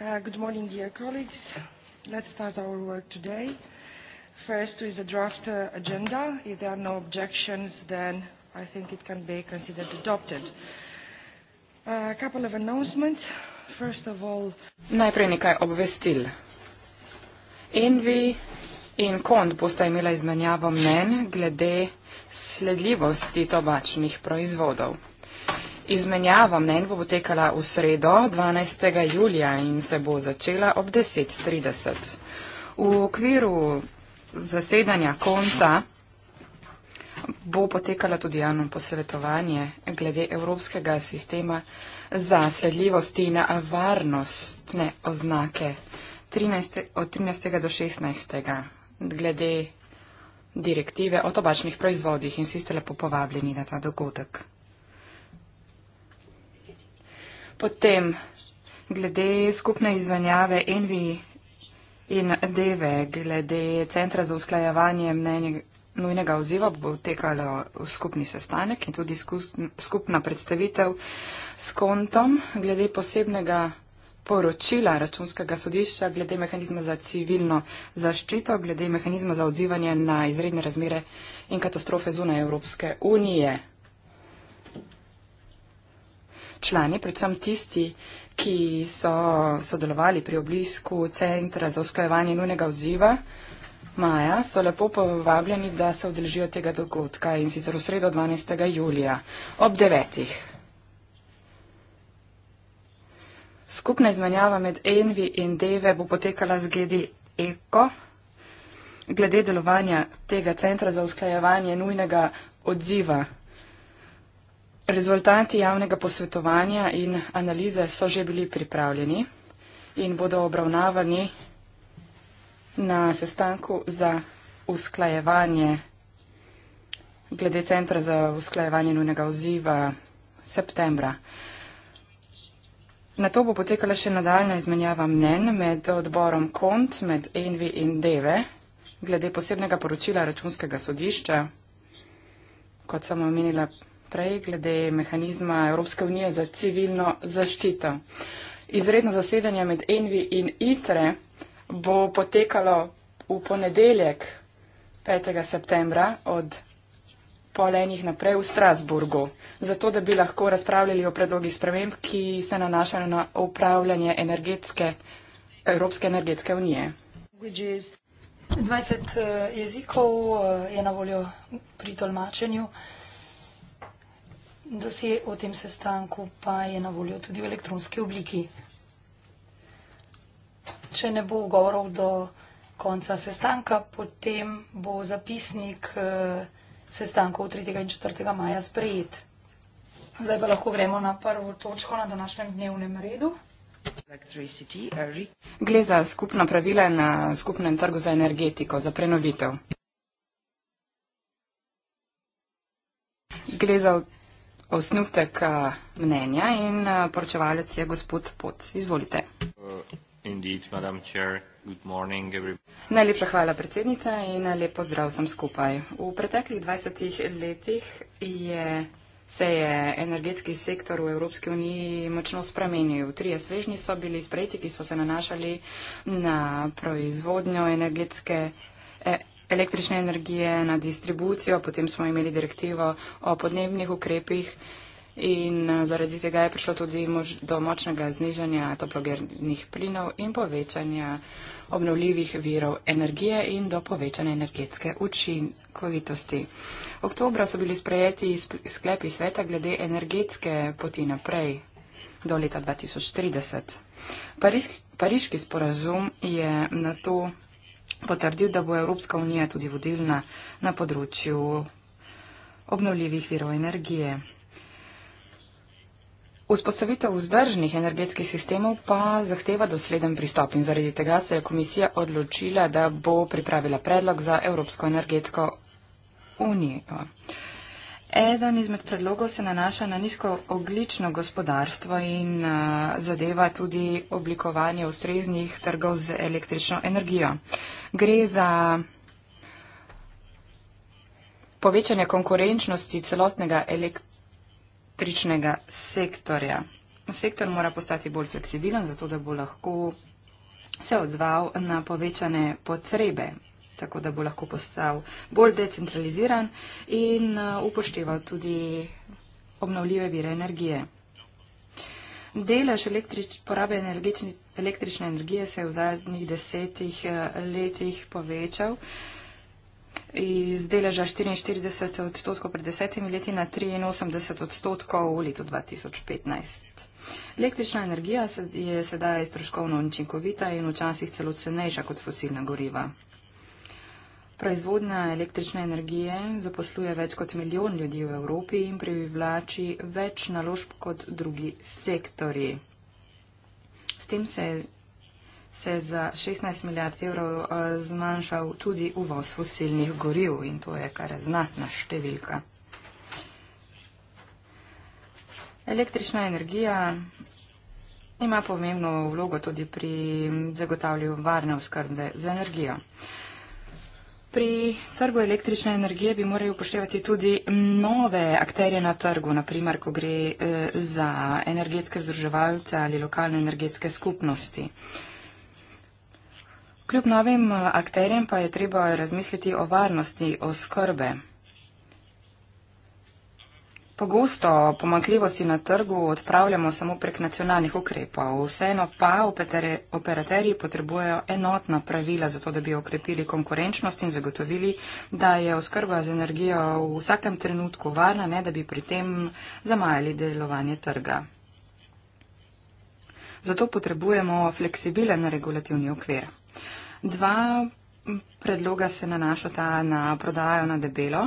Uh, good morning, dear colleagues. Let's start our work today. First is a draft uh, agenda. If there are no objections, then I think it can be considered adopted. Uh, a couple of announcements. First of all... Najprej nekaj obvestil. Envi in Kond bosta imela izmenjavo mnen glede sledljivosti tobačnih proizvodov. Izmenjava mnenj bo potekala v sredo 12. julija in se bo začela ob 10.30. V okviru zasedanja konta bo potekala tudi javno posvetovanje glede evropskega sistema za sledljivost in varnostne oznake 13, od 13. do 16. glede direktive o tobačnih proizvodih in vsi ste lepo povabljeni na ta dogodek. Potem, glede skupne izvenjave Envi in Deve, glede centra za usklajevanje mnenje nujnega oziva, bo tekalo skupni sestanek in tudi skupna predstavitev s kontom glede posebnega poročila računskega sodišča, glede mehanizma za civilno zaščito, glede mehanizma za odzivanje na izredne razmere in katastrofe zunaj Evropske unije člani, predvsem tisti, ki so sodelovali pri obisku Centra za usklajevanje nujnega odziva Maja, so lepo povabljeni, da se odeležijo tega dogodka in sicer v sredo 12. julija ob 9. Skupna izmenjava med Envi in Deve bo potekala z Gedi Eko. Glede delovanja tega centra za usklajevanje nujnega odziva Rezultati javnega posvetovanja in analize so že bili pripravljeni in bodo obravnavani na sestanku za usklajevanje glede centra za usklajevanje nujnega oziva septembra. Na to bo potekala še nadaljna izmenjava mnen med odborom KONT, med ENVI in DEVE, glede posebnega poročila računskega sodišča, kot sem omenila prej prej glede mehanizma Evropske unije za civilno zaščito. Izredno zasedanje med Envi in ITRE bo potekalo v ponedeljek 5. septembra od pol enih naprej v Strasburgu, zato da bi lahko razpravljali o predlogih sprememb, ki se nanašajo na upravljanje energetske, Evropske energetske unije. 20 eh, jezikov eh, je na voljo pri tolmačenju. Dosje o tem sestanku pa je na voljo tudi v elektronski obliki. Če ne bo ugovorov do konca sestanka, potem bo zapisnik eh, sestankov 3. in 4. maja sprejet. Zdaj pa lahko gremo na prvo točko na današnjem dnevnem redu. Gle za skupna pravila na skupnem trgu za energetiko, za prenovitev. Gle za osnutek eh, mnenja in eh, poročevalec je gospod Poc. Izvolite. Uh, indeed, Morning, Najlepša hvala, predsednica, in eh, lep pozdrav vsem skupaj. V preteklih 20 letih je, se je energetski sektor v Evropski uniji močno spremenil. Trije svežnji so bili sprejeti, ki so se nanašali na proizvodnjo energetske. Eh, električne energije, na distribucijo, potem smo imeli direktivo o podnebnih ukrepih in eh, zaradi tega je prišlo tudi mož, do močnega znižanja toplogernih plinov in povečanja obnovljivih virov energije in do povečanja energetske učinkovitosti. Oktobra so bili sprejeti sklepi sveta glede energetske poti naprej do leta 2030. Pariški sporazum je na to potrdil, da bo Evropska unija tudi vodilna na področju obnovljivih virov energije. Vzpostavitev vzdržnih energetskih sistemov pa zahteva dosleden pristop in zaradi tega se je komisija odločila, da bo pripravila predlog za Evropsko energetsko unijo. Eden izmed predlogov se nanaša na nizkooglično gospodarstvo in uh, zadeva tudi oblikovanje ustreznih trgov z električno energijo. Gre za povečanje konkurenčnosti celotnega električnega sektorja. Sektor mora postati bolj fleksibilen, zato da bo lahko se odzval na povečane potrebe tako da bo lahko postal bolj decentraliziran in uh, upošteval tudi obnovljive vire energije. Delež električ, porabe energični, električne energije se je v zadnjih desetih uh, letih povečal iz deleža 44 odstotkov pred desetimi leti na 83 odstotkov v letu 2015. Električna energija je sedaj stroškovno učinkovita in včasih celo cenejša kot fosilna goriva. Proizvodnja električne energije zaposluje več kot milijon ljudi v Evropi in privlači več naložb kot drugi sektori. S tem se se je za 16 milijard evrov eh, zmanjšal tudi uvoz fosilnih goriv in to je kar znatna številka. Električna energija ima pomembno vlogo tudi pri zagotavljanju varne oskrbe z energijo. Pri trgu električne energije bi morali upoštevati tudi nove akterje na trgu, naprimer, ko gre eh, za energetske združevalce ali lokalne energetske skupnosti. Kljub novim eh, akterjem pa je treba razmisliti o varnosti oskrbe. O Pogosto pomankljivosti na trgu odpravljamo samo prek nacionalnih ukrepov, vseeno pa operaterji potrebujejo enotna pravila za to, da bi okrepili konkurenčnost in zagotovili, da je oskrba z energijo v vsakem trenutku varna, ne da bi pri tem zamajali delovanje trga. Zato potrebujemo fleksibilen regulativni okvir. Dva predloga se nanašata na prodajo na debelo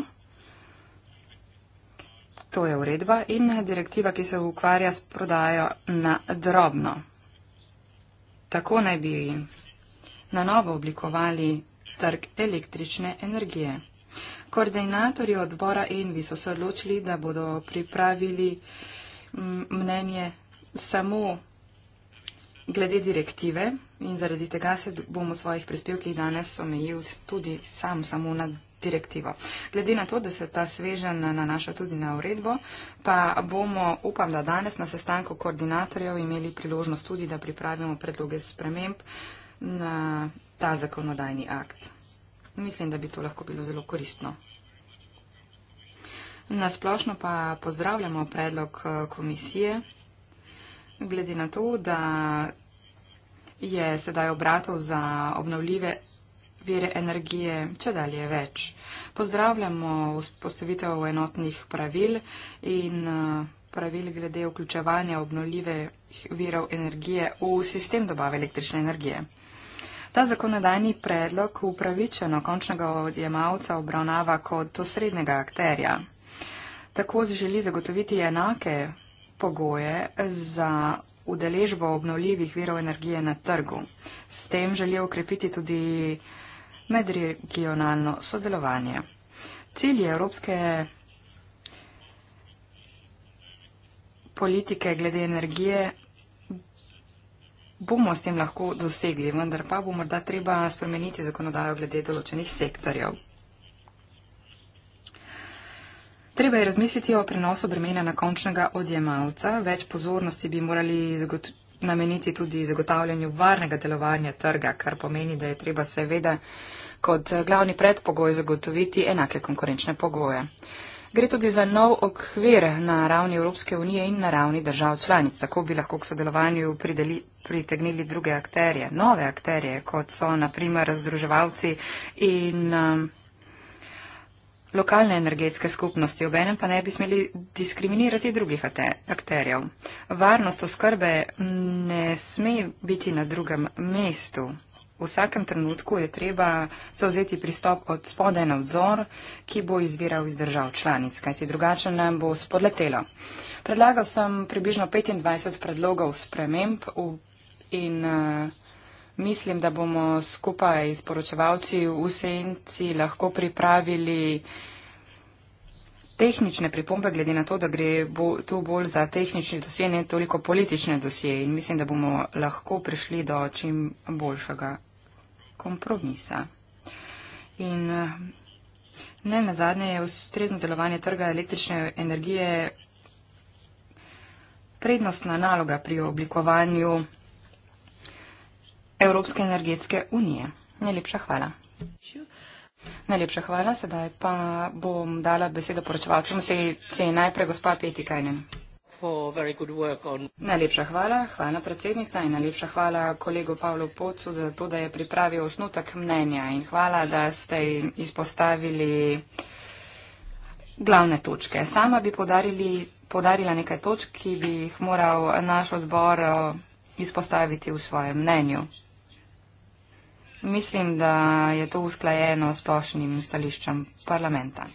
To je uredba in direktiva, ki se ukvarja s prodajo na drobno. Tako naj bi na novo oblikovali trg električne energije. Koordinatorji odbora Envi so se odločili, da bodo pripravili mm, mnenje samo glede direktive in zaradi tega se bom v svojih prispevkih danes omejil tudi sam, samo na direktivo. Glede na to, da se ta svežen nanaša tudi na uredbo, pa bomo, upam, da danes na sestanku koordinatorjev imeli priložnost tudi, da pripravimo predloge sprememb na ta zakonodajni akt. Mislim, da bi to lahko bilo zelo koristno. Nasplošno pa pozdravljamo predlog eh, komisije, glede na to, da je sedaj obratov za obnovljive vire energije, če dalje več. Pozdravljamo vzpostavitev enotnih pravil in eh, pravil glede vključevanja obnoljivih virov energije v sistem dobave električne energije. Ta zakonodajni predlog upravičeno končnega odjemalca obravnava kot osrednjega akterja. Tako se želi zagotoviti enake pogoje za udeležbo obnoljivih virov energije na trgu. S tem želi okrepiti tudi medregionalno sodelovanje. Cilji evropske politike glede energije bomo s tem lahko dosegli, vendar pa bo morda treba spremeniti zakonodajo glede določenih sektorjev. Treba je razmisliti o prenosu bremena na končnega odjemalca. Več pozornosti bi morali nameniti tudi zagotavljanju varnega delovanja trga, kar pomeni, da je treba seveda kot glavni predpogoj zagotoviti enake konkurenčne pogoje. Gre tudi za nov okvir na ravni Evropske unije in na ravni držav članic. Tako bi lahko k sodelovanju prideli, pritegnili druge akterje, nove akterje, kot so naprimer razdruževalci in um, lokalne energetske skupnosti. Obenem pa ne bi smeli diskriminirati drugih akterjev. Varnost oskrbe ne sme biti na drugem mestu. V vsakem trenutku je treba se vzeti pristop od spodaj na vzor, ki bo izviral iz držav članic, kajti drugače nam bo spodletelo. Predlagal sem približno 25 predlogov sprememb v, in eh, Mislim, da bomo skupaj s poročevalci v senci lahko pripravili tehnične pripombe, glede na to, da gre bo, tu bolj za tehnične dosje, ne toliko politične dosje. In mislim, da bomo lahko prišli do čim boljšega kompromisa. In eh, ne na zadnje je ustrezno delovanje trga električne energije prednostna naloga pri oblikovanju Evropske energetske unije. Najlepša hvala. Najlepša hvala, sedaj pa bom dala besedo poročevalcem, se je najprej gospa Peti Kajnen. Najlepša hvala, hvala predsednica in najlepša hvala kolegu Pavlu Pocu za to, da je pripravil osnutek mnenja in hvala, da ste izpostavili glavne točke. Sama bi podarili, podarila nekaj točk, ki bi jih moral naš odbor eh, izpostaviti v svojem mnenju. Mislim, da je to usklajeno s splošnim stališčem parlamenta.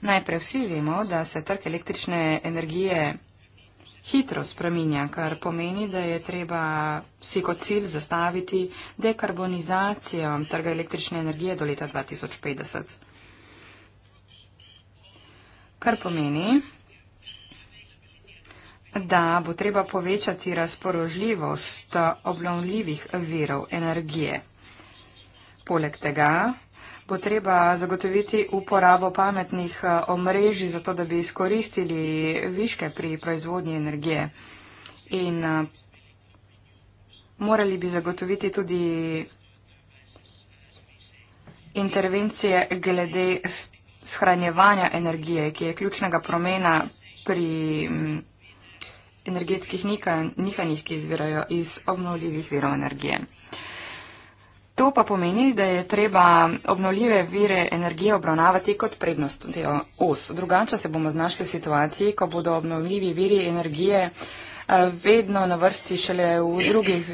Najprej vsi vemo, da se trg električne energije hitro spreminja, kar pomeni, da je treba si kot cilj zastaviti dekarbonizacijo trga električne energije do leta 2050. Kar pomeni, da bo treba povečati razpoložljivost obnovljivih virov energije. Poleg tega bo treba zagotoviti uporabo pametnih eh, omrežij, zato da bi izkoristili viške pri proizvodnji energije. In eh, morali bi zagotoviti tudi intervencije glede shranjevanja energije, ki je ključnega promena pri mm, energetskih nihanjih, ki izvirajo iz obnovljivih virov energije. To pa pomeni, da je treba obnovljive vire energije obravnavati kot prednost te os. Drugače se bomo znašli v situaciji, ko bodo obnovljivi viri energije eh, vedno na vrsti šele v drugi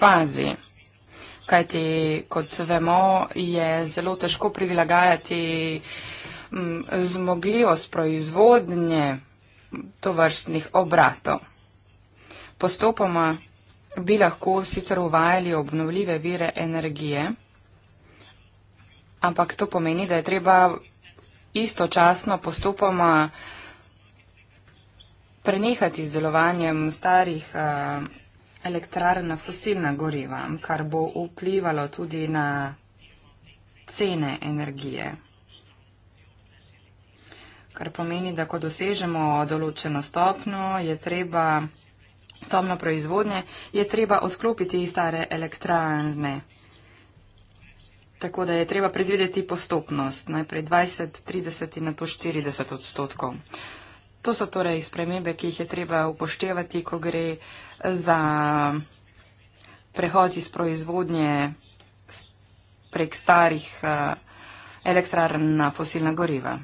fazi. Kajti, kot vemo, je zelo težko prilagajati mm, zmogljivost proizvodnje tovrstnih obratov. Postopoma bi lahko sicer uvajali obnovljive vire energije, ampak to pomeni, da je treba istočasno postopoma prenehati z delovanjem starih eh, elektrarn na fosilna goriva, kar bo vplivalo tudi na cene energije. Kar pomeni, da ko dosežemo določeno stopno, je treba tomno proizvodnje, je treba odklopiti stare elektrane. Tako da je treba predvideti postopnost, najprej 20, 30 in na to 40 odstotkov. To so torej spremembe, ki jih je treba upoštevati, ko gre za prehod iz proizvodnje prek starih eh, elektrarn na fosilna goriva.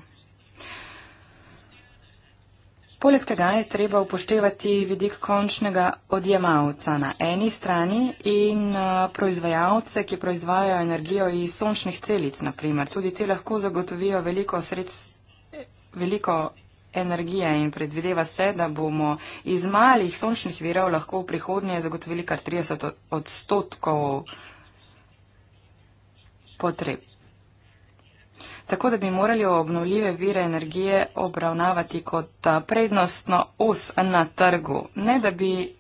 Poleg tega je treba upoštevati vidik končnega odjemalca na eni strani in uh, proizvajalce, ki proizvajajo energijo iz sončnih celic, naprimer. Tudi te lahko zagotovijo veliko sredstv, veliko energije in predvideva se, da bomo iz malih sončnih virov lahko v prihodnje zagotovili kar 30 odstotkov potreb tako da bi morali obnovljive vire energije obravnavati kot prednostno us na trgu, ne da bi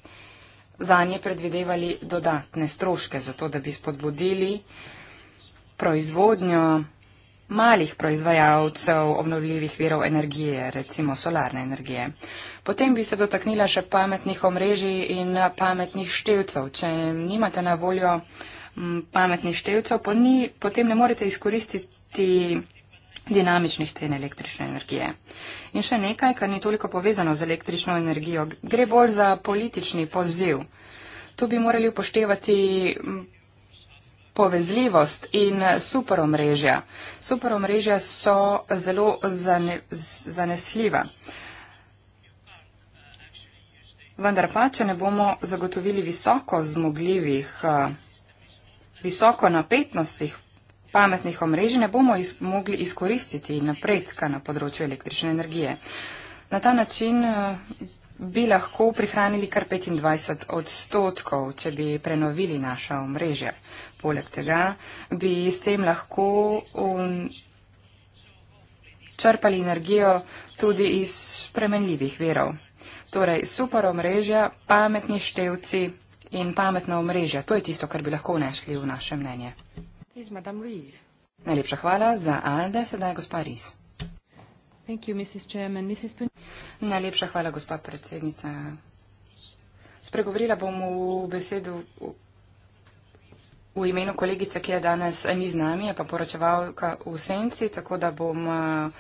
za nje predvidevali dodatne stroške, zato da bi spodbudili proizvodnjo malih proizvajalcev obnovljivih virov energije, recimo solarne energije. Potem bi se dotaknila še pametnih omrežij in pametnih števcev. Če nimate na voljo pametnih števcev, potem ne morete izkoristiti dinamičnih cen električne energije. In še nekaj, kar ni toliko povezano z električno energijo, gre bolj za politični poziv. Tu bi morali upoštevati povezljivost in superomrežja. Superomrežja so zelo zane, zanesljiva. Vendar pa, če ne bomo zagotovili visoko zmogljivih, eh, visoko napetnostih pametnih omrežij ne bomo iz, mogli izkoristiti napredka na področju električne energije. Na ta način eh, bi lahko prihranili kar 25 odstotkov, če bi prenovili naša omrežja. Poleg tega bi s tem lahko um, črpali energijo tudi iz spremenljivih verov. Torej, super omrežja, pametni števci in pametna omrežja, to je tisto, kar bi lahko vnešli v naše mnenje is Madame Rees. Najlepša hvala za Alde, sedaj gospa Rees. Thank you, Mrs. Chairman. Mrs. Pun Najlepša hvala, gospa predsednica. Spregovorila bom v besedu v imenu kolegice, ki je danes eh, ni z nami, je pa poročevalka v senci, tako da bom eh,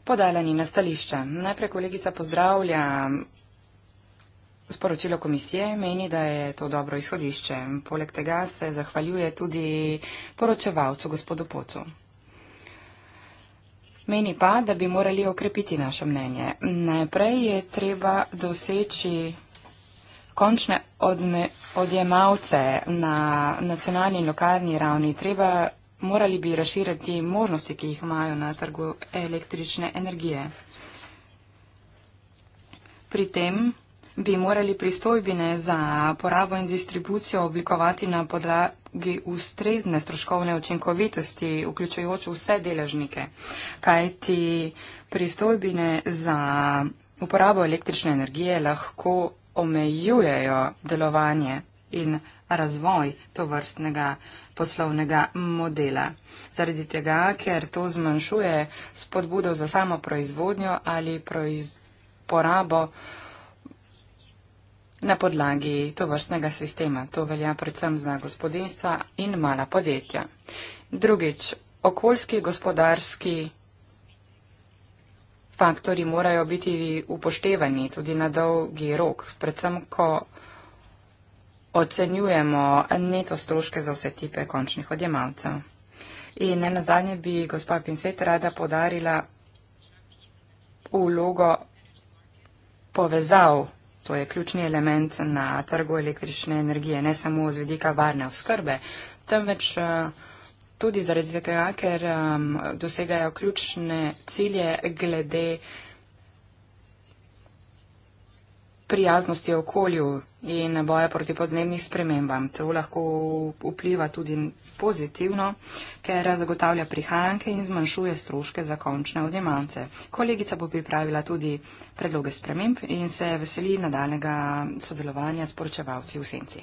podala njena stališča. Najprej kolegica pozdravlja Sporočilo komisije meni, da je to dobro izhodišče. Poleg tega se zahvaljuje tudi poročevalcu gospodu Pocu. Meni pa, da bi morali okrepiti naše mnenje. Najprej je treba doseči končne odme, odjemalce na nacionalni in lokalni ravni. Treba, morali bi razširiti možnosti, ki jih imajo na trgu električne energije. Pri tem bi morali pristojbine za porabo in distribucijo oblikovati na podlagi ustrezne stroškovne učinkovitosti, vključujoč vse deležnike. Kaj ti pristojbine za uporabo električne energije lahko omejujejo delovanje in razvoj to vrstnega poslovnega modela. Zaradi tega, ker to zmanjšuje spodbudo za samo proizvodnjo ali proiz porabo uh, na podlagi tovrstnega sistema. To velja predvsem za gospodinstva in mala podjetja. Drugič, okoljski gospodarski faktori morajo biti upoštevani tudi na dolgi rok, predvsem ko ocenjujemo neto stroške za vse tipe končnih odjemalcev. In ne na zadnje bi gospa Pinset rada podarila vlogo povezav To je ključni element na trgu električne energije, ne samo z vedika varne oskrbe, temveč eh, tudi zaradi tega, ker um, dosegajo ključne cilje glede uh, prijaznosti okolju in boja proti podnebnim spremembam. To lahko vpliva tudi pozitivno, ker zagotavlja prihranke in zmanjšuje stroške za končne odjemalce. Kolegica bo pripravila tudi predloge sprememb in se veseli nadaljnega sodelovanja s poročevalci v Senci.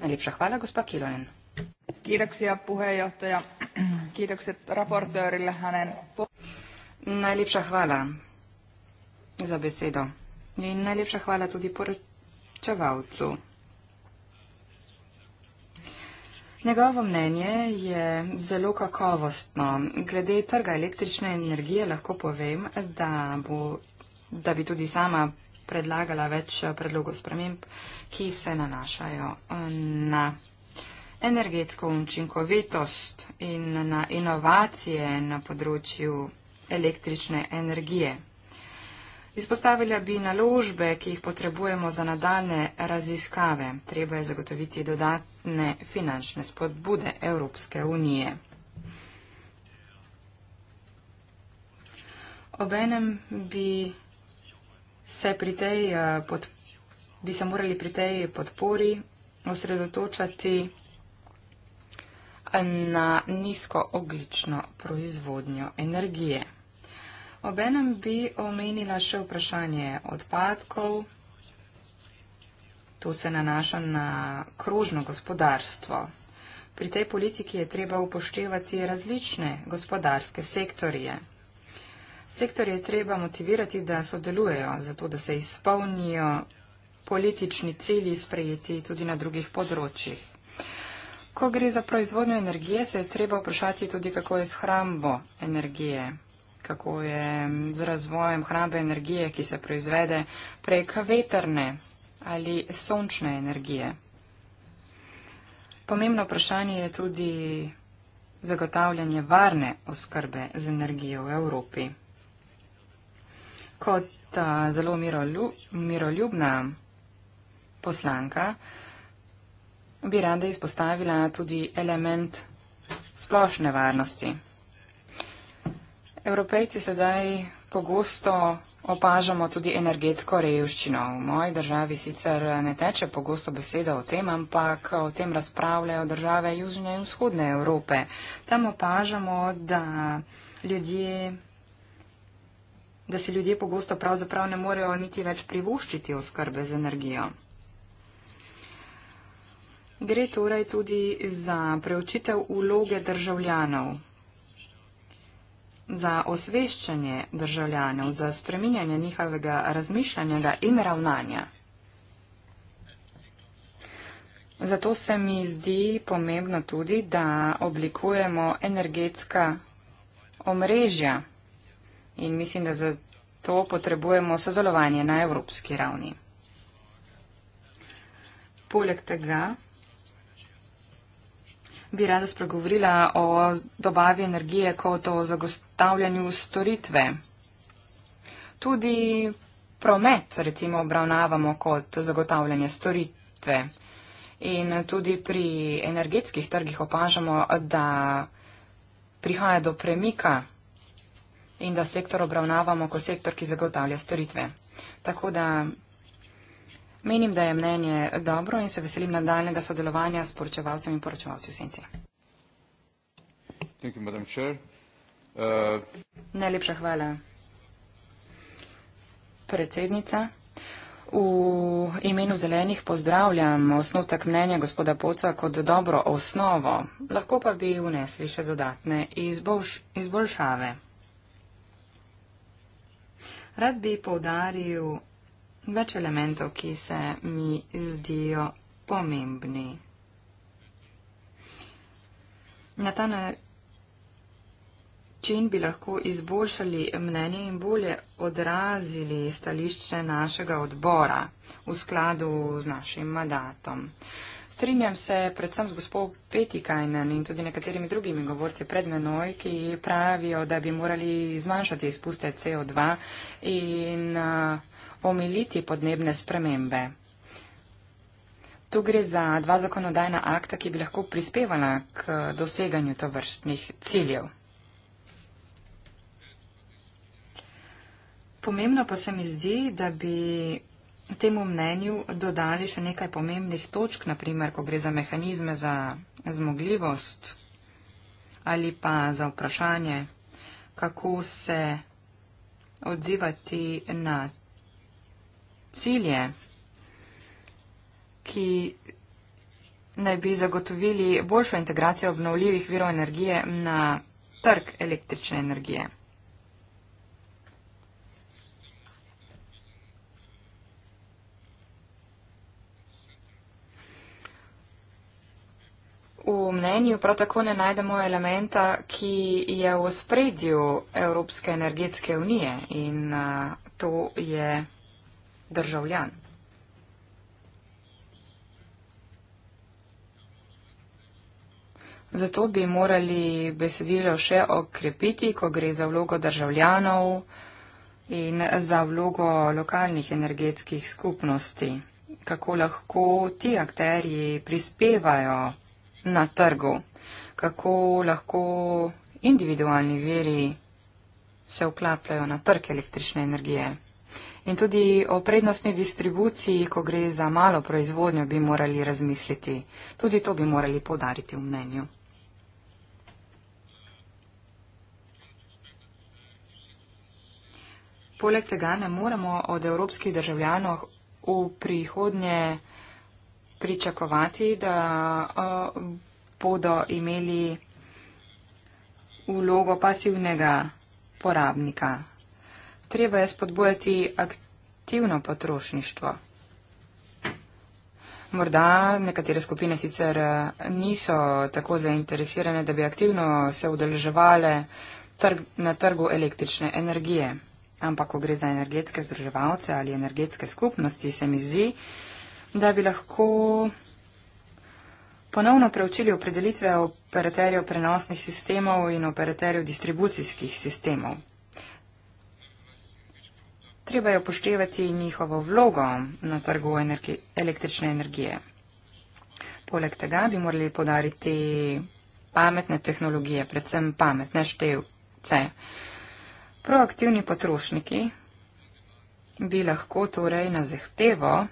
Najlepša hvala, gospa Kilonen. Najlepša hvala za besedo. In najlepša hvala tudi poročevalcu. Njegovo mnenje je zelo kakovostno. Glede trga električne energije lahko povem, da, bo, da bi tudi sama predlagala več predlogov sprememb, ki se nanašajo na energetsko učinkovitost in na inovacije na področju električne energije. Izpostavila bi naložbe, ki jih potrebujemo za nadaljne raziskave. Treba je zagotoviti dodatne finančne spodbude Evropske unije. Obenem bi se, pri tej, eh, pod, bi se morali pri tej podpori osredotočati na nizkooglično proizvodnjo energije. Obenem bi omenila še vprašanje odpadkov. To se nanaša na krožno gospodarstvo. Pri tej politiki je treba upoštevati različne gospodarske sektorje. Sektorje je treba motivirati, da sodelujejo, zato da se izpolnijo politični cilji sprejeti tudi na drugih področjih. Ko gre za proizvodnjo energije, se je treba vprašati tudi, kako je s hrambo energije kako je z razvojem hrabe energije, ki se proizvede prek veterne ali sončne energije. Pomembno vprašanje je tudi zagotavljanje varne oskrbe z energijo v Evropi. Kot ta zelo miroljubna poslanka bi rada izpostavila tudi element splošne varnosti. Evropejci sedaj pogosto opažamo tudi energetsko revščino. V moji državi sicer ne teče pogosto beseda o tem, ampak o tem razpravljajo države južne in vzhodne Evrope. Tam opažamo, da, ljudje, da si ljudje pogosto pravzaprav ne morejo niti več privoščiti oskrbe z energijo. Gre torej tudi za preučitev uloge državljanov za osveščanje državljanov, za spreminjanje njihovega razmišljanja in ravnanja. Zato se mi zdi pomembno tudi, da oblikujemo energetska omrežja in mislim, da zato potrebujemo sodelovanje na evropski ravni. Poleg tega bi rada spregovorila o dobavi energije kot o zagostavljanju storitve. Tudi promet recimo obravnavamo kot zagotavljanje storitve. In tudi pri energetskih trgih opažamo, da prihaja do premika in da sektor obravnavamo kot sektor, ki zagotavlja storitve. Tako da Menim, da je mnenje dobro in se veselim nadaljnega sodelovanja s poročevalcem in poročevalci v senci. Thank you, Madam Chair. Uh... Najlepša hvala, predsednica. V imenu zelenih pozdravljam osnutek mnenja gospoda Poca kot dobro osnovo, lahko pa bi unesli še dodatne izboljš izboljšave. Rad bi povdaril več elementov, ki se mi zdijo pomembni. Na ta način bi lahko izboljšali mnenje in bolje odrazili stališče našega odbora v skladu z našim mandatom. Strinjam se predvsem z gospod Petikajnen in tudi nekaterimi drugimi govorci pred menoj, ki pravijo, da bi morali zmanjšati izpuste CO2 in uh, omiliti podnebne spremembe. Tu gre za dva zakonodajna akta, ki bi lahko prispevala k doseganju tovrstnih ciljev. Pomembno pa se mi zdi, da bi temu mnenju dodali še nekaj pomembnih točk, naprimer, ko gre za mehanizme za zmogljivost ali pa za vprašanje, kako se odzivati na cilje, ki naj bi zagotovili boljšo integracijo obnovljivih virov energije na trg električne energije. V mnenju prav tako ne najdemo elementa, ki je v spredju Evropske energetske unije in to je državljan. Zato bi morali besedilo še okrepiti, ko gre za vlogo državljanov in za vlogo lokalnih energetskih skupnosti, kako lahko ti akterji prispevajo na trgu, kako lahko individualni veri se vklapljajo na trg električne energije. In tudi o prednostni distribuciji, ko gre za malo proizvodnjo, bi morali razmisliti. Tudi to bi morali podariti v mnenju. Poleg tega ne moremo od evropskih državljanov v prihodnje pričakovati, da uh, bodo imeli vlogo pasivnega porabnika treba je spodbojati aktivno potrošništvo. Morda nekatere skupine sicer eh, niso tako zainteresirane, da bi aktivno se udeleževale trg, na trgu električne energije, ampak ko gre za energetske združevalce ali energetske skupnosti, se mi zdi, da bi lahko ponovno preučili opredelitve operaterjev prenosnih sistemov in operaterjev distribucijskih sistemov treba je upoštevati njihovo vlogo na trgu energi, električne energije. Poleg tega bi morali podariti pametne tehnologije, predvsem pametne števce. Proaktivni potrošniki bi lahko torej na zahtevo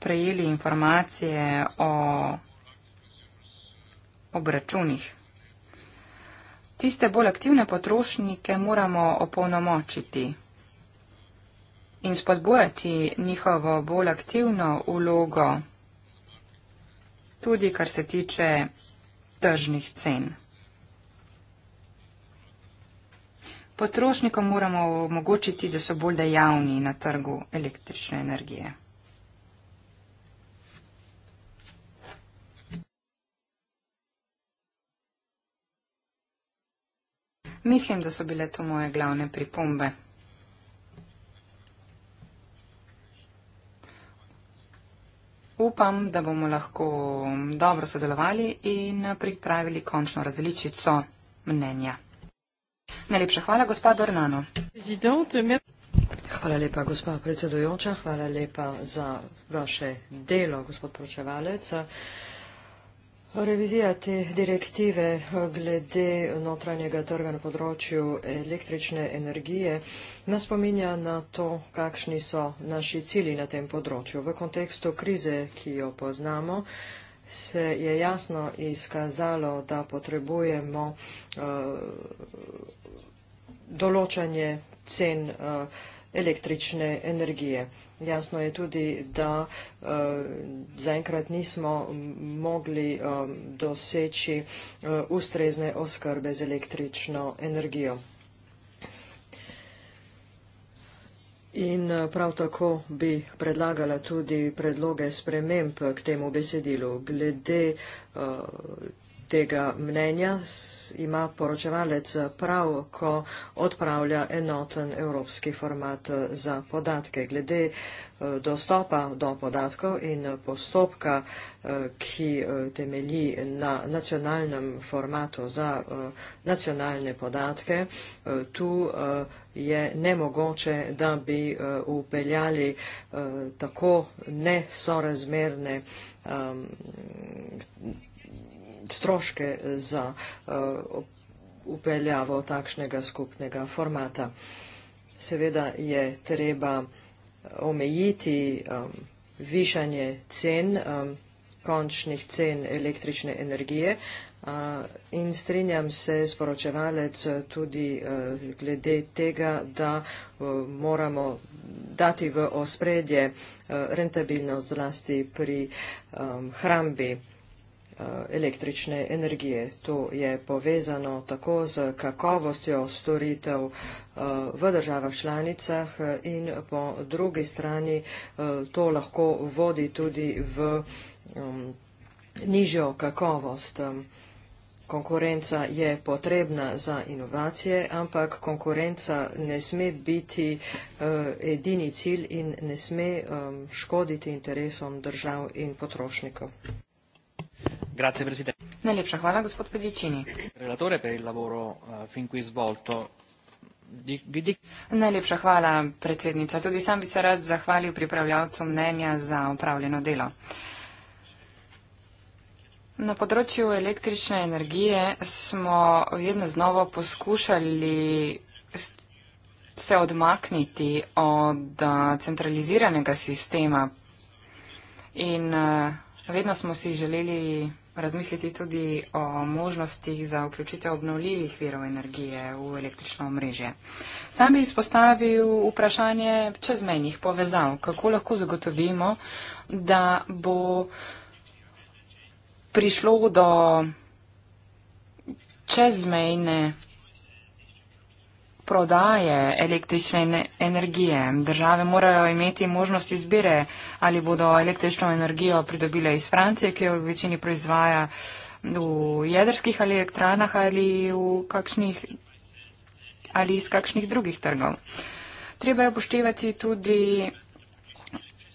prejeli informacije o obračunih. Tiste bolj aktivne potrošnike moramo opolnomočiti in spodbujati njihovo bolj aktivno ulogo, tudi kar se tiče tržnih cen. Potrošnikom moramo omogočiti, da so bolj dejavni na trgu električne energije. Mislim, da so bile to moje glavne pripombe. Upam, da bomo lahko dobro sodelovali in pripravili končno različico mnenja. Najlepša hvala, gospod Dornano. Hvala lepa, gospod predsedujoča. Hvala lepa za vaše delo, gospod poročevalec. Revizija te direktive glede notranjega trga na področju električne energije nas pominja na to, kakšni so naši cili na tem področju. V kontekstu krize, ki jo poznamo, se je jasno izkazalo, da potrebujemo uh, določanje cen. Uh, električne energije. Jasno je tudi, da uh, zaenkrat nismo mogli um, doseči uh, ustrezne oskrbe z električno energijo. In prav tako bi predlagala tudi predloge sprememb k temu besedilu. Glede uh, tega mnenja ima poročevalec prav, ko odpravlja enoten evropski format za podatke. Glede eh, dostopa do podatkov in postopka, eh, ki eh, temelji na nacionalnem formatu za nacionalne podatke, tu je nemogoče, da bi upeljali tako nesorazmerne stroške eh, za eh, upeljavo takšnega skupnega formata. Seveda je treba eh, omejiti um, višanje cen, um, končnih cen električne energije uh, in strinjam se s poročevalec tudi uh, glede tega, da uh, moramo dati v ospredje uh, rentabilnost zlasti pri um, hrambi. Eh, električne energije. To je povezano tako z kakovostjo storitev eh, v državah članicah eh, in po drugi strani to lahko vodi tudi v um, nižjo kakovost. Konkurenca je potrebna za inovacije, ampak konkurenca ne sme biti uh, edini cilj in ne sme um, škoditi interesom držav in potrošnikov. Grazie Presidente. Najlepša hvala, gospod Pedicini. Relatore per il lavoro uh, fin qui svolto. Di, di, di. Najlepša hvala, predsednica. Tudi sam bi se rad zahvalil pripravljavcu mnenja za upravljeno delo. Na področju električne energije smo vedno znova poskušali se odmakniti od eh, centraliziranega sistema in eh, vedno smo si želeli razmisliti tudi o možnostih za vključitev obnovljivih virov energije v električno omrežje. Sam bi izpostavil vprašanje čezmenjih povezav, kako lahko zagotovimo, da bo prišlo do čezmejne prodaje električne energije. Države morajo imeti možnost izbire, ali bodo električno energijo pridobile iz Francije, ki jo v večini proizvaja v jedrskih ali elektranah ali, v kakšnih, ali iz kakšnih drugih trgov. Treba je upoštevati tudi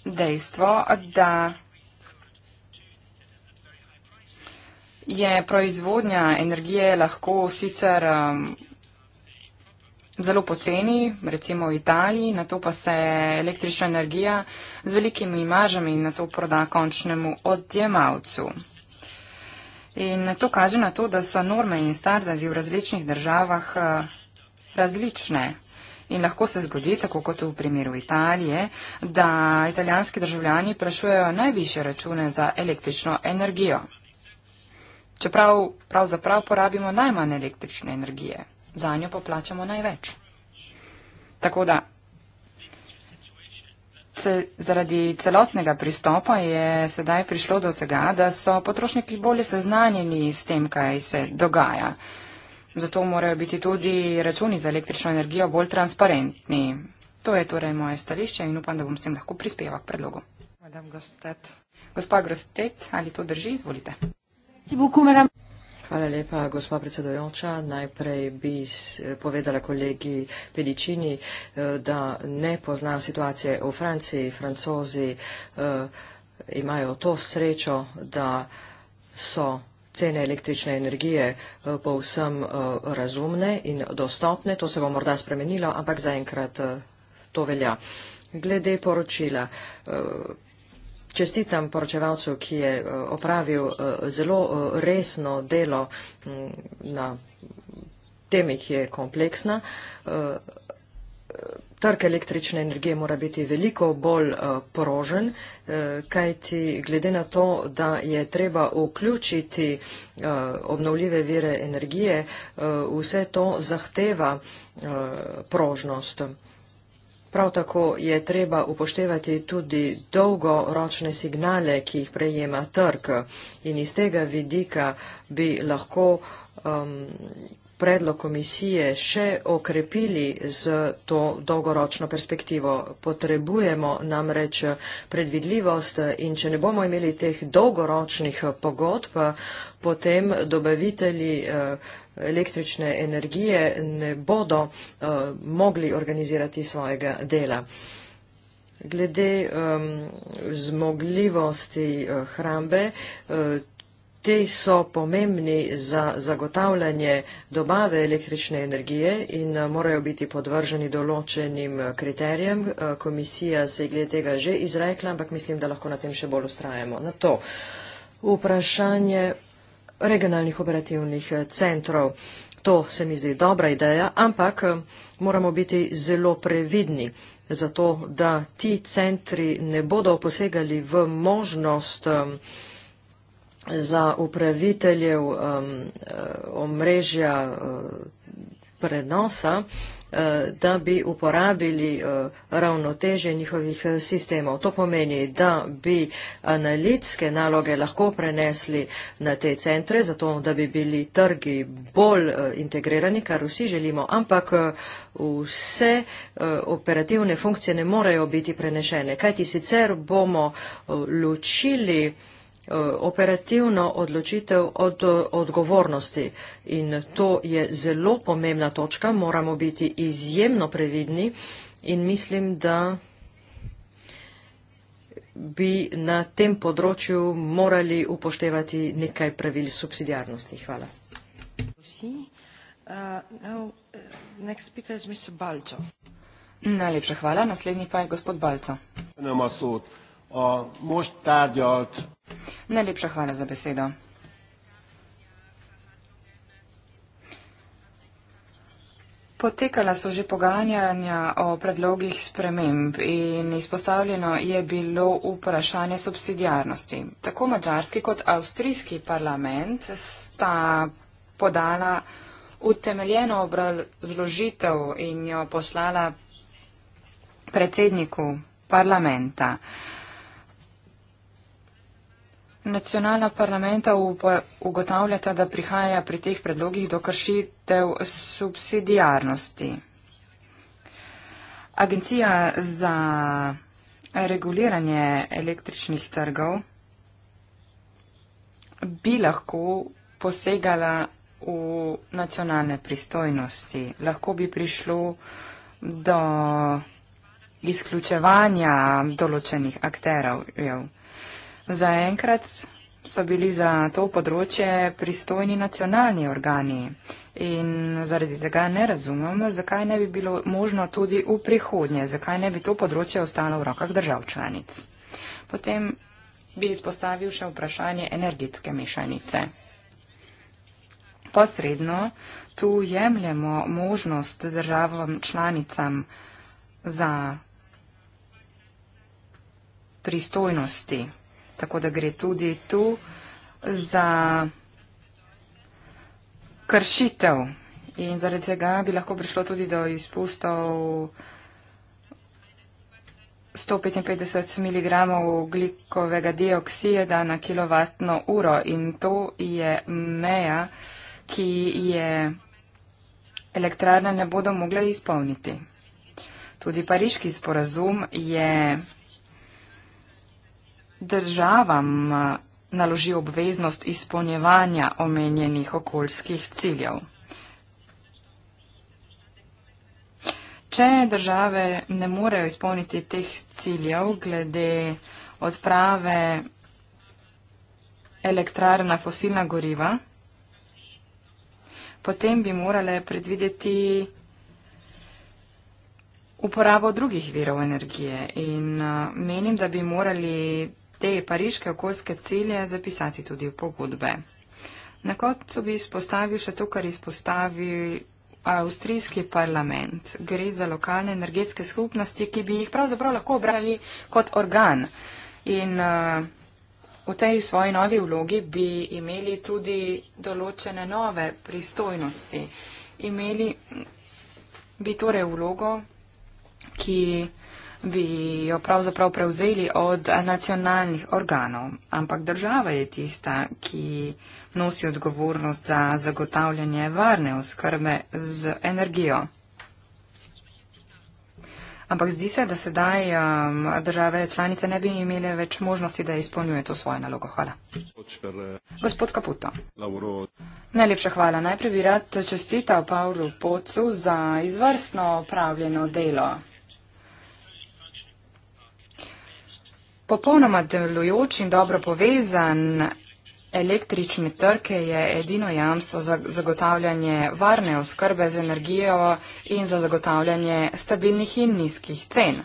dejstvo, da je proizvodnja energije lahko sicer um, zelo poceni, recimo v Italiji, na to pa se električna energija z velikimi maržami na to proda končnemu odjemalcu. In to kaže na to, da so norme in standardi v različnih državah eh, različne. In lahko se zgodi, tako kot v primeru Italije, da italijanski državljani plašujejo najviše račune za električno energijo. Čeprav pravzaprav porabimo najmanj električne energije za njo pa plačamo največ. Tako da, ce, zaradi celotnega pristopa je sedaj prišlo do tega, da so potrošniki bolje seznanjeni s tem, kaj se dogaja. Zato morajo biti tudi računi za električno energijo bolj transparentni. To je torej moje stališče in upam, da bom s tem lahko prispeval k predlogu. Gospa Grostet, ali to drži? Izvolite. Si bo kumela. Hvala lepa, gospa predsedojoča. Najprej bi povedala kolegi Pedičini, eh, da ne pozna situacije v Franciji. Francozi eh, imajo to srečo, da so cene električne energije eh, povsem razumne in dostopne. To se bo morda spremenilo, ampak zaenkrat to velja. Glede poročila. Čestitam poročevalcu, ki je eh, opravil eh, zelo eh, resno delo mm, na temi, ki je kompleksna. Trg električne energije mora biti veliko bolj porožen, kajti glede na to, da je treba vključiti obnovljive vire energije, vse to zahteva porožnost energije. Prav tako je treba upoštevati tudi dolgoročne signale, ki jih prejema trg in iz tega vidika bi lahko um, predlog komisije še okrepili z to dolgoročno perspektivo. Potrebujemo namreč predvidljivost in če ne bomo imeli teh dolgoročnih pogodb, potem dobavitelji eh, električne energije ne bodo eh, mogli organizirati svojega dela. Glede um, zmogljivosti uh, hrambe, uh, Ti so pomembni za zagotavljanje dobave električne energije in eh, morajo biti podvrženi določenim eh, kriterijem. Eh, komisija se je glede tega že izrekla, ampak mislim, da lahko na tem še bolj ustrajamo. Na to vprašanje regionalnih operativnih centrov. To se mi zdi dobra ideja, ampak moramo biti zelo previdni zato, da ti centri ne bodo posegali v možnost um, za upraviteljev um, eh, omrežja um, prenosa, eh, da bi uporabili ravnoteže njihovih sistemov. To pomeni, da bi analitske naloge lahko prenesli na te centre, zato da bi bili trgi bolj integrirani, kar vsi želimo, ampak vse operativne funkcije ne morejo biti prenešene, kajti sicer bomo ločili Eh, operativno odločitev od eh, odgovornosti. In to je zelo pomembna točka, moramo biti izjemno previdni in mislim, da bi na tem področju morali upoštevati nekaj pravil subsidijarnosti. Hvala. Uh, uh, Najlepša hvala. Naslednji pa je gospod Balco. Možda tarjalt Najlepša hvala za besedo. Potekala so že pogajanja o predlogih sprememb in izpostavljeno je bilo vprašanje subsidijarnosti. Tako mađarski kot avstrijski parlament sta podala utemeljeno obrazložitev in jo poslala predsedniku parlamenta nacionalna parlamenta ugotavljata, da prihaja pri teh predlogih do kršitev subsidijarnosti. Agencija za reguliranje električnih trgov bi lahko posegala v nacionalne pristojnosti. Lahko bi prišlo do izključevanja določenih akterov. Jo. Zaenkrat so bili za to področje pristojni nacionalni organi in zaradi tega ne razumem, zakaj ne bi bilo možno tudi v prihodnje, zakaj ne bi to področje ostalo v rokah držav članic. Potem bi izpostavil še vprašanje energetske mešanice. Posredno tu jemljemo možnost državam članicam za pristojnosti tako da gre tudi tu za kršitev in zaradi tega bi lahko prišlo tudi do izpustov 155 mg glikovega dioksida na kilovatno uro in to je meja, ki je elektrarne ne bodo mogle izpolniti. Tudi pariški sporazum je državam eh, naloži obveznost izpolnjevanja omenjenih okoljskih ciljev. Če države ne morejo izpolniti teh ciljev glede odprave elektrarna fosilna goriva, potem bi morale predvideti uporabo drugih virov energije in eh, menim, da bi morali te pariške okoljske cilje zapisati tudi v pogodbe. Na koncu bi izpostavil še to, kar izpostavi avstrijski parlament. Gre za lokalne energetske skupnosti, ki bi jih pravzaprav lahko obrali kot organ. In uh, v tej svoji novi vlogi bi imeli tudi določene nove pristojnosti. Imeli bi torej vlogo, ki bi jo pravzaprav prevzeli od nacionalnih organov, ampak država je tista, ki nosi odgovornost za zagotavljanje varne oskrbe z energijo. Ampak zdi se, da sedaj um, države članice ne bi imele več možnosti, da izpolnjuje to svojo nalogo. Hvala. Gospod Kaputo. Najlepša hvala. Najprej bi rad čestital Pavlu Pocu za izvrstno opravljeno delo. Popolnoma delujoč in dobro povezan električni trg je edino jamstvo za zagotavljanje varne oskrbe z energijo in za zagotavljanje stabilnih in nizkih cen.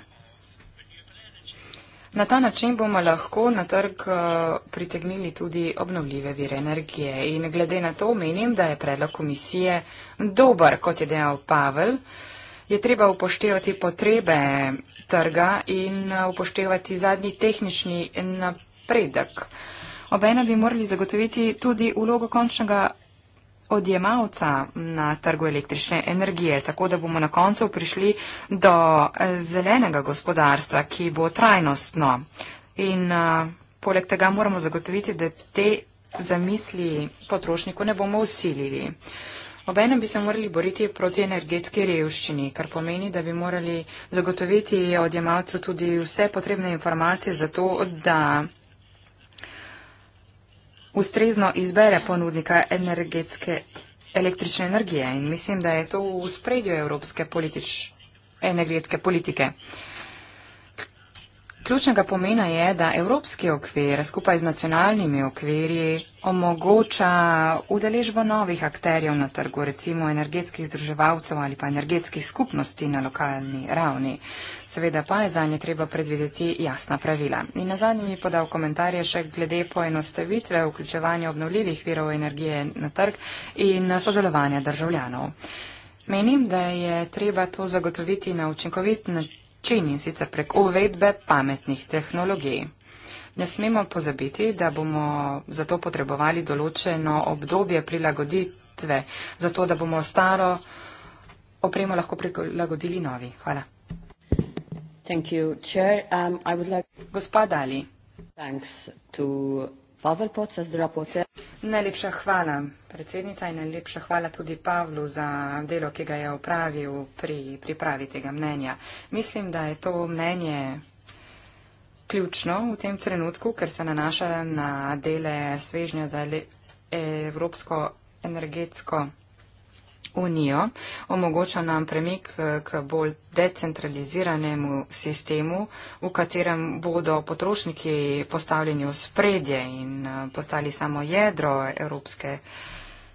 Na ta način bomo lahko na trg eh, pritegnili tudi obnovljive vire energije. In glede na to menim, da je predlog komisije dober, kot je dejal Pavel, je treba upoštevati potrebe trga in eh, upoštevati zadnji tehnični napredek. Obenem bi morali zagotoviti tudi vlogo končnega odjemalca na trgu električne energije, tako da bomo na koncu prišli do eh, zelenega gospodarstva, ki bo trajnostno. In eh, poleg tega moramo zagotoviti, da te zamisli potrošniku ne bomo usilili. Obenem bi se morali boriti proti energetski revščini, kar pomeni, da bi morali zagotoviti odjemalcu tudi vse potrebne informacije za to, da ustrezno izbere ponudnika energetske električne energije. In mislim, da je to v spredju evropske politič, energetske politike. Ključnega pomena je, da evropski okvir skupaj z nacionalnimi okviri omogoča udeležbo novih akterjev na trgu, recimo energetskih združevalcev ali pa energetskih skupnosti na lokalni ravni. Seveda pa je za nje treba predvideti jasna pravila. In na zadnji mi podal komentarje še glede poenostavitve vključevanja obnovljivih virov energije na trg in sodelovanja državljanov. Menim, da je treba to zagotoviti na učinkovit način način in sicer prek uvedbe pametnih tehnologij. Ne smemo pozabiti, da bomo zato potrebovali določeno obdobje prilagoditve, zato da bomo staro opremo lahko prilagodili novi. Hvala. Um, like... Gospod Ali. Pavel Pocas, rapoter. Najlepša hvala, predsednica, in najlepša hvala tudi Pavlu za delo, ki ga je opravil pri pripravi tega mnenja. Mislim, da je to mnenje ključno v tem trenutku, ker se nanaša na dele svežnja za evropsko energetsko unijo, omogoča nam premik eh, k bolj decentraliziranemu sistemu, v katerem bodo potrošniki postavljeni v spredje in eh, postali samo jedro Evropske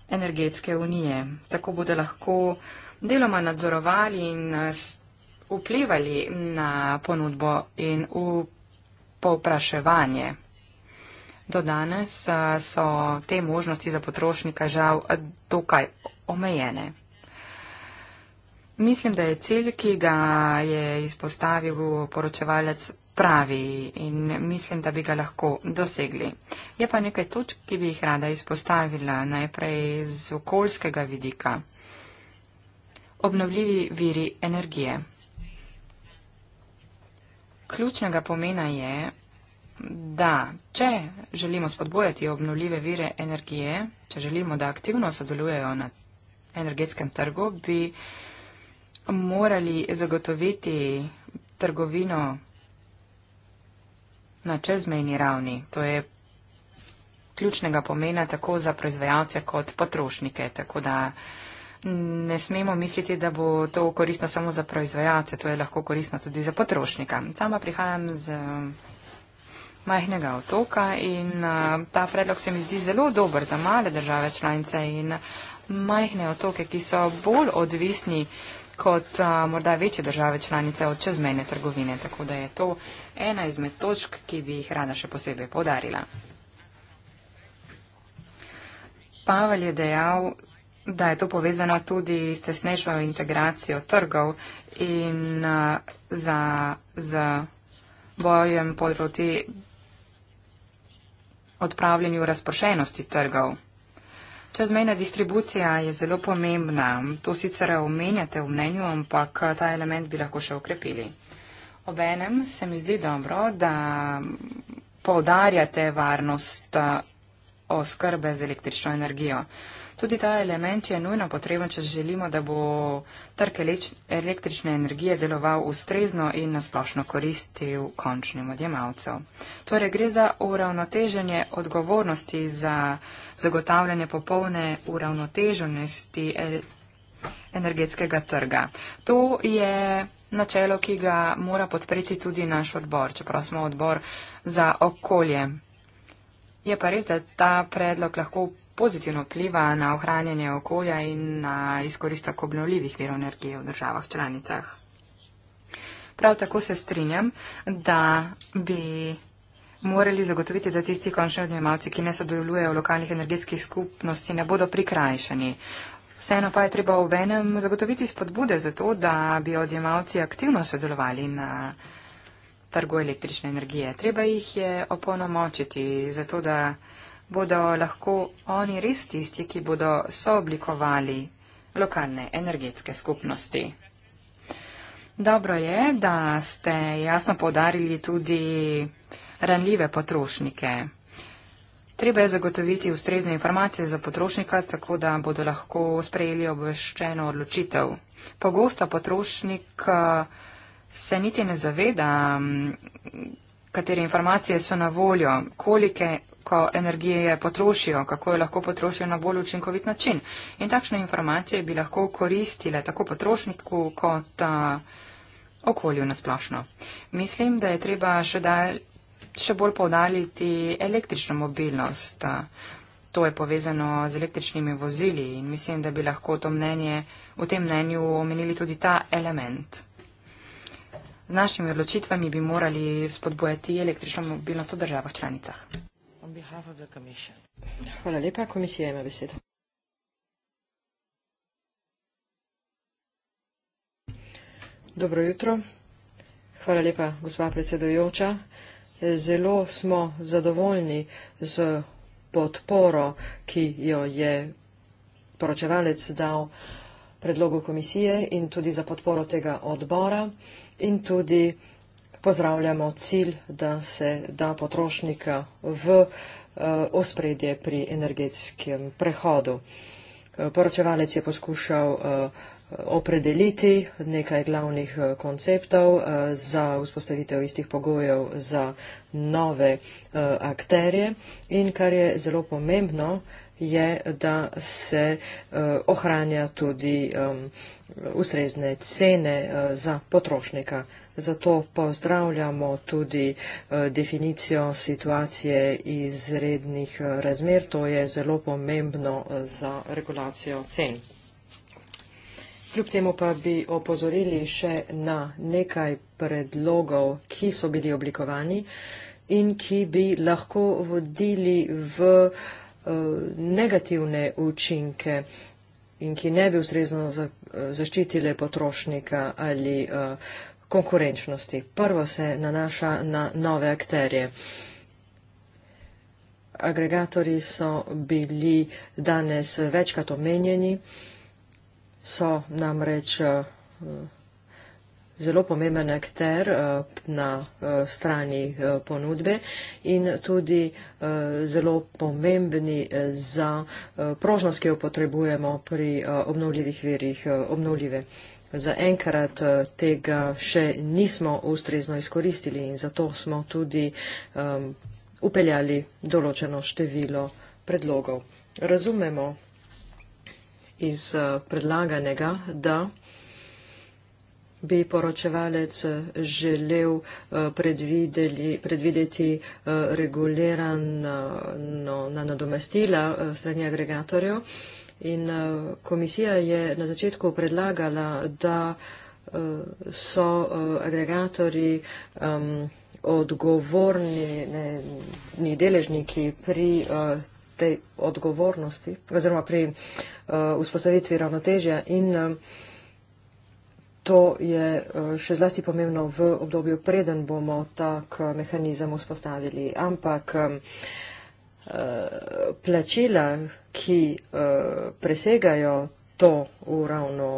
energetske unije. Tako bodo lahko deloma nadzorovali in eh, vplivali na ponudbo in v povpraševanje. Do danes so te možnosti za potrošnika žal dokaj omejene. Mislim, da je cilj, ki ga je izpostavil poročevalec pravi in mislim, da bi ga lahko dosegli. Je pa nekaj točk, ki bi jih rada izpostavila, najprej z okoljskega vidika. Obnovljivi viri energije. Ključnega pomena je, da če želimo spodbojati obnovljive vire energije, če želimo, da aktivno sodelujejo na energetskem trgu, bi morali zagotoviti trgovino na čezmejni ravni. To je ključnega pomena tako za proizvajalce kot potrošnike. Tako da ne smemo misliti, da bo to koristno samo za proizvajalce, to je lahko koristno tudi za potrošnika. Sama prihajam z majhnega otoka in uh, ta predlog se mi zdi zelo dober za male države članice in majhne otoke, ki so bolj odvisni kot uh, morda večje države članice od čezmejne trgovine. Tako da je to ena izmed točk, ki bi jih rada še posebej podarila. Pavel je dejal, da je to povezano tudi s tesnejšo integracijo trgov in uh, za, z bojem proti odpravljanju razpršenosti trgov. Čezmejna distribucija je zelo pomembna. To sicer omenjate v mnenju, ampak eh, ta element bi lahko še ukrepili. Obenem se mi zdi dobro, da poudarjate varnost eh, oskrbe z električno energijo. Tudi ta element je nujno potreben, če želimo, da bo trg električne energije deloval ustrezno in nasplošno koristil končnim odjemalcev. Torej gre za uravnoteženje odgovornosti za zagotavljanje popolne uravnoteženosti energetskega trga. To je načelo, ki ga mora podpreti tudi naš odbor, čeprav smo odbor za okolje. Je pa res, da ta predlog lahko pozitivno vpliva na ohranjanje okolja in na izkoristek obnovljivih virov energije v državah članicah. Prav tako se strinjam, da bi morali zagotoviti, da tisti končni odjemalci, ki ne sodelujejo v lokalnih energetskih skupnosti, ne bodo prikrajšani. Vseeno pa je treba obenem zagotoviti spodbude za to, da bi odjemalci aktivno sodelovali na trgu električne energije. Treba jih je oponomočiti za to, da bodo lahko oni res tisti, ki bodo sooblikovali lokalne energetske skupnosti. Dobro je, da ste jasno podarili tudi ranljive potrošnike. Treba je zagotoviti ustrezne informacije za potrošnika, tako da bodo lahko sprejeli obveščeno odločitev. Pogosto potrošnik eh, se niti ne zaveda, katere informacije so na voljo, kolike, koliko energije potrošijo, kako jo lahko potrošijo na bolj učinkovit način. In takšne informacije bi lahko koristile tako potrošniku kot a, okolju nasplošno. Mislim, da je treba še, dal, še bolj povdaliti električno mobilnost. A, to je povezano z električnimi vozili in mislim, da bi lahko to mnenje, v tem mnenju omenili tudi ta element. Z našimi odločitvami bi morali spodbojati električno mobilnost v državah članicah. Hvala lepa. Komisija ima besedo. Dobro jutro. Hvala lepa, gospa predsedojoča. Zelo smo zadovoljni z podporo, ki jo je poročevalec dal predlogu komisije in tudi za podporo tega odbora in tudi pozdravljamo cilj, da se da potrošnika v eh, ospredje pri energetskem prehodu. Eh, poročevalec je poskušal eh, opredeliti nekaj glavnih konceptov za vzpostavitev istih pogojev za nove akterje in kar je zelo pomembno, je, da se eh, ohranja tudi ustrezne cene eh, za potrošnika. Zato pozdravljamo tudi eh, definicijo situacije izrednih razmer. To je zelo pomembno za regulacijo cen. Kljub temu pa bi opozorili še na nekaj predlogov, ki so bili oblikovani in ki bi lahko vodili v uh, Eh, negativne učinke in ki ne bi ustrezno eh, zaščitile potrošnika ali eh, konkurenčnosti. Prvo se nanaša na nove akterje. Agregatori so bili danes večkrat omenjeni, so namreč zelo pomemben akter eh, na eh, strani eh, ponudbe in tudi zelo pomembni za prožnost, ki jo potrebujemo pri obnovljivih verjih obnovljive. Za enkrat tega še nismo ustrezno izkoristili in zato smo tudi um, ehm, upeljali določeno število predlogov. Razumemo iz predlaganega, da bi poročevalec eh, želel eh, predvideti eh, regulirano na nadomestila strani agregatorjev. In komisija je na začetku predlagala, da so agregatori odgovorni ne, ni deležniki pri tej odgovornosti oziroma pri uh, vzpostavitvi ravnotežja in uh, To je eh, še zlasti pomembno v obdobju, preden bomo tak eh, mehanizem vzpostavili. Ampak eh, plačila, ki presegajo to uravno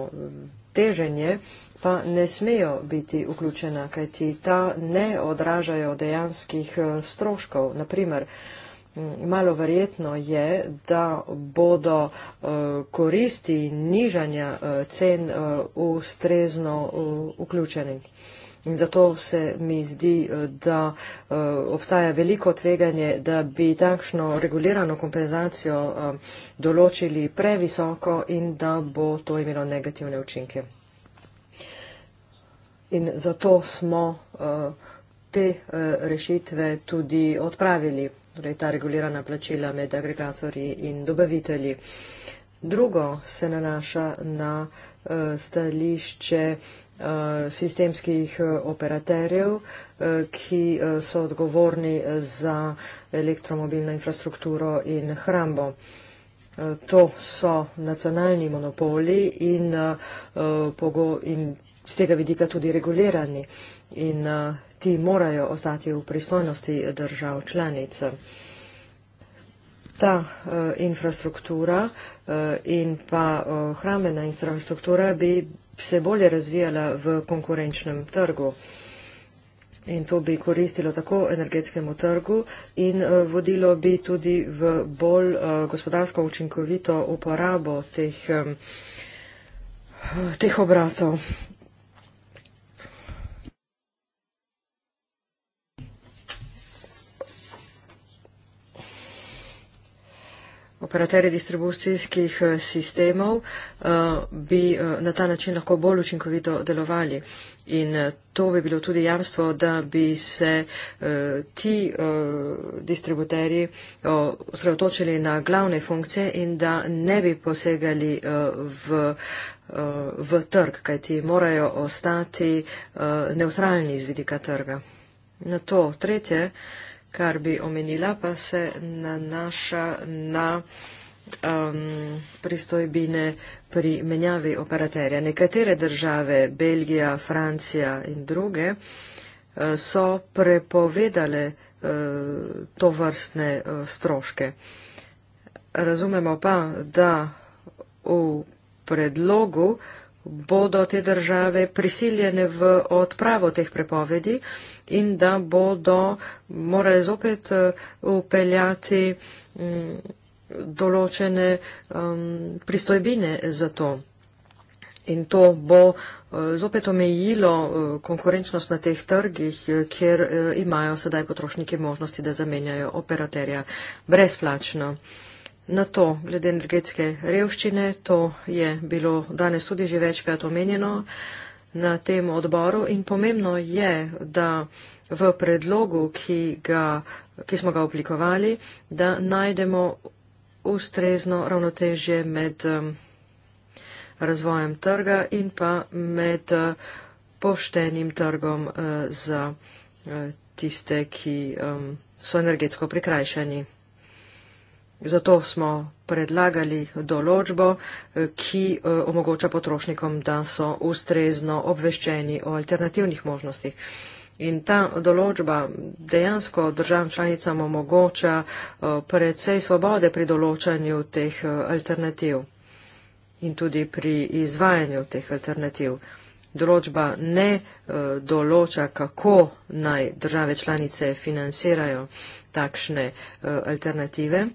teženje, pa ne smejo biti vključena, kajti ta ne odražajo dejanskih stroškov. Naprimer, Mm, malo verjetno je, da bodo eh, koristi nižanja eh, cen eh, ustrezno vključeni. In zato se mi zdi, da obstaja veliko tveganje, da bi takšno regulirano kompenzacijo določili previsoko in da bo to imelo negativne učinke. In zato smo te rešitve tudi odpravili torej ta regulirana plačila med agregatorji in dobavitelji. Drugo se nanaša na eh, stališče eh, sistemskih eh, operaterjev, ki so odgovorni za elektromobilno infrastrukturo in hrambo. To so nacionalni monopoli in, in z tega vidika tudi regulirani. In ti morajo ostati v pristojnosti držav članic. Ta uh, infrastruktura uh, in pa uh, eh, hramena infrastruktura bi se bolje razvijala v konkurenčnem trgu. In to bi koristilo tako energetskemu trgu in uh, vodilo bi tudi v bolj uh, gospodarsko učinkovito uporabo teh, um, teh obratov. operaterje distribucijskih eh, sistemov eh, bi eh, na ta način lahko bolj učinkovito delovali. In to bi bilo tudi jamstvo, da bi se ti distributerji osredotočili na glavne funkcije in da ne bi posegali v, v trg, kajti morajo ostati neutralni iz vidika trga. Na to tretje kar bi omenila, pa se nanaša na um, pristojbine pri menjavi operaterja. Nekatere države, Belgija, Francija in druge, uh, so prepovedale uh, to vrstne uh, stroške. Razumemo pa, da v predlogu bodo te države prisiljene v odpravo teh prepovedi in da bodo morali zopet upeljati eh, mm, določene um, pristojbine za to. In to bo eh, zopet omejilo eh, konkurenčnost na teh trgih, kjer imajo sedaj potrošniki možnosti, da zamenjajo operaterja brezplačno. Na to, glede energetske revščine, to je bilo danes tudi že večkrat omenjeno na tem odboru in pomembno je, da v predlogu, ki, ga, ki smo ga oblikovali, da najdemo ustrezno ravnotežje med um, razvojem trga in pa med uh, poštenim trgom uh, za uh, tiste, ki um, so energetsko prikrajšani. Zato smo predlagali določbo, eh, ki eh, omogoča potrošnikom, da so ustrezno obveščeni o alternativnih možnostih. In ta določba dejansko državam članicam omogoča eh, predvsej svobode pri določanju teh alternativ in tudi pri izvajanju teh alternativ. Določba ne določa, kako naj države članice financirajo takšne alternative.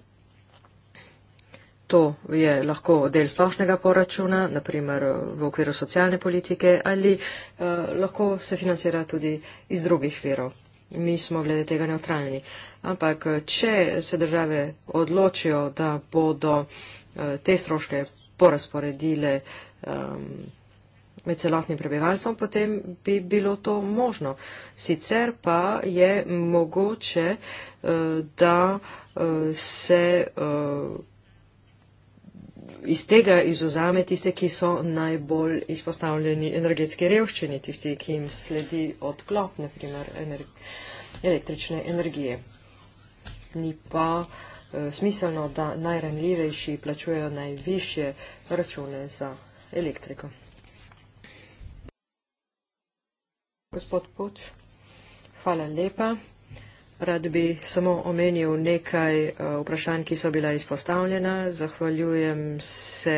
To je lahko del splošnega poračuna, naprimer v okviru socialne politike, ali eh, lahko se financira tudi iz drugih virov. Mi smo glede tega neutralni. Ampak, če se države odločijo, da bodo eh, te stroške porazporedile ehm, med celotnim prebivalstvom, potem bi bilo to možno. Sicer pa je mogoče, eh, da se iz tega izuzame tiste, ki so najbolj izpostavljeni energetski revščini, tisti, ki jim sledi odklop, naprimer ener električne energije. Ni pa e, smiselno, da najranljivejši plačujejo najviše račune za elektriko. Gospod Puč, hvala lepa. Rad bi samo omenil nekaj eh, vprašanj, ki so bila izpostavljena. Zahvaljujem se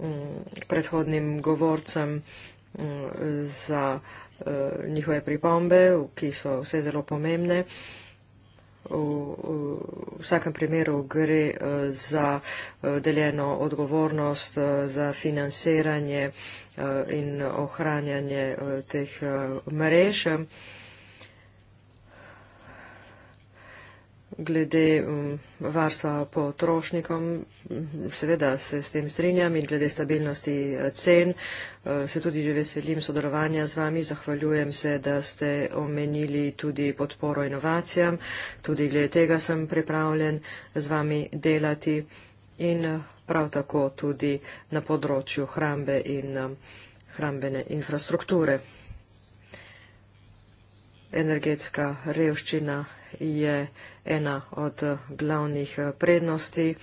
mm, predhodnim govorcem mm, za eh, njihove pripombe, ki so vse zelo pomembne. V vsakem primeru gre eh, za deljeno odgovornost za financiranje in ohranjanje teh mrež. glede um, varstva potrošnikom, seveda se s tem strinjam in glede stabilnosti eh, cen, eh, se tudi že veselim sodelovanja z vami, zahvaljujem se, da ste omenili tudi podporo inovacijam, tudi glede tega sem pripravljen z vami delati in eh, prav tako tudi na področju hrambe in hrambene infrastrukture. Energetska revščina je ena od glavnih eh, prednosti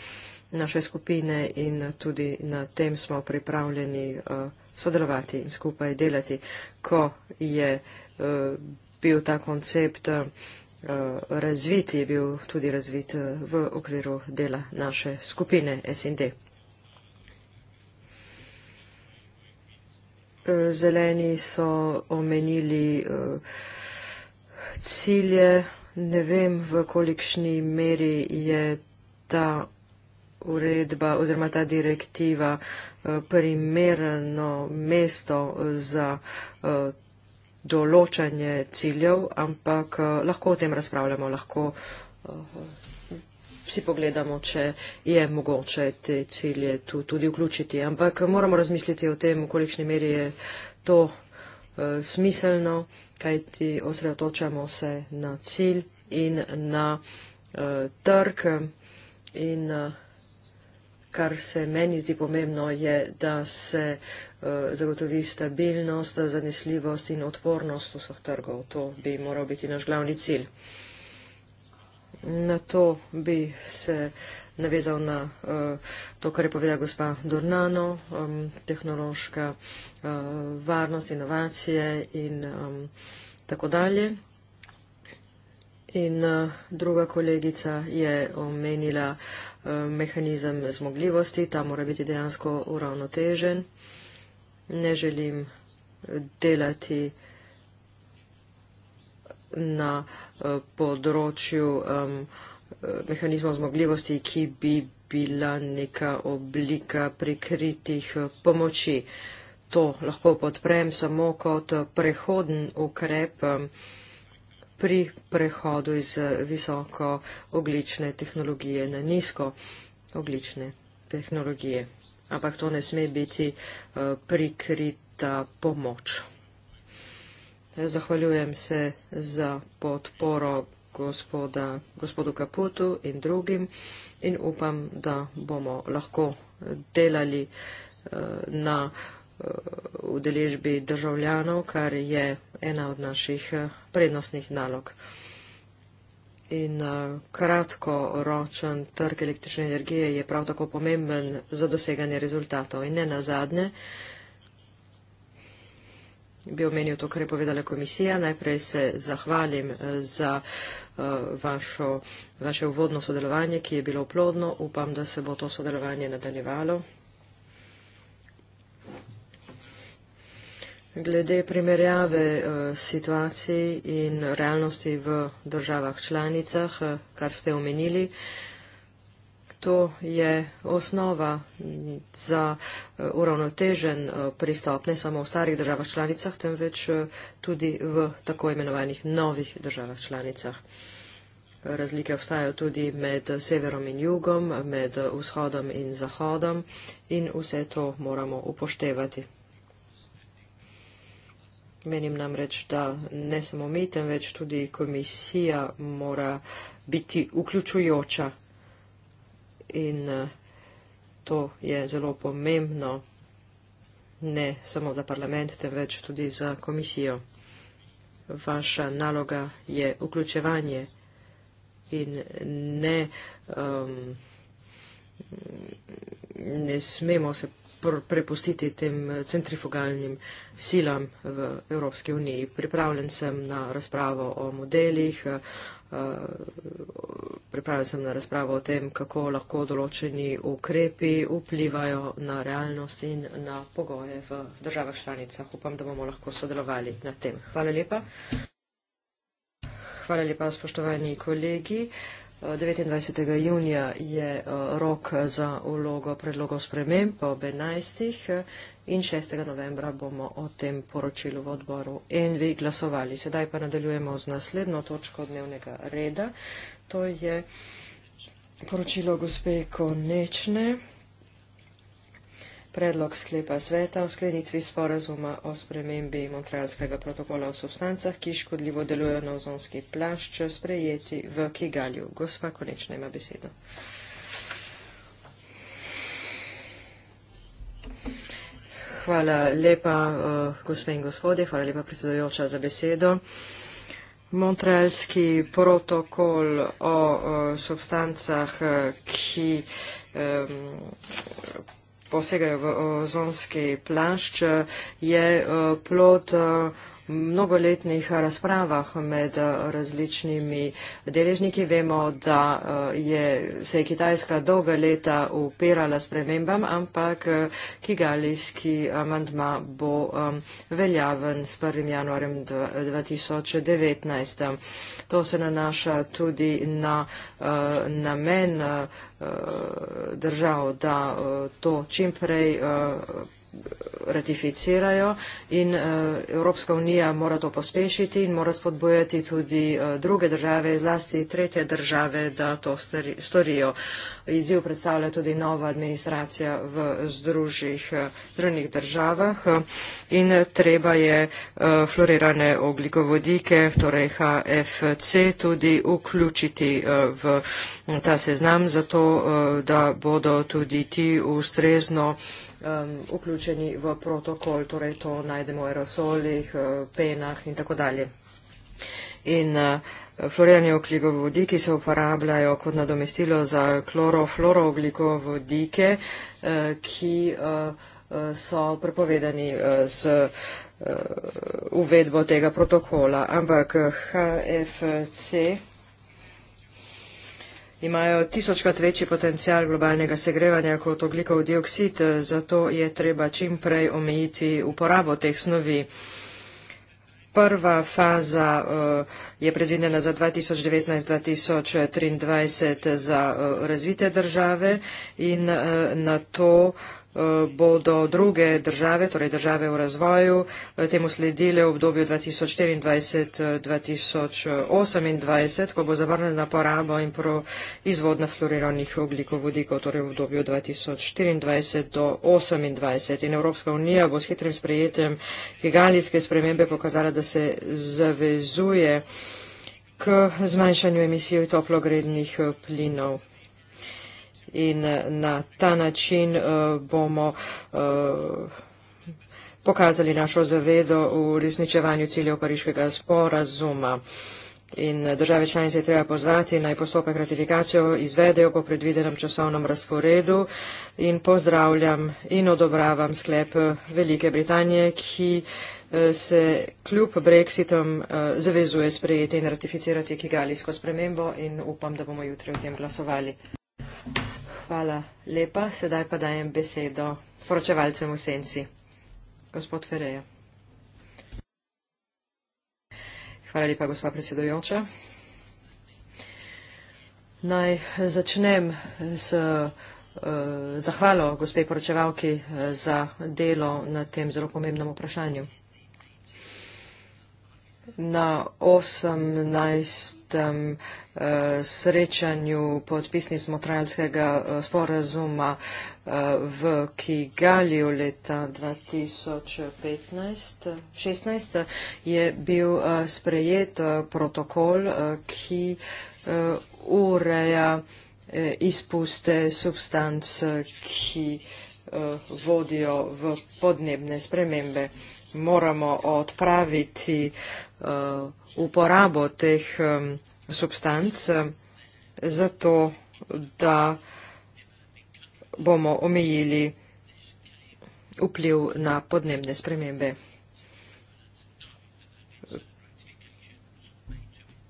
naše skupine in tudi na tem smo pripravljeni eh, sodelovati in skupaj delati. Ko je eh, bil ta koncept razvit, je bil tudi razvit v okviru dela naše skupine SND. Zeleni so omenili cilje Ne vem, v kolikšni meri je ta uredba oziroma ta direktiva eh, primerno mesto za eh, določanje ciljev, ampak eh, lahko o tem razpravljamo, lahko si pogledamo, če je mogoče te cilje tu tudi vključiti. Ampak moramo razmisliti o tem, v kolikšni meri je to smiselno kajti osredotočamo se na cilj in na uh, trg. In uh, kar se meni zdi pomembno, je, da se uh, zagotovi stabilnost, zanesljivost in odpornost vseh trgov. To bi moral biti naš glavni cilj. Na to bi se uh, navezal na uh, to, kar je povedala gospa Dornano, um, tehnološka uh, varnost, inovacije in um, tako dalje. In uh, druga kolegica je omenila uh, mehanizem zmogljivosti, ta mora biti dejansko uravnotežen. Ne želim delati na uh, področju um, uh, mehanizmov zmogljivosti, ki bi bila neka oblika prikritih eh, pomoči. To lahko podprem samo kot prehoden ukrep eh, pri prehodu iz eh, visoko oglične tehnologije na nizko oglične tehnologije. Ampak to ne sme biti prikrita pomoč. Zahvaljujem se za podporo gospoda, gospodu Kaputu in drugim in upam, da bomo lahko delali eh, na eh, udeležbi državljanov, kar je ena od naših eh, prednostnih nalog. In kratkoročen trg električne energije je prav tako pomemben za doseganje rezultatov. In ne nazadnje, bi omenil to, kar je povedala komisija. Najprej se zahvalim eh, za eh, vašo, vaše uvodno sodelovanje, ki je bilo plodno. Upam, da se bo to sodelovanje nadaljevalo. Glede primerjave eh, situacij in realnosti v državah članicah, kar ste omenili, to je osnova za eh, uravnotežen eh, pristop ne samo v starih državah članicah, temveč eh, tudi v tako imenovanih novih državah članicah. Razlike obstajajo tudi med severom in jugom, med vzhodom in zahodom in vse to moramo upoštevati. Menim namreč, da ne samo mi, temveč tudi komisija mora biti vključujoča in eh, to je zelo pomembno ne samo za parlament, temveč tudi za komisijo. Vaša naloga je vključevanje in ne, um, ne smemo se prepustiti tem centrifugalnim silam v Evropski uniji. Pripravljen sem na razpravo o modelih, Eh, pripravil sem na razpravo o tem, kako lahko določeni ukrepi vplivajo na realnost in na pogoje v državah članicah. Upam, da bomo lahko sodelovali na tem. Hvala lepa. Hvala lepa, spoštovani kolegi. 29. junija je eh, rok za ulogo predlogov sprememb po 11. Eh, in 6. novembra bomo o tem poročilu v odboru NV glasovali. Sedaj pa nadaljujemo z naslednjo točko dnevnega reda. To je poročilo gospe Konečne. Predlog sklepa sveta o sklenitvi sporazuma o spremembi Montrealskega protokola o substancah, ki škodljivo delujejo na ozonski plašč, sprejeti v Kigalju. Gospa Konečna ima besedo. Hvala lepa, uh, gospe in gospode, hvala lepa predsedujoča za besedo. Montrealski protokol o uh, substancah, eh, ki um, posegajo v ozonski plašč, je eh, plod. Uh, mnogoletnih razpravah med eh, različnimi deležniki vemo, da eh, je, se je Kitajska dolga leta upirala spremembam, ampak eh, kigalijski amandma bo um, veljaven s 1. januarjem 2019. To se nanaša tudi na uh, namen uh, držav, da uh, to čimprej uh, ratificirajo in eh, Evropska unija mora to pospešiti in mora spodbojati tudi eh, druge države, zlasti tretje države, da to storijo. Izjiv predstavlja tudi nova administracija v združih, eh, združenih državah in treba je florirane oglikovodike, torej HFC, tudi vključiti v ta seznam, zato da bodo tudi ti ustrezno um, vključeni v protokol, torej to najdemo v aerosolih, eh, penah in tako dalje. In uh, eh, florirani oglikovodiki se uporabljajo kot nadomestilo za klorofluorooglikovodike, uh, eh, ki uh, so prepovedani uh, z uh, uvedbo tega protokola. Ampak HFC, imajo tisočkrat večji potencial globalnega segrevanja kot oglikov dioksid, zato je treba čim prej omejiti uporabo teh snovi. Prva faza eh, je predvidena za 2019-2023 za eh, razvite države in eh, na to bodo druge države, torej države v razvoju, temu sledile v obdobju 2024-2028, ko bo zavrnjena poraba in proizvodna fluoriranih oglikovodikov, torej v obdobju 2024-2028. In Evropska unija bo s hitrim sprejetjem gigalijske spremembe pokazala, da se zavezuje k zmanjšanju emisij toplogrednih plinov in eh, na ta način uh, bomo uh, pokazali našo zavedo v resničevanju ciljev pariškega sporazuma. In države članice treba pozvati naj postopek ratifikacijo izvedejo po predvidenem časovnem razporedu in pozdravljam in odobravam sklep Velike Britanije, ki se kljub brexitom zavezuje sprejeti in ratificirati kigalijsko spremembo in upam, da bomo jutri o tem glasovali hvala lepa. Sedaj pa dajem besedo poročevalcem v senci. Gospod Ferreja. Hvala lepa, gospod predsedujoča. Naj začnem s eh, zahvalo gospe poročevalki eh, za delo na tem zelo pomembnem vprašanju. Na osemnajstem eh, srečanju podpisni smo trajalskega eh, sporazuma eh, v Kigaliju leta 2016 je bil eh, sprejet eh, protokol, eh, ki eh, ureja eh, izpuste substance, ki eh, vodijo v podnebne spremembe. Eh, moramo odpraviti uh, uporabo teh um, substanc, um, zato da bomo omejili vpliv na podnebne spremembe.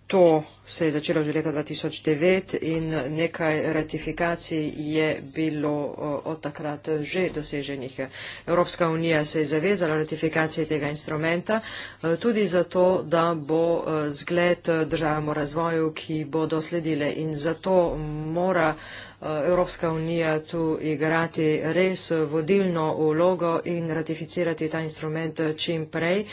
To se je začelo že leta 2009 in nekaj ratifikacij je bilo od takrat že doseženih. Evropska unija se je zavezala ratifikaciji tega instrumenta e, tudi zato, da bo e, zgled državam v razvoju, ki bodo sledile in zato mora e, Evropska unija tu igrati res vodilno vlogo in ratificirati ta instrument čim prej.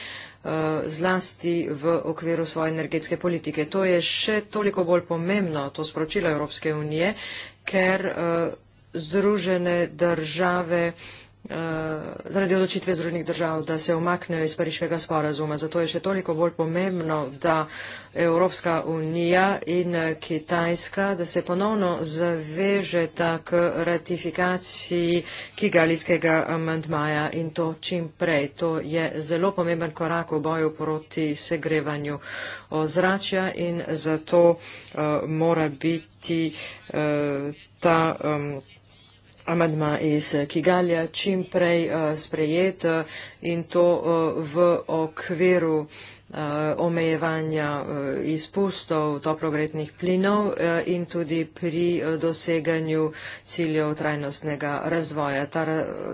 Eh, zlasti v okviru svoje energetske politike. To je še toliko bolj pomembno, to sporočilo Evropske unije, ker eh, združene države Eh, zaradi odločitve Združenih držav, da se omaknejo iz pariškega sporazuma. Zato je še toliko bolj pomembno, da Evropska unija in eh, Kitajska, da se ponovno zavežeta k ratifikaciji kigalijskega amantmaja in to čim prej. To je zelo pomemben korak v boju proti segrevanju ozračja in zato uh, mora biti uh, ta. Um, Amadma iz Kigalja čim prej eh, sprejet eh, in to eh, v okviru Eh, omejevanja eh, izpustov toprogretnih plinov eh, in tudi pri doseganju ciljev trajnostnega razvoja. Ta,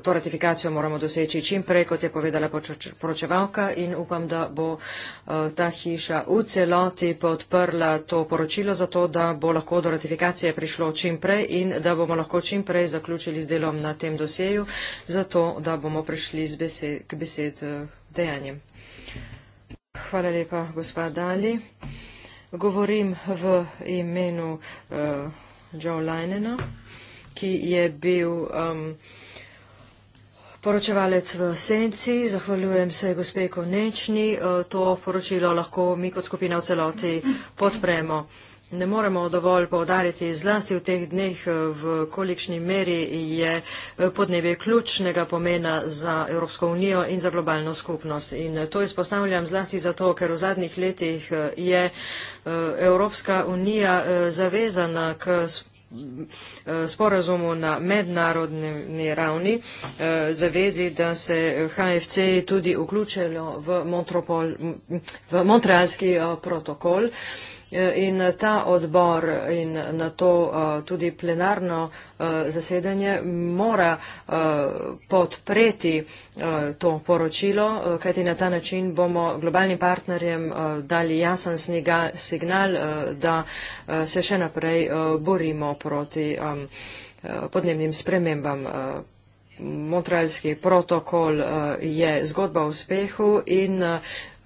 to ratifikacijo moramo doseči čim prej, kot je povedala poročevalka in upam, da bo ta hiša v celoti podprla to poročilo za to, da bo lahko do ratifikacije prišlo čim prej in da bomo lahko čim prej zaključili z delom na tem doseju, zato da bomo prišli besed, k besed dejanjem. Hvala lepa, gospa Dali. Govorim v imenu uh, Joe Linena, ki je bil um, poročevalec v Senci. Zahvaljujem se gospe Konečni. Uh, to poročilo lahko mi kot skupina v celoti podpremo. Ne moremo dovolj poudariti zlasti v teh dneh, eh, v kolikšni meri je eh, podnebje ključnega pomena za Evropsko unijo in za globalno skupnost. In eh, to izpostavljam zlasti zato, ker v zadnjih letih je Evropska unija zavezana k sporazumu na mednarodni ravni zavezi, da se HFC tudi vključilo v, v Montrealski protokol. E, in ta odbor in na to e, tudi plenarno e, zasedanje mora podpreti to poročilo, kajti na ta način bomo globalnim partnerjem dali jasen signal, da se še naprej borimo proti podnebnim spremembam. Montrealski protokol je zgodba o uspehu in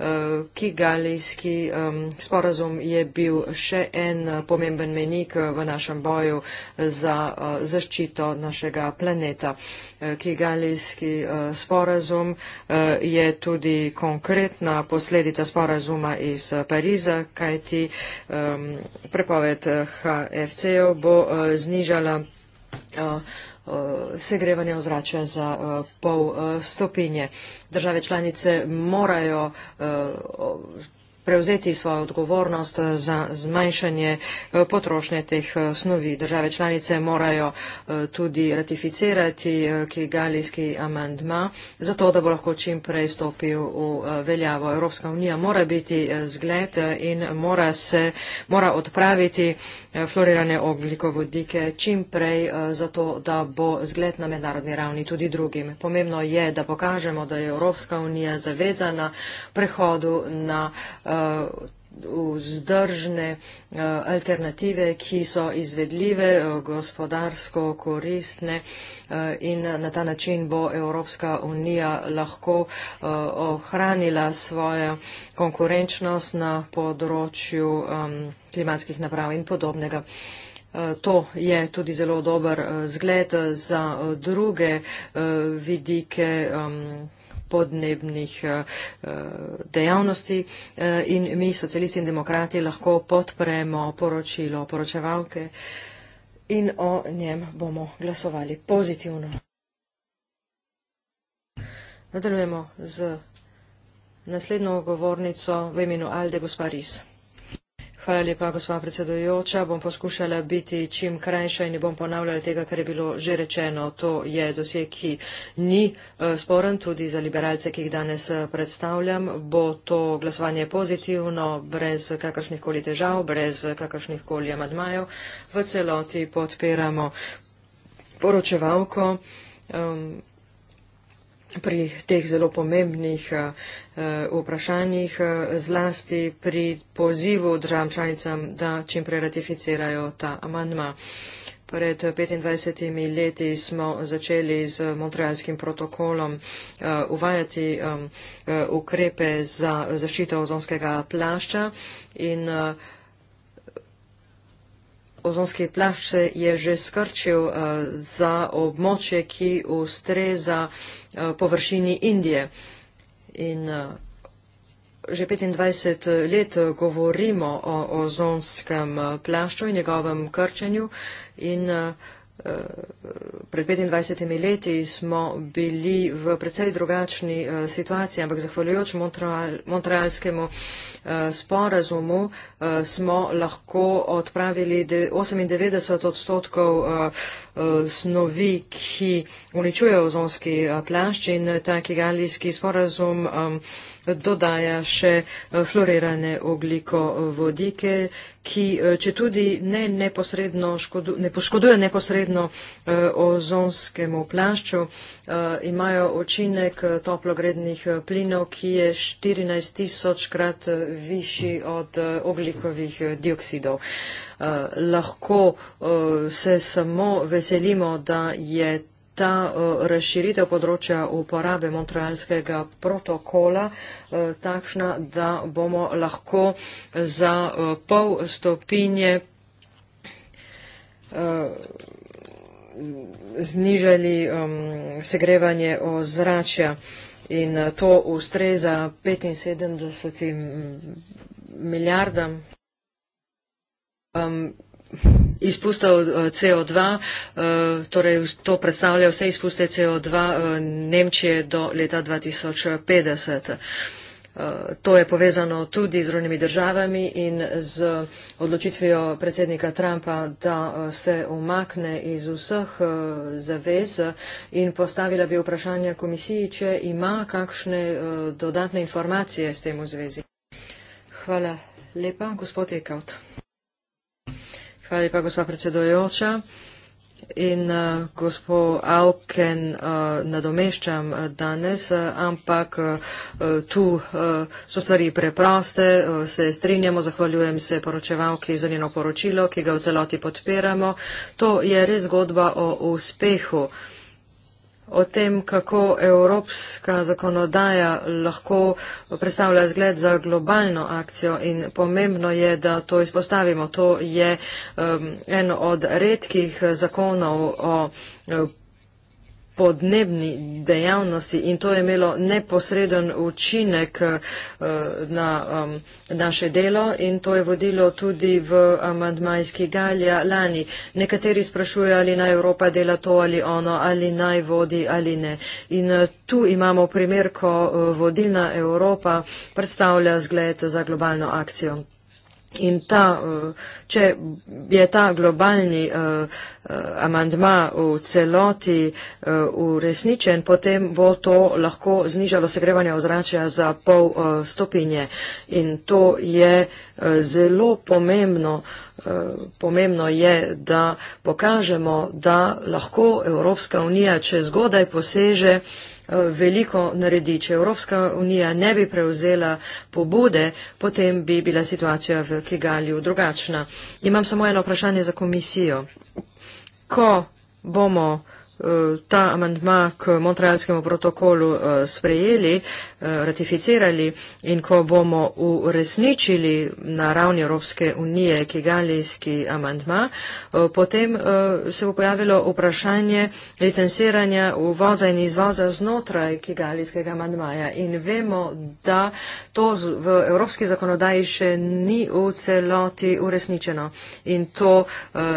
Eh, Kigalijski um, sporazum je bil še en eh, pomemben menik eh, v našem boju za uh, zaščito našega planeta. Kigalijski uh, sporazum uh, je tudi konkretna posledica sporazuma iz Pariza, kajti um, prepoved HFC-ov bo uh, znižala uh, Eh, segrevanja ozračja za eh, pol eh, stopinje. Države članice morajo prevzeti svojo odgovornost za zmanjšanje eh, potrošnje teh eh, snovi. Države članice morajo eh, tudi ratificirati kigalijski amandma, zato da bo lahko čim prej stopil v veljavo. Evropska unija mora biti zgled in mora, se, mora odpraviti florirane oglikovodike čim prej, zato da bo zgled na mednarodni ravni tudi drugim. Pomembno je, da pokažemo, da je Evropska unija zavezana prehodu na uh, Eh, vzdržne eh, alternative, ki so izvedljive, eh, gospodarsko koristne in na ta način bo Evropska unija lahko ohranila svojo konkurenčnost na področju klimatskih naprav in podobnega. To je tudi zelo dober zgled za druge vidike podnebnih eh, eh, dejavnosti eh, in mi, socialisti in demokrati, lahko podpremo poročilo poročevalke in o njem bomo glasovali pozitivno. Nadaljujemo z naslednjo govornico v imenu Alde, gospa Ris. Hvala lepa, gospod predsedojoča. Bom poskušala biti čim krajša in ne bom ponavljala tega, kar je bilo že rečeno. To je dosje, ki ni eh, sporen tudi za liberalce, ki jih danes eh, predstavljam. Bo to glasovanje pozitivno, brez kakršnih koli težav, brez eh, kakršnih koli amadmajev. V celoti podpiramo poročevalko. Um, pri teh zelo pomembnih uh, vprašanjih, uh, zlasti pri pozivu državam članicam, da čim prej ratificirajo ta amandma. Pred 25 leti smo začeli z Montrealskim protokolom uh, uvajati um, uh, ukrepe za zaščito ozonskega plašča in uh, ozonske plašče je že skrčil eh, za območje, ki ustreza eh, površini Indije. In eh, že 25 let govorimo o ozonskem plašču in njegovem krčenju in pred 25 leti smo bili v precej drugačni eh, situaciji, ampak zahvaljujoč Montrealskemu eh, sporazumu eh, smo lahko odpravili 98 odstotkov snovi, ki uničujejo ozonski plašč in taki galijski sporazum um, dodaja še eh, florirane oglikovodike, ki eh, če tudi ne, škodu, ne poškoduje neposredno eh, ozonskemu plašču, imajo učinek toplogrednih plinov, ki je 14 tisočkrat višji od oglikovih dioksidov. Lahko se samo veselimo, da je ta e, razširitev področja uporabe Montrealskega protokola e, takšna, da bomo lahko za e, pol stopinje znižali segrevanje ozračja in to ustreza 75 milijardam izpustov eh, CO2, eh, torej to predstavlja vse izpuste CO2 eh, Nemčije do leta 2050. To je povezano tudi z drugimi državami in z odločitvijo predsednika Trumpa, da se umakne iz vseh zavez in postavila bi vprašanje komisiji, če ima kakšne dodatne informacije s tem v zvezi. Hvala lepa, gospod Ekaut. Hvala lepa, gospa predsedojoča. In uh, gospo Auken uh, nadomeščam uh, danes, uh, ampak uh, tu uh, so stvari preproste, uh, se strinjamo, zahvaljujem se poročevalki za njeno poročilo, ki ga v celoti podpiramo. To je res zgodba o uspehu. Uh, o tem, kako evropska zakonodaja lahko predstavlja zgled za globalno akcijo in pomembno je, da to izpostavimo. To je um, eno od redkih zakonov o um, podnebni dejavnosti in to je imelo neposreden učinek eh, na um, naše delo in to je vodilo tudi v amandmajski galja lani. Nekateri sprašujejo, ali naj Evropa dela to ali ono, ali naj vodi ali ne. In eh, tu imamo primer, ko eh, vodilna Evropa predstavlja zgled za globalno akcijo. In ta, eh, če je ta globalni eh, eh, amandma v celoti uresničen, potem bo to lahko znižalo segrevanje ozračja za pol stopinje. In to je zelo pomembno. Pomembno je, da pokažemo, da lahko Evropska unija, če zgodaj poseže, veliko naredi. Če Evropska unija ne bi prevzela pobude, potem bi bila situacija v Kigalju drugačna. Imam samo eno vprašanje za komisijo. Ko bomo uh, Eh, ta amandma k Montrealskemu protokolu eh, sprejeli, eh, ratificirali in ko bomo uresničili na ravni Evropske unije kigalijski amandma, potem se bo pojavilo vprašanje licenciranja uvoza in izvoza znotraj kigalijskega amandmaja in vemo, da to v evropski zakonodaji še ni v celoti uresničeno in to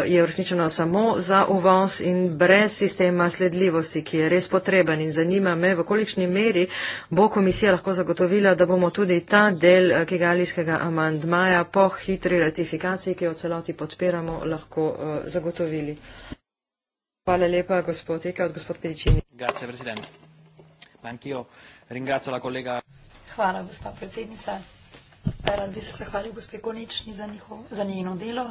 je uresničeno samo za uvoz in brez sistema tema sledljivosti, ki je res potreben in zanima me, v kolikšni meri bo komisija lahko zagotovila, da bomo tudi ta del eh, kigalijskega amandmaja po hitri ratifikaciji, ki jo celoti podpiramo, lahko uh, zagotovili. Hvala lepa, gospod Eka, od gospod Pedičini. Grazie, predsednik. Mankijo, ringrazio la kolega. Hvala, gospod predsednica. Rad bi se zahvalil gospod Konečni za, za njeno delo.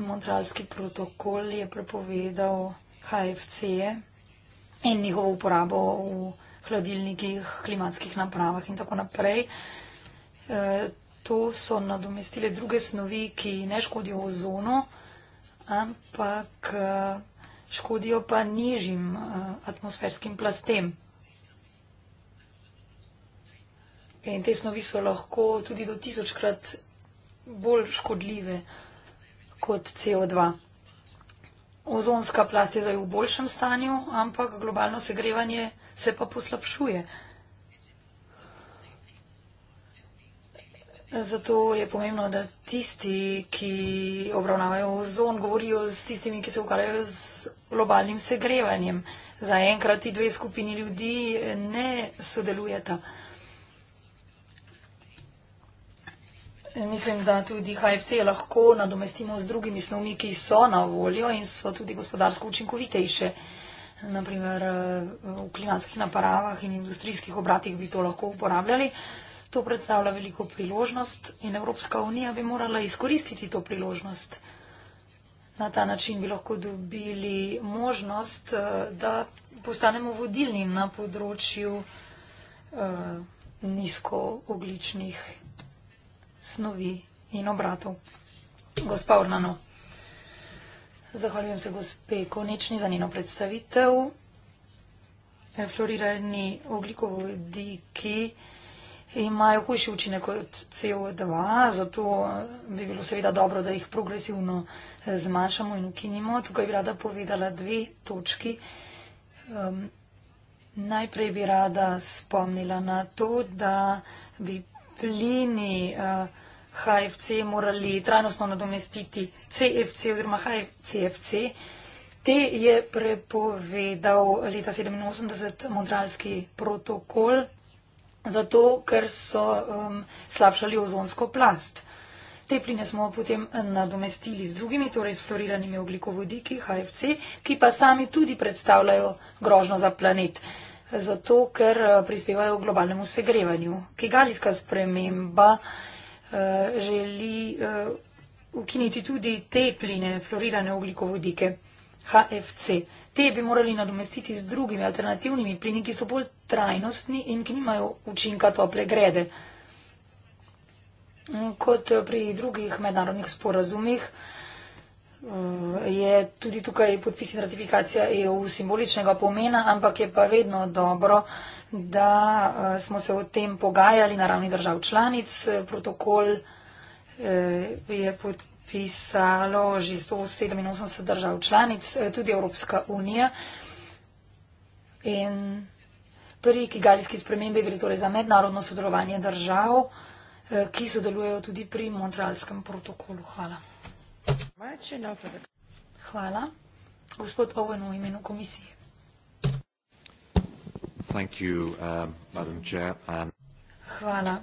Montrealski protokol je prepovedal HFC in njihovo uporabo v hladilnikih, klimatskih napravah in tako naprej. E, to so nadomestile druge snovi, ki ne škodijo ozonu, ampak e, škodijo pa nižjim e, atmosferskim plastem. In te snovi so lahko tudi do tisočkrat bolj škodljive kot CO2. Ozonska plast je zdaj v boljšem stanju, ampak globalno segrevanje se pa poslabšuje. Zato je pomembno, da tisti, ki obravnavajo ozon, govorijo s tistimi, ki se ukvarjajo z globalnim segrevanjem. Zaenkrat ti dve skupini ljudi ne sodelujeta. Mislim, da tudi HFC lahko nadomestimo z drugimi snovmi, ki so na voljo in so tudi gospodarsko učinkovitejše. Naprimer eh, v klimatskih napravah in industrijskih obratih bi to lahko uporabljali. To predstavlja veliko priložnost in Evropska unija bi morala izkoristiti to priložnost. Na ta način bi lahko dobili možnost, eh, da postanemo vodilni na področju eh, nizkooglični snovi in obratov. Gospa Urnano, zahvaljujem se gospe Konečni za njeno predstavitev. E, Florirani oglikovodiki imajo hujši učinek kot CO2, zato bi bilo seveda dobro, da jih progresivno e, zmanjšamo in ukinimo. Tukaj bi rada povedala dve točki. Um, najprej bi rada spomnila na to, da bi plini uh, eh, HFC morali trajnostno nadomestiti CFC oziroma HFCFC. Te je prepovedal leta 87 Montrealski protokol, zato ker so um, slabšali ozonsko plast. Te pline smo potem nadomestili z drugimi, torej s floriranimi oglikovodiki, HFC, ki pa sami tudi predstavljajo grožno za planet. Uh, zato ker eh, prispevajo k globalnemu segrevanju. Kigalijska sprememba eh, želi eh, ukiniti tudi te pline, florirane oglikovodike, HFC. Te bi morali nadomestiti z drugimi alternativnimi plini, ki so bolj trajnostni in ki nimajo učinka tople grede. Kot pri drugih mednarodnih sporazumih, Eh, je tudi tukaj podpis in ratifikacija EU simboličnega pomena, ampak je pa vedno dobro, da eh, smo se o tem pogajali na ravni držav članic. Protokol eh, je podpisalo že 187 držav članic, tudi Evropska unija. In pri kigalijski spremembi gre torej za mednarodno sodelovanje držav, ki sodelujejo tudi pri Montrealskem protokolu. Hvala. Hvala. Gospod Owen, v imenu komisije. Uh, Hvala.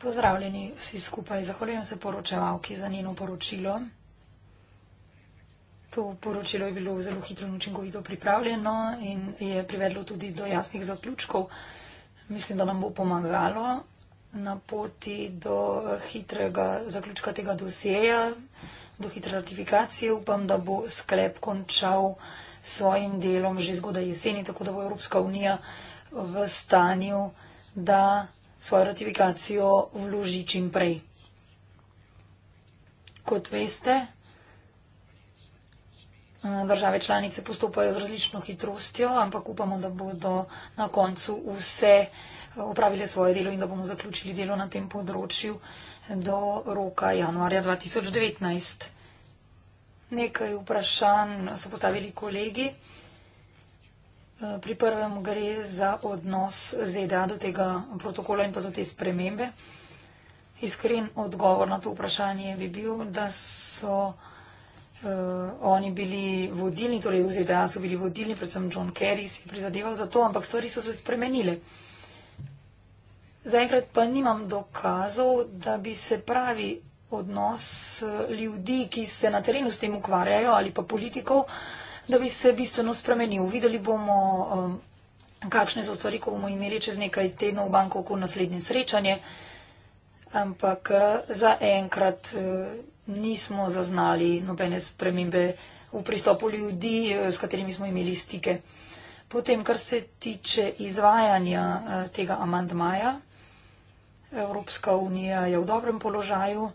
Pozdravljeni vsi skupaj. Zahvaljujem se poročevalki za njeno poročilo. To poročilo je bilo zelo hitro in učinkovito pripravljeno in je privedlo tudi do jasnih zaključkov. Mislim, da nam bo pomagalo na poti do hitrega zaključka tega dosjeja, do hitre ratifikacije. Upam, da bo sklep končal svojim delom že zgodaj jeseni, tako da bo Evropska unija v stanju, da svojo ratifikacijo vloži čim prej. Kot veste, države članice postopajo z različno hitrostjo, ampak upamo, da bodo na koncu vse opravile svoje delo in da bomo zaključili delo na tem področju do roka januarja 2019. Nekaj vprašanj so postavili kolegi. E, pri prvem gre za odnos ZDA do tega protokola in pa do te spremembe. Iskren odgovor na to vprašanje bi bil, da so uh, oni bili vodilni, torej v ZDA so bili vodilni, predvsem John Kerry si prizadeval za to, ampak stvari so se spremenile. Uh, Zaenkrat pa nimam dokazov, da bi se pravi odnos eh, ljudi, ki se na terenu s tem ukvarjajo ali pa politikov, da bi se bistveno spremenil. Videli bomo, kakšne so stvari, ko bomo imeli čez nekaj tednov v Bankovku naslednje srečanje, ampak eh, zaenkrat eh, nismo zaznali nobene spremembe v pristopu ljudi, s katerimi smo imeli stike. Potem, kar se tiče izvajanja tega amandmaja, Evropska unija je v dobrem položaju,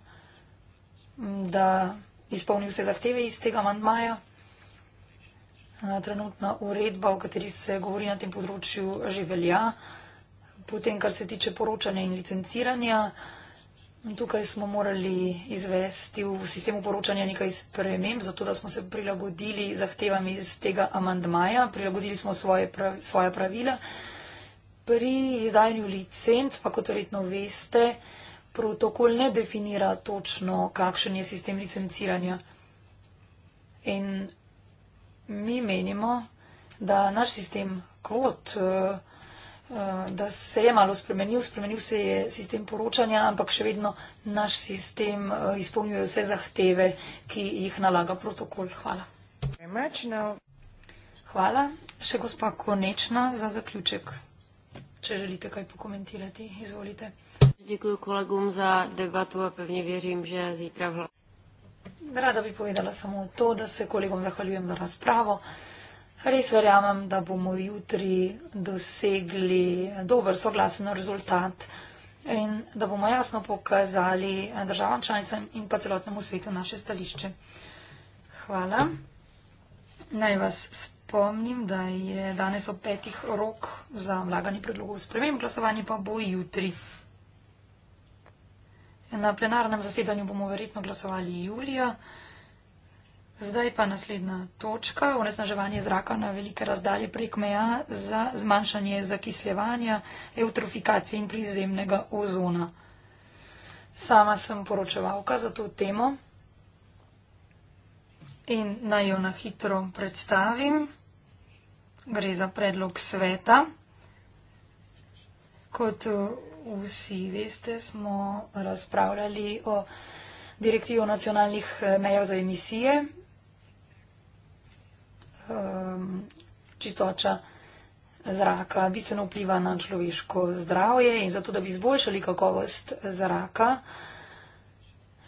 da izpolni vse zahteve iz tega mandmaja. Trenutna uredba, o kateri se govori na tem področju, že velja. Potem, kar se tiče poročanja in licenciranja, tukaj smo morali izvesti v sistemu poročanja nekaj sprememb, zato da smo se prilagodili zahtevami iz tega amandmaja, prilagodili smo svoje pravi, svoja pravila pri izdajanju licenc, pa kot verjetno veste, protokol ne definira točno, kakšen je sistem licenciranja. In mi menimo, da naš sistem kvot, eh, eh, da se je malo spremenil, spremenil se je sistem poročanja, ampak še vedno naš sistem eh, izpolnjuje vse zahteve, ki jih nalaga protokol. Hvala. Hvala. Še gospa Konečna za zaključek. Če želite kaj pokomentirati, izvolite. Děkuji kolegům za debatu a pevně věřím, že zítra vhle. Rada bi povedala samo to, da se kolegom zahvaljujem za razpravo. Res verjamem, da bomo jutri dosegli dober soglasen rezultat in da bomo jasno pokazali državam članicam in pa celotnemu svetu naše stališče. Hvala. Naj vas spremljam spomnim, da je danes o petih rok za vlaganje predlogov sprememb, glasovanje pa bo jutri. Na plenarnem zasedanju bomo verjetno glasovali julija. Zdaj pa naslednja točka. Onesnaževanje zraka na velike razdalje prek meja za zmanjšanje zakisljevanja, eutrofikacije in prizemnega ozona. Sama sem poročevalka za to temo in naj jo na hitro predstavim gre za predlog sveta. Kot uh, vsi veste, smo razpravljali o direktivi o nacionalnih eh, mejah za emisije. Ehm, čistoča zraka bistveno vpliva na človeško zdravje in zato, da bi izboljšali kakovost zraka,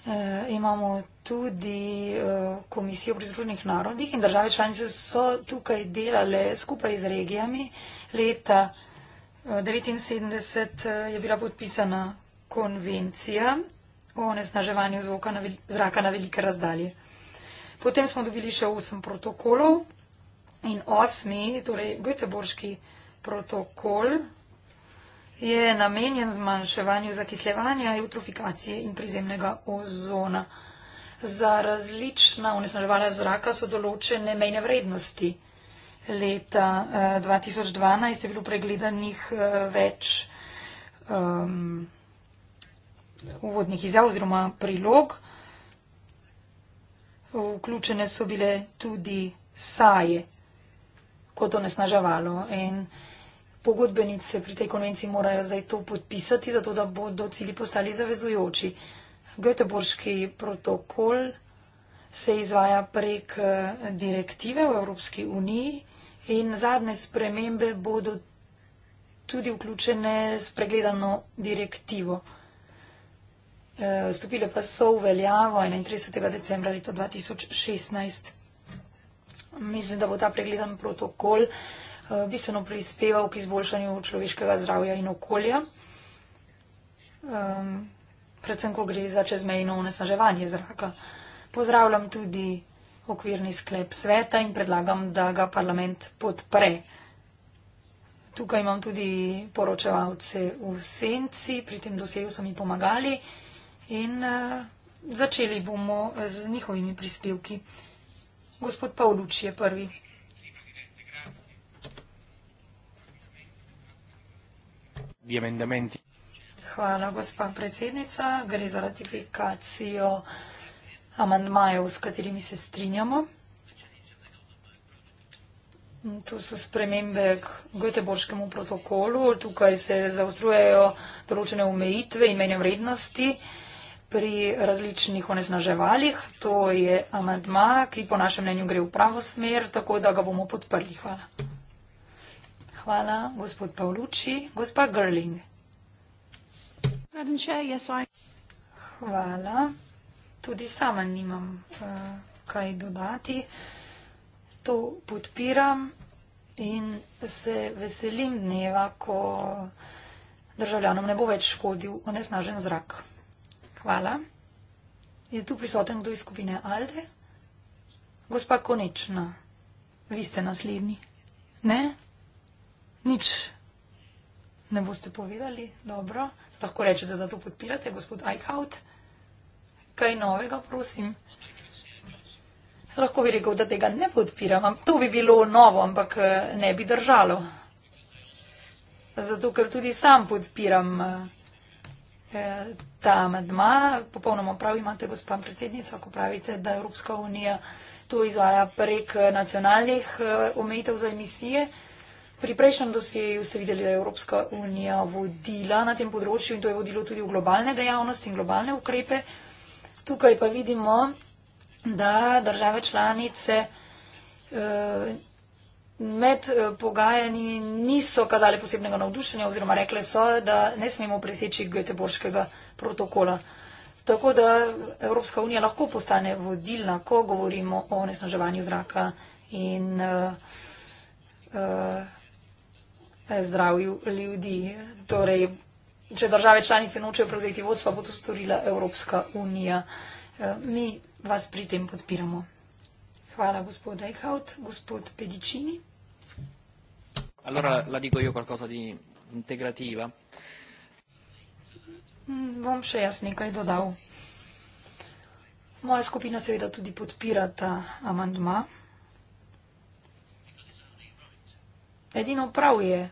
Eh, imamo tudi eh, komisijo pri Združenih narodih in države članice so tukaj delale skupaj z regijami. Leta 1979 eh, je bila podpisana konvencija o nesnaževanju na, zraka na velike razdalje. Potem smo dobili še osem protokolov in osmi, torej Göteborški protokol je namenjen zmanjševanju zakisljevanja, eutrofikacije in prizemnega ozona. Za različna onesnaževala zraka so določene mejne vrednosti. Leta 2012 eh, je bilo pregledanih eh, več um, uvodnih izjav oziroma prilog. Vključene so bile tudi saje kot onesnaževalo. In pogodbenice pri tej konvenciji morajo zdaj to podpisati, zato da bodo cilji postali zavezujoči. Göteborški protokol se izvaja prek eh, direktive v Evropski uniji in zadnje spremembe bodo tudi vključene s pregledano direktivo. Eh, stopile pa so v veljavo 31. decembra leta 2016. Mislim, da bo ta pregledan protokol Eh, bistveno prispeval k izboljšanju človeškega zdravja in okolja, um, predvsem, ko gre za čezmejno onesnaževanje zraka. Pozdravljam tudi okvirni sklep sveta in predlagam, da ga parlament podpre. Tukaj imam tudi poročevalce v senci, pri tem dosegu so mi pomagali in uh, začeli bomo z njihovimi prispevki. Gospod Pavluč je prvi. di emendamenti. Hvala, gospa predsednica. Gre za ratifikacijo amandmajev, s katerimi se strinjamo. To so spremembe k Göteborškemu protokolu. Tukaj se zaostrujejo določene omejitve in menje vrednosti pri različnih onesnaževalih. To je amandma, ki po našem mnenju gre v pravo smer, tako da ga bomo podprli. Hvala. Hvala, gospod Pavluči. Gospa Grling. Hvala. Tudi sama nimam uh, kaj dodati. To podpiram in se veselim dneva, ko državljanom ne bo več škodil onesnažen zrak. Hvala. Je tu prisoten kdo iz skupine Alde? Gospa Konečna, vi ste naslednji. Ne? Nič ne boste povedali, dobro. Lahko rečete, da to podpirate, gospod Eichhout. Kaj novega, prosim? Lahko bi rekel, da tega ne podpiram. To bi bilo novo, ampak eh, ne bi držalo. Zato, ker tudi sam podpiram eh, ta medma. Popolnoma prav imate, gospa predsednica, ko pravite, da Evropska unija to izvaja prek eh, nacionalnih omejitev za emisije. Pri prejšnjem dosjeju ste videli, da je Evropska unija vodila na tem področju in to je vodilo tudi v globalne dejavnosti in globalne ukrepe. Tukaj pa vidimo, da države članice eh, med eh, pogajanji niso kazale posebnega navdušenja oziroma rekle so, da ne smemo preseči Göteborškega protokola. Tako da Evropska unija lahko postane vodilna, ko govorimo o nesnaževanju zraka in uh, uh, zdravju ljudi. Torej, če države članice nočejo prevzeti vodstva, bo to storila Evropska unija. Eh, mi vas pri tem podpiramo. Hvala, gospod Eichhout. Gospod Pedicini. Allora, la dico io qualcosa di integrativa. Mm, bom še jaz nekaj dodal. Moja skupina seveda tudi podpira ta amandma. Edino prav je,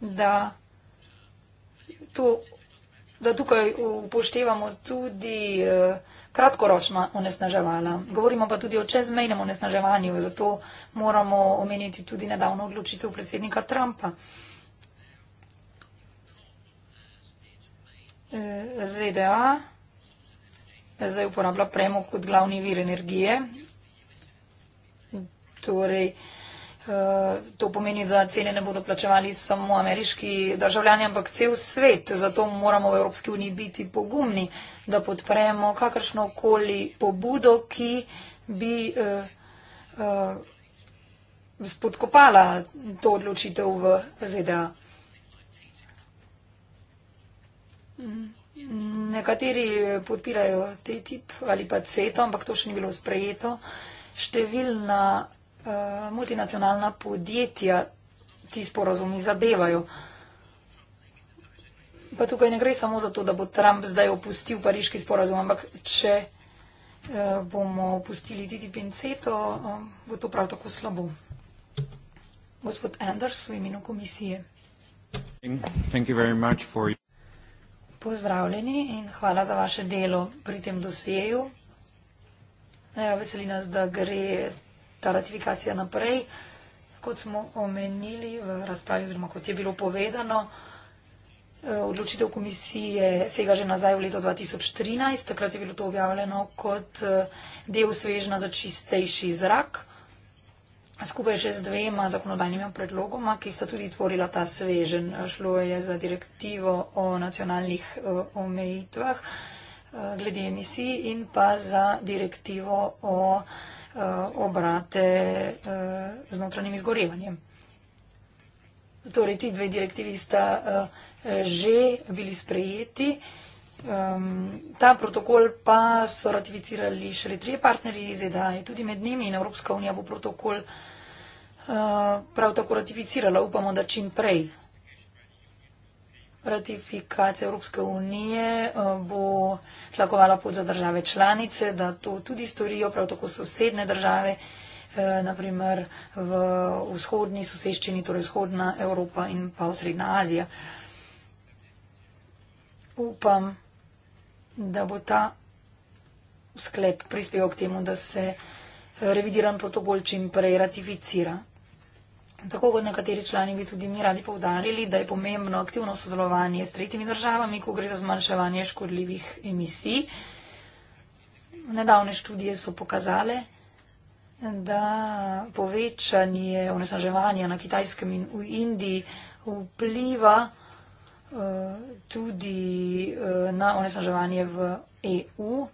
da, to, da tukaj upoštevamo tudi eh, kratkoročna onesnaževala. Govorimo pa tudi o čezmejnem onesnaževanju, zato moramo omeniti tudi nedavno odločitev predsednika Trumpa. Eh, ZDA zdaj uporablja premog kot glavni vir energije. Torej, Eh, to pomeni, da cene ne bodo plačevali samo ameriški državljani, ampak cel svet. Zato moramo v Evropski uniji biti pogumni, da podpremo kakršno koli pobudo, ki bi eh, eh, spodkopala to odločitev v ZDA. Nekateri podpirajo TTIP ali pa CETO, ampak to še ni bilo sprejeto. Številna Eh, multinacionalna podjetja ti sporazumi zadevajo. Pa tukaj ne gre samo za to, da bo Trump zdaj opustil pariški sporazum, ampak če eh, bomo opustili Titi Pinceto, eh, bo to prav tako slabo. Gospod Anders, v imenu komisije. Pozdravljeni in hvala za vaše delo pri tem dosjeju. Veseli nas, da gre ta ratifikacija naprej. Kot smo omenili v razpravi, oziroma kot je bilo povedano, eh, odločitev komisije sega že nazaj v leto 2013. Takrat je bilo to objavljeno kot eh, del svežna za čistejši zrak, skupaj še z dvema zakonodajnima predlogoma, ki sta tudi tvorila ta svežen. Šlo je za direktivo o nacionalnih eh, omejitvah glede emisij in pa za direktivo o Eh, obrate eh, z notranjim izgorevanjem. Torej, ti dve direktivi sta eh, že bili sprejeti. Ta protokol pa so ratificirali šele trije partnerji, ZDA je tudi med njimi in Evropska unija bo protokol prav tako ratificirala. Upamo, da čim prej. Ratifikacija Evropske unije bo tlakovala pot za države članice, da to tudi storijo, prav tako sosedne države, eh, naprimer v vzhodni soseščini, torej vzhodna Evropa in pa osrednja Azija. Upam, da bo ta sklep prispeval k temu, da se revidiran protokol čim prej ratificira. Tako kot nekateri člani bi tudi mi radi povdarili, da je pomembno aktivno sodelovanje s tretjimi državami, ko gre za zmanjševanje škodljivih emisij. Nedavne študije so pokazale, da povečanje onesnaževanja na Kitajskem in v Indiji vpliva uh, tudi uh, na onesnaževanje v EU,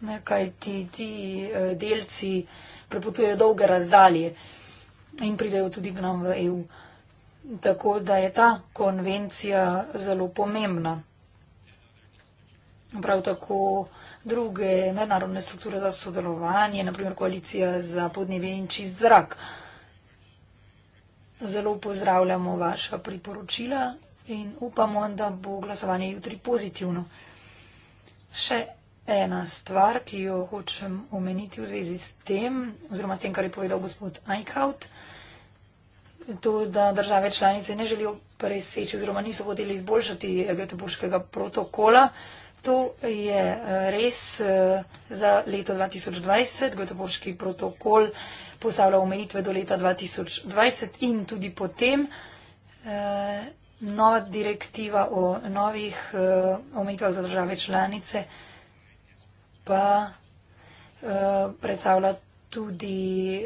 ne, kaj ti, ti uh, eh, delci prepotujejo dolge razdalje. Uh, in pridejo tudi k nam v EU. Tako da je ta konvencija zelo pomembna. Prav tako druge mednarodne strukture za sodelovanje, naprimer koalicija za podnebje in čist zrak. Zelo pozdravljamo vaša priporočila in upamo, da bo glasovanje jutri pozitivno. Še ena stvar, ki jo hočem omeniti v zvezi s tem, oziroma s tem, kar je povedal gospod Eichhout to, da države članice ne želijo preseči oziroma niso hoteli izboljšati Göteborškega protokola. To je eh, res eh, za leto 2020. Göteborški protokol postavlja omejitve do leta 2020 in tudi potem eh, nova direktiva o novih omejitvah za države članice pa predstavlja tudi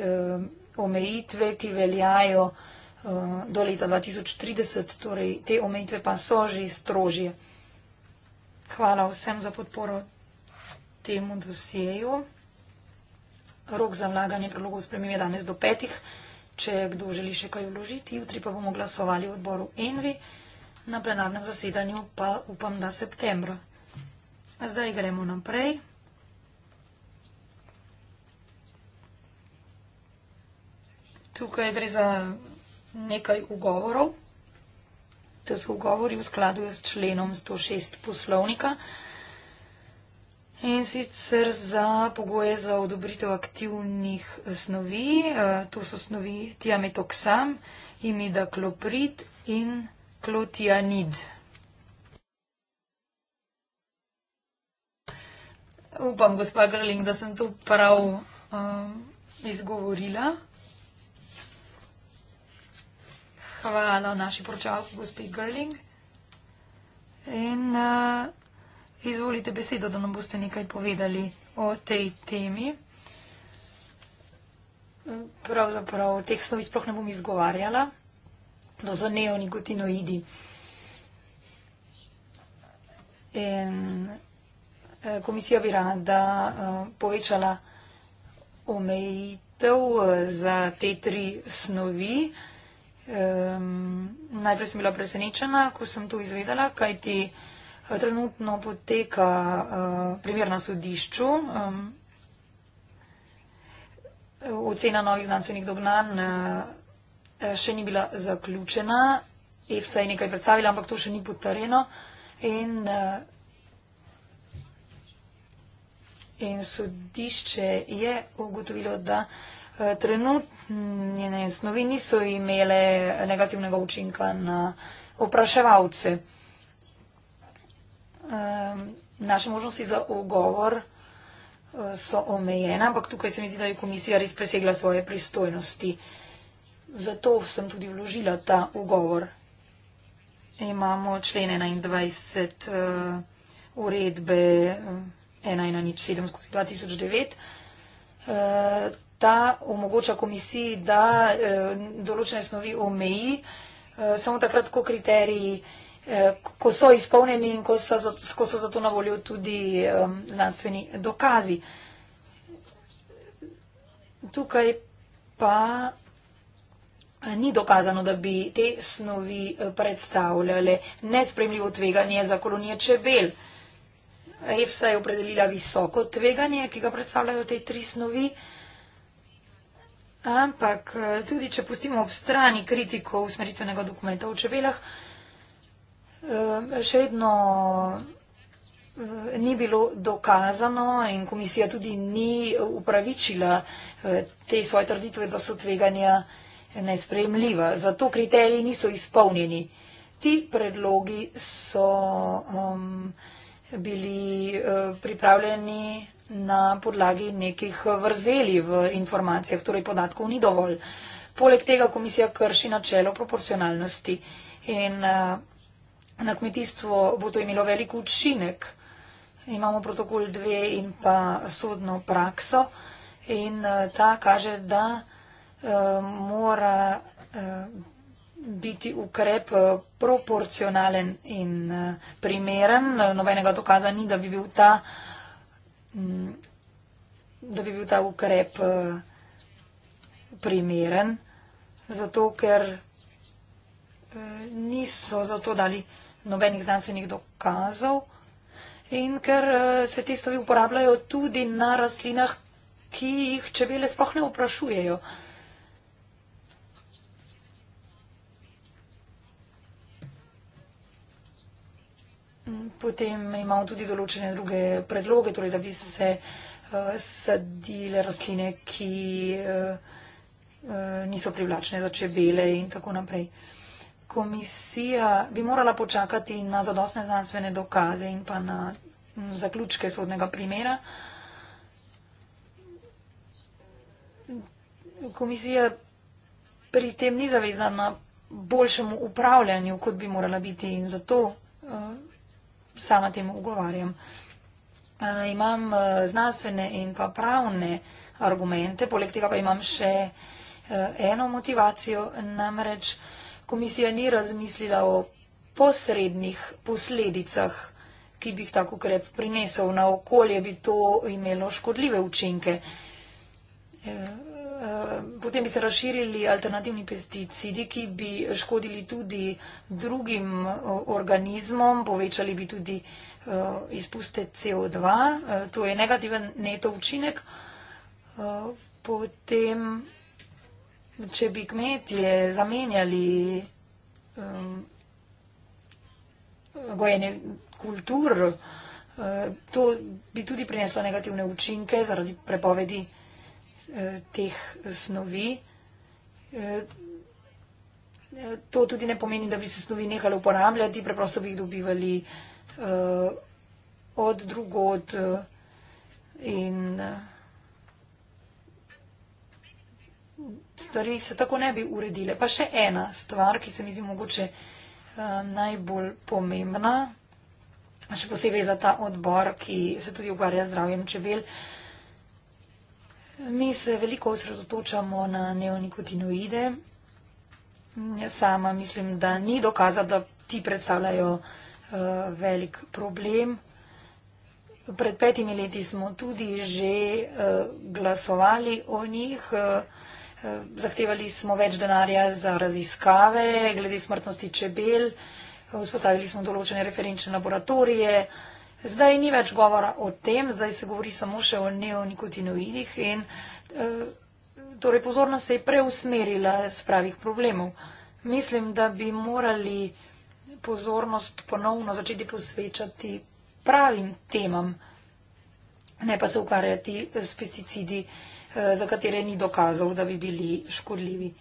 omejitve, ki veljajo eh, do leta 2030, torej te omejitve pa so že strožje. Hvala vsem za podporo temu dosjeju. Rok za vlaganje prilogov spremem je danes do petih, če kdo želi še kaj vložiti, jutri pa bomo glasovali v odboru Envi, na plenarnem zasedanju pa upam, da septembra. A zdaj gremo naprej. Tukaj gre za nekaj ugovorov. To so ugovori v skladu s členom 106 poslovnika in sicer za pogoje za odobritev aktivnih snovi. Eh, to so snovi tiametoksam, imidakloprid in klotianid. Upam, gospa Grling, da sem to prav um, izgovorila. hvala naši poročavki, gospod Grling. In uh, izvolite besedo, da nam boste nekaj povedali o tej temi. Pravzaprav teh snovi sploh ne bom izgovarjala, do no, za neonikotinoidi. In eh, komisija bi rada eh, povečala omejitev za te tri snovi. Um, najprej sem bila presenečena, ko sem to izvedela, kaj ti eh, trenutno poteka uh, primer na sodišču. Um, ocena novih znanstvenih dognanj uh, še ni bila zaključena. EFSA je nekaj predstavila, ampak to še ni potrjeno. In, uh, in sodišče je ugotovilo, da uh, Eh, trenutne snovi niso imele negativnega učinka na opraševalce. Naše možnosti za ogovor eh, so omejene, ampak tukaj se mi zdi, da je komisija res presegla svoje pristojnosti. Zato sem tudi vložila ta ugovor. Imamo člen 21 uh, eh, uredbe 1107 skozi 2009. Uh, ta omogoča komisiji, da eh, določene snovi omeji, eh, samo takrat, ko kriteriji, eh, ko so izpolnjeni in ko so zato na voljo tudi znanstveni dokazi. Tukaj pa ni dokazano, da bi te snovi predstavljale nespremljivo tveganje za kolonije čebel. EFSA je opredelila visoko tveganje, ki ga predstavljajo te tri snovi. Ampak eh, tudi, če pustimo ob strani kritiko usmeritvenega dokumenta v čebelah, eh, še vedno eh, ni bilo dokazano in komisija tudi ni upravičila te svoje trditve, da so tveganja nespremljiva. Zato kriteriji niso izpolnjeni. Ti predlogi so um, bili uh, pripravljeni na podlagi nekih vrzeli v informacijah, torej podatkov ni dovolj. Poleg tega komisija krši načelo proporcionalnosti in eh, na kmetijstvo bo to imelo velik učinek. Imamo protokol 2 in pa sodno prakso in eh, ta kaže, da eh, mora biti ukrep proporcionalen in primeren. Nobenega dokaza ni, da bi bil ta Mm. da bi bil ta ukrep eh, primeren, zato ker eh, niso za to dali nobenih znanstvenih dokazov in ker eh, se ti stovi uporabljajo tudi na rastlinah, ki jih čebele sploh ne vprašujejo. Potem imamo tudi določene druge predloge, torej da bi se uh, sadile rastline, ki uh, niso privlačne za čebele in tako naprej. Komisija bi morala počakati na zadostne znanstvene dokaze in pa na zaključke sodnega primera. Komisija pri tem ni zavezana boljšemu upravljanju, kot bi morala biti in zato. Uh, sama temu ugovarjam. Uh, imam uh, znanstvene in pa pravne argumente, poleg tega pa imam še uh, eno motivacijo, namreč komisija ni razmislila o posrednih posledicah, ki bi jih tako ukrep prinesel na okolje, bi to imelo škodljive učinke. Uh, Eh, potem bi se razširili alternativni pesticidi, ki bi škodili tudi drugim eh, organizmom, povečali bi tudi eh, izpuste CO2. To je negativen neto učinek. Potem, če bi kmetje zamenjali gojenje kultur, to bi tudi prineslo negativne učinke zaradi prepovedi teh snovi. To tudi ne pomeni, da bi se snovi nehali uporabljati, preprosto bi jih dobivali eh, od drugod eh, in eh, stvari se tako ne bi uredile. Pa še ena stvar, ki se mi zdi mogoče najbolj pomembna, še posebej za ta odbor, ki se tudi ukvarja z zdravjem čebel. Mi se veliko osredotočamo na neonikotinoide. Sama mislim, da ni dokaza, da ti predstavljajo eh, velik problem. Pred petimi leti smo tudi že eh, glasovali o njih. Eh, zahtevali smo več denarja za raziskave glede smrtnosti čebel. Vzpostavili smo določene referenčne laboratorije. Zdaj ni več govora o tem, zdaj se govori samo še o neonikotinoidih in eh, torej pozornost se je preusmerila z pravih problemov. Mislim, da bi morali pozornost ponovno začeti posvečati pravim temam, ne pa se ukvarjati s pesticidi, eh, za katere ni dokazov, da bi bili škodljivi.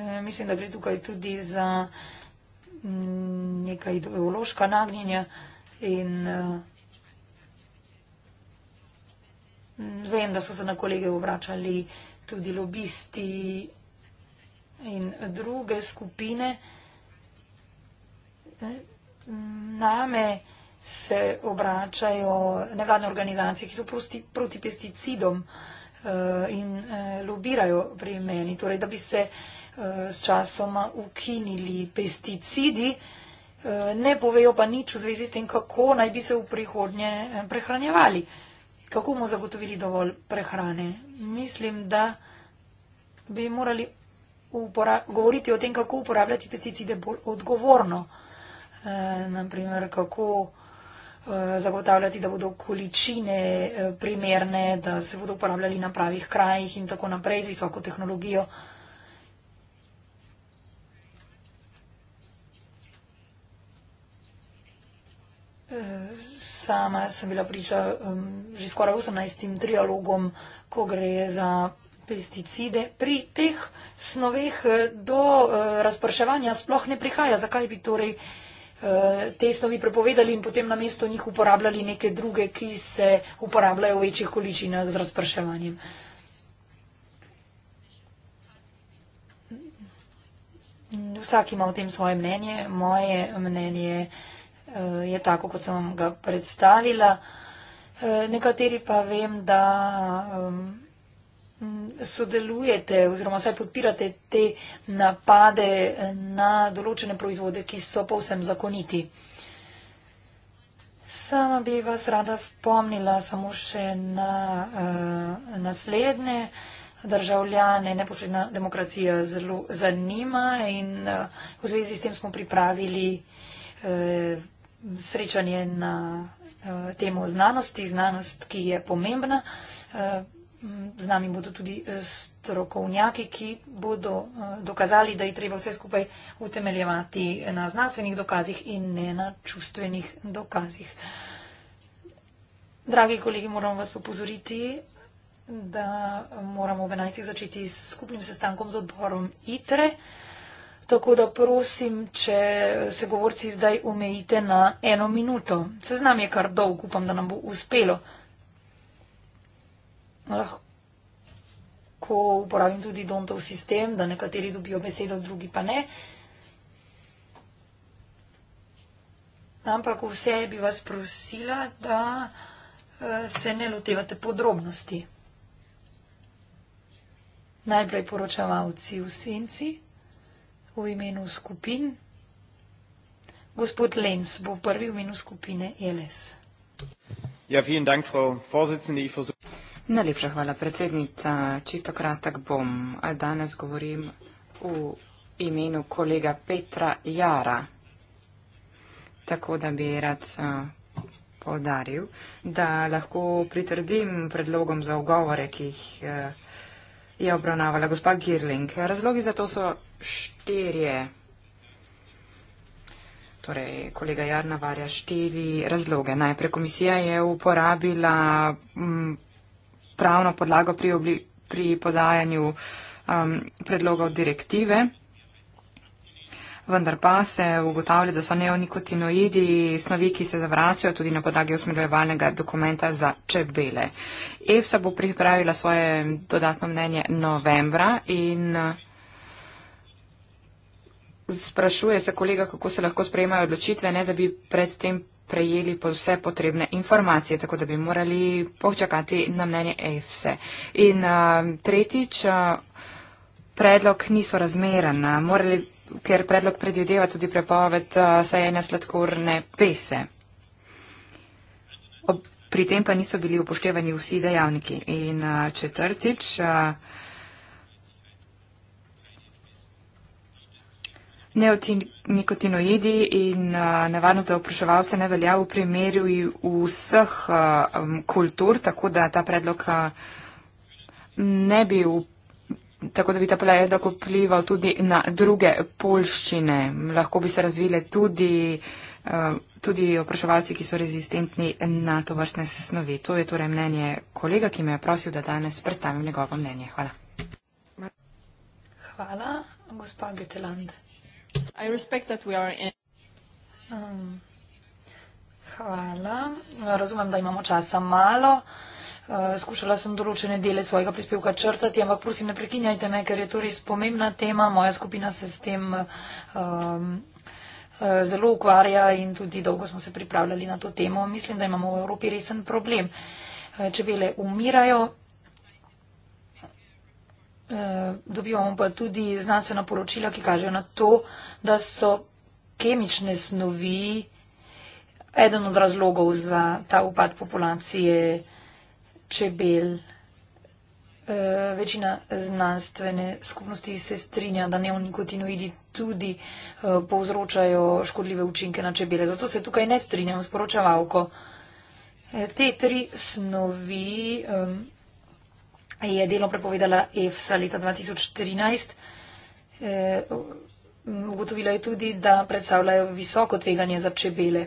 Eh, mislim, da gre tukaj tudi za neka ideološka nagnjenja in uh, vem, da so se na kolege obračali tudi lobisti in druge skupine. Name se obračajo nevladne organizacije, ki so prosti, proti pesticidom uh, eh, in uh, lobirajo pri meni, torej da bi se uh, Eh, s časoma ukinili pesticidi, eh, ne povejo pa nič v zvezi s tem, kako naj bi se v prihodnje eh, prehranjevali, kako bomo zagotovili dovolj prehrane. Mislim, da bi morali govoriti o tem, kako uporabljati pesticide bolj odgovorno, naprimer kako zagotavljati, da bodo količine primerne, da se bodo uporabljali na pravih krajih in tako naprej z visoko tehnologijo. sama sem bila priča um, že skoraj 18. trialogom, ko gre za pesticide. Pri teh snoveh eh, do uh, razprševanja sploh ne prihaja. Zakaj bi torej eh, te snovi prepovedali in potem na mesto njih uporabljali neke druge, ki se uporabljajo v večjih količinah z razprševanjem. Vsak ima o tem svoje mnenje. Moje mnenje je, Eh, je tako, kot sem vam ga predstavila. Eh, nekateri pa vem, da sodelujete oziroma saj podpirate te napade na določene proizvode, ki so povsem zakoniti. Sama bi vas rada spomnila samo še na uh, naslednje. Državljane neposredna demokracija zelo zanima in uh, v zvezi s tem smo pripravili uh, srečanje na eh, temo znanosti, znanost, ki je pomembna. Eh, z nami bodo tudi eh, strokovnjaki, ki bodo dokazali, da je treba vse skupaj utemeljevati na znanstvenih dokazih in ne na čustvenih dokazih. Dragi kolegi, moram vas opozoriti, da moramo ob 11. začeti s skupnim sestankom z odborom ITRE. Tako da prosim, če se govorci zdaj omejite na eno minuto. Seznam je kar dolg, upam, da nam bo uspelo. Lahko uporabim tudi Dontov sistem, da nekateri dobijo besedo, drugi pa ne. Ampak vse bi vas prosila, da eh, se ne lotevate podrobnosti. Najprej poročavavci v senci v imenu skupin. Gospod Lenz bo prvi v imenu skupine LS. Ja, vielen Dank, Frau Vorsitzende. Najlepša hvala, predsednica. Čisto kratek bom. Danes govorim v imenu kolega Petra Jara. Tako da bi rad uh, eh, podaril, da lahko pritrdim predlogom za ogovore, ki jih. Uh, je obravnavala gospa Girling. Razlogi za to so štirje. Torej, kolega Jar navarja štiri razloge. Najprej komisija je uporabila m, mm, pravno podlago pri, obli, pri podajanju um, predlogov direktive vendar pa se ugotavlja, da so neonikotinoidi snovi, ki se zavračajo tudi na podlagi usmerjevalnega dokumenta za čebele. EFSA bo pripravila svoje dodatno mnenje novembra in. Eh, sprašuje se kolega, kako se lahko sprejemajo odločitve, ne da bi predtem prejeli pod vse potrebne informacije, tako da bi morali počakati na mnenje EFSE. In uh, tretjič, uh, predlog niso razmeren. Morali, ker predlog predvideva tudi prepoved uh, sajene sladkorne pese. Ob, pri tem pa niso bili upoštevani vsi dejavniki. In uh, četrtič, uh, neotinikotinoidi in nevarnost za opraševalce ne velja v primeru vseh um, kultur, tako da ta predlog ne bi upoštevan tako da bi ta plejad lahko plival tudi na druge polščine. Lahko bi se razvile tudi, eh, tudi opraševalci, ki so rezistentni na to vrstne snovi. To je torej mnenje kolega, ki me je prosil, da danes predstavim njegovo mnenje. Hvala. Hvala, gospa Götteland. Um, hvala. Razumem, da imamo časa malo. Eh, skušala sem določene dele svojega prispevka črtati, ampak prosim, ne prekinjajte me, ker je to res pomembna tema. Moja skupina se s tem um, zelo ukvarja in tudi dolgo smo se pripravljali na to temo. Mislim, da imamo v Evropi resen problem. Eh, čebele umirajo, dobivamo pa tudi znanstvena poročila, ki kažejo na to, da so kemične snovi eden od razlogov za ta upad populacije čebel. Eh, večina znanstvene skupnosti se strinja, da neonikotinoidi tudi eh, povzročajo škodljive učinke na čebele. Zato se tukaj ne strinjam s poročavalko. Eh, te tri snovi um, je delo prepovedala EFSA leta 2013. E, ugotovila je tudi, da predstavljajo visoko tveganje za čebele.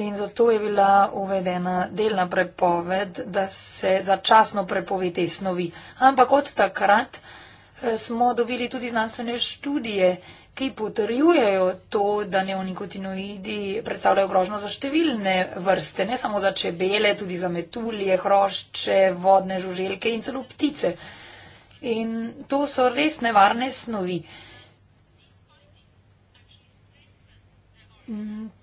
In zato je bila uvedena delna prepoved, da se začasno prepove te snovi. Ampak od takrat eh, smo dobili tudi znanstvene študije, ki potrjujejo to, da neonikotinoidi predstavljajo grožno za številne vrste, ne samo za čebele, tudi za metulje, hrošče, vodne žuželke in celo ptice. In to so res nevarne snovi.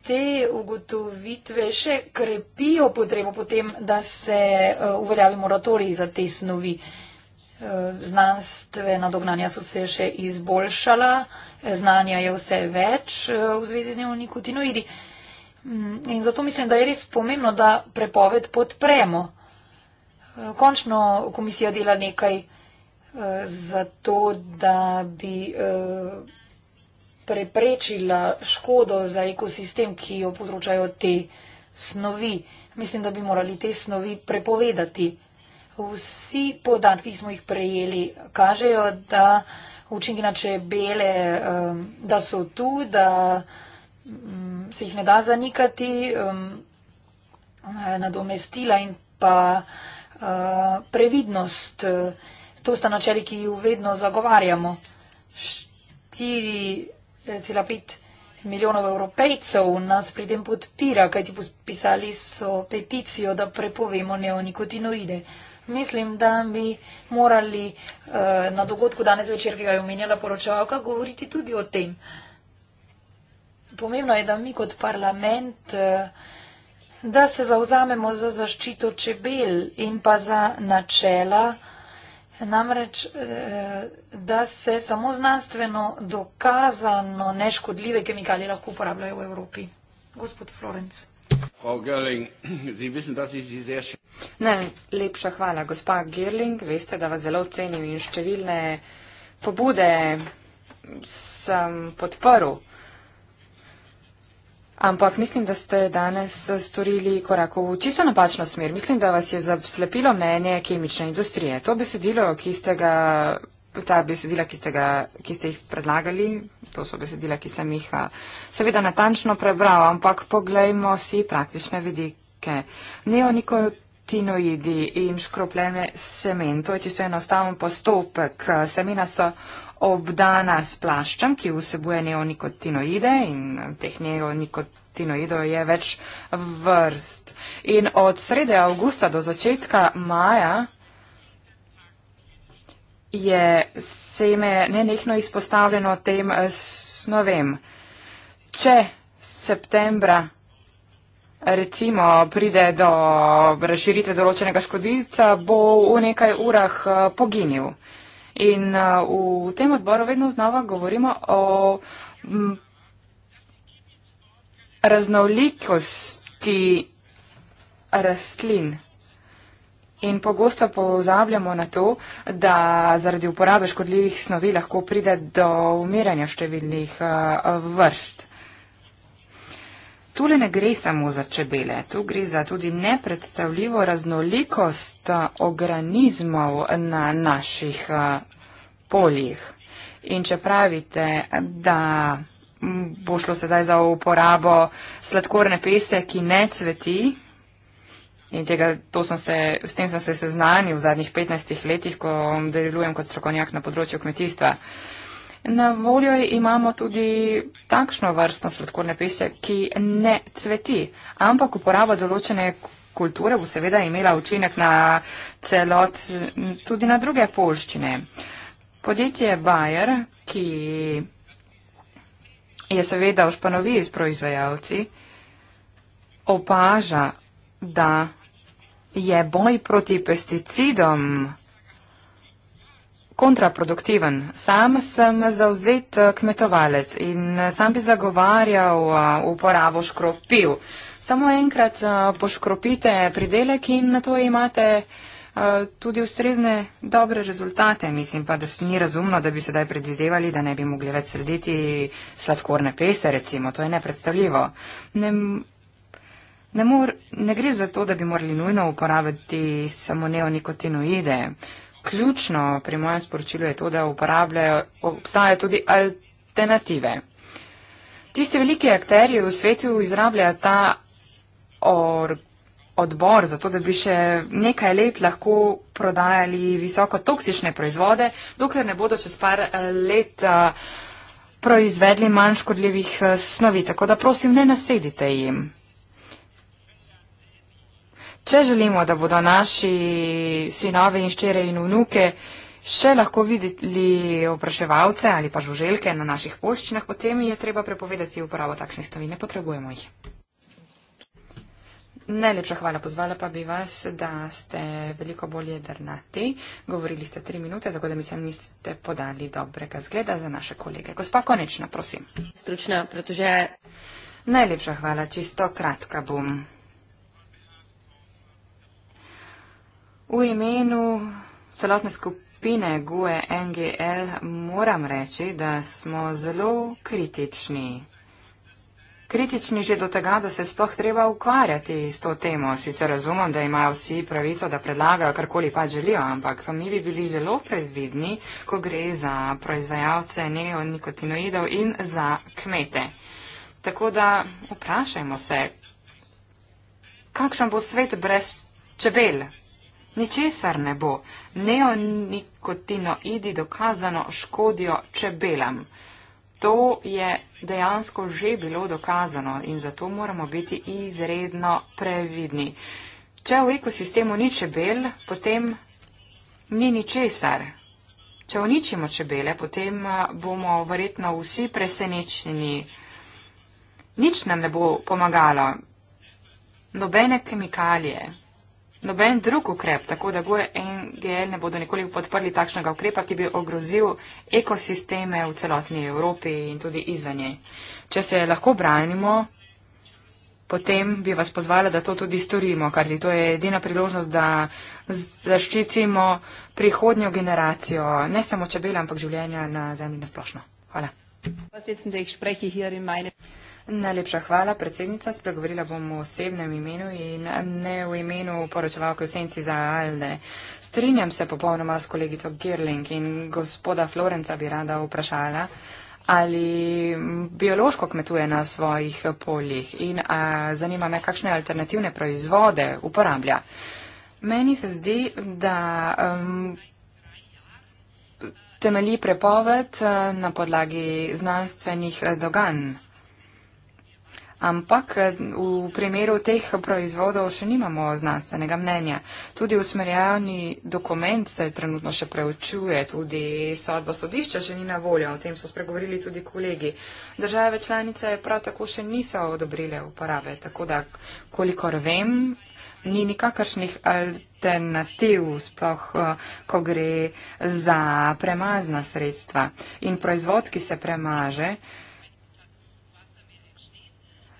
Te ugotovitve še krepijo potrebo potem, da se e, uveljavi moratorij za te snovi. E, znanstvena dognanja so se še izboljšala, e, znanja je vse več v zvezi z neonikotinoidi. Mm, in zato mislim, da je res pomembno, da prepoved podpremo. Končno komisija dela nekaj za to, da bi preprečila škodo za ekosistem, ki jo povzročajo te snovi. Mislim, da bi morali te snovi prepovedati. Vsi podatki, ki smo jih prejeli, kažejo, da učinki na čebele, um, da so tu, da um, se jih ne da zanikati, um, nadomestila in pa uh, previdnost. To sta načeli, ki ju vedno zagovarjamo. Štiri 5,5 milijonov Evropejcev nas pri tem podpira, kajti podpisali so peticijo, da prepovemo neonikotinoide. Mislim, da bi morali eh, na dogodku danes zvečer, ki ga je omenjala poročevalka, govoriti tudi o tem. Pomembno je, da mi kot parlament, eh, da se zavzamemo za zaščito čebel in pa za načela Namreč, eh, da se samo znanstveno dokazano neškodljive kemikalije lahko uporabljajo v Evropi. Gospod Florenc. Ne, lepša hvala, gospa Girling. Veste, da vas zelo cenim in številne pobude sem podporil. Ampak mislim, da ste danes storili korak v čisto napačno smer. Mislim, da vas je zaslepilo mnenje kemične industrije. To besedilo, ki ste ga, ta besedila, ki ste, ga, ki ste jih predlagali, to so besedila, ki sem jih seveda natančno prebral, ampak poglejmo si praktične vidike. Neonikotinoidi in škropljene semen, to je čisto enostaven postopek. Semena so obdana s plaščem, ki vsebuje neonikotinoide in teh neonikotinoidov je več vrst. In od srede avgusta do začetka maja je seme nenehno izpostavljeno tem snovem. Če septembra recimo pride do razširitve določenega škodilca, bo v nekaj urah eh, poginil. In uh, v tem odboru vedno znova govorimo o raznolikosti rastlin. In pogosto pozabljamo na to, da zaradi uporabe škodljivih snovi lahko pride do umiranja številnih uh, vrst. Tule ne gre samo za čebele, tu gre za tudi nepredstavljivo raznolikost eh, organizmov na naših eh, poljih. In če pravite, da bo šlo sedaj za uporabo sladkorne pese, ki ne cveti, in tega, se, s tem sem se seznanil v zadnjih 15 letih, ko delujem kot strokovnjak na področju kmetijstva. Uh, Na voljo imamo tudi takšno vrstno sladkorne pese, ki ne cveti, ampak uporaba določene kulture bo seveda imela učinek na celot tudi na druge polščine. Podjetje Bayer, ki je seveda v španoviji s proizvajalci, opaža, da je boj proti pesticidom kontraproduktiven. Sam sem zauzet eh, kmetovalec in eh, sam bi zagovarjal eh, uporabo škropiv. Samo enkrat poškropite pridelek in na to imate tudi ustrezne dobre rezultate. Mislim pa, da ni razumno, da bi sedaj predvidevali, da ne bi mogli več srediti sladkorne pese, recimo. To je nepredstavljivo. Ne, ne, mor, ne gre za to, da bi morali nujno uporabiti samo neonikotinoide ključno pri mojem sporočilu je to, da uporabljajo, obstajajo tudi alternative. Tisti veliki akterji v svetu izrabljajo ta or, odbor, zato da bi še nekaj let lahko prodajali visoko toksične proizvode, dokler ne bodo čez par eh, let eh, proizvedli manj škodljivih eh, snovi. Tako da prosim, ne nasedite jim. Če želimo, da bodo naši sinovi in ščere in vnuke še lahko videli opraševalce ali pa žuželke na naših poščinah, potem je treba prepovedati uporabo takšnih stovi, ne potrebujemo jih. Najlepša hvala, pozvala pa bi vas, da ste veliko bolje drnati. Govorili ste tri minute, tako da mislim, niste podali dobrega zgleda za naše kolege. Gospa Konečna, prosim. Stručna, pretože. Najlepša hvala, čisto kratka bom. V imenu celotne skupine GUE NGL moram reči, da smo zelo kritični. Kritični že do tega, da se sploh treba ukvarjati s to temo. Sicer razumem, da imajo vsi pravico, da predlagajo karkoli pa želijo, ampak mi bi bili zelo prezvidni, ko gre za proizvajalce neonikotinoidov in za kmete. Tako da vprašajmo se, kakšen bo svet brez čebel? Ničesar ne bo. Neonikotinoidi dokazano škodijo čebelam. To je dejansko že bilo dokazano in zato moramo biti izredno previdni. Če v ekosistemu ni čebel, potem ni ničesar. Če uničimo čebele, potem eh, bomo verjetno vsi presenečeni. Nič nam ne bo pomagalo. Nobene kemikalije noben drug ukrep, tako da GUE in GL ne bodo nikoli podprli takšnega ukrepa, ki bi ogrozil ekosisteme v celotni Evropi in tudi izven nje. Če se lahko branimo, potem bi vas pozvala, da to tudi storimo, ker ti to je edina priložnost, da zaščitimo prihodnjo generacijo, ne samo čebele, ampak življenja na zemlji nasplošno. Hvala. Najlepša hvala, predsednica. Spregovorila bom v osebnem imenu in ne v imenu poročevalke v senci za Alne. Strinjam se popolnoma s kolegico Gerling in gospoda Florenca bi rada vprašala, ali biološko kmetuje na svojih poljih in a, zanima me, kakšne alternativne proizvode uporablja. Meni se zdi, da. Um, temelji prepoved eh, na podlagi znanstvenih eh, dogan. Ampak eh, v primeru teh proizvodov še nimamo znanstvenega mnenja. Tudi usmerjavni dokument se trenutno še preučuje, tudi sodba sodišča še ni na voljo, o tem so spregovorili tudi kolegi. Države članice prav tako še niso odobrile uporabe, tako da kolikor vem, ni nikakršnih alternativ, sploh eh, ko gre za premazna sredstva. In proizvod, ki se premaže,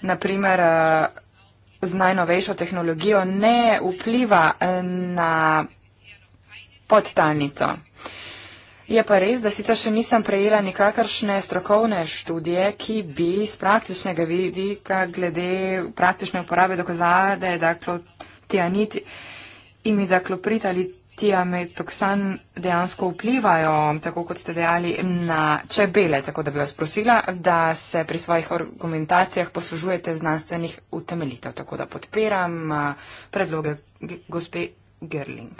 naprimer eh, z najnovejšo tehnologijo, ne vpliva eh, na podtalnico. Je pa res, da sicer še nisem prejela nikakršne strokovne študije, ki bi z praktičnega vidika glede praktične uporabe dokazale, da je klot. Dakle tianit in midakloprit ali tiametoksan dejansko vplivajo, tako kot ste dejali, na čebele. Tako da bi vas prosila, da se pri svojih argumentacijah poslužujete znanstvenih utemeljitev. Tako da podpiram uh, predloge gospe Gerling.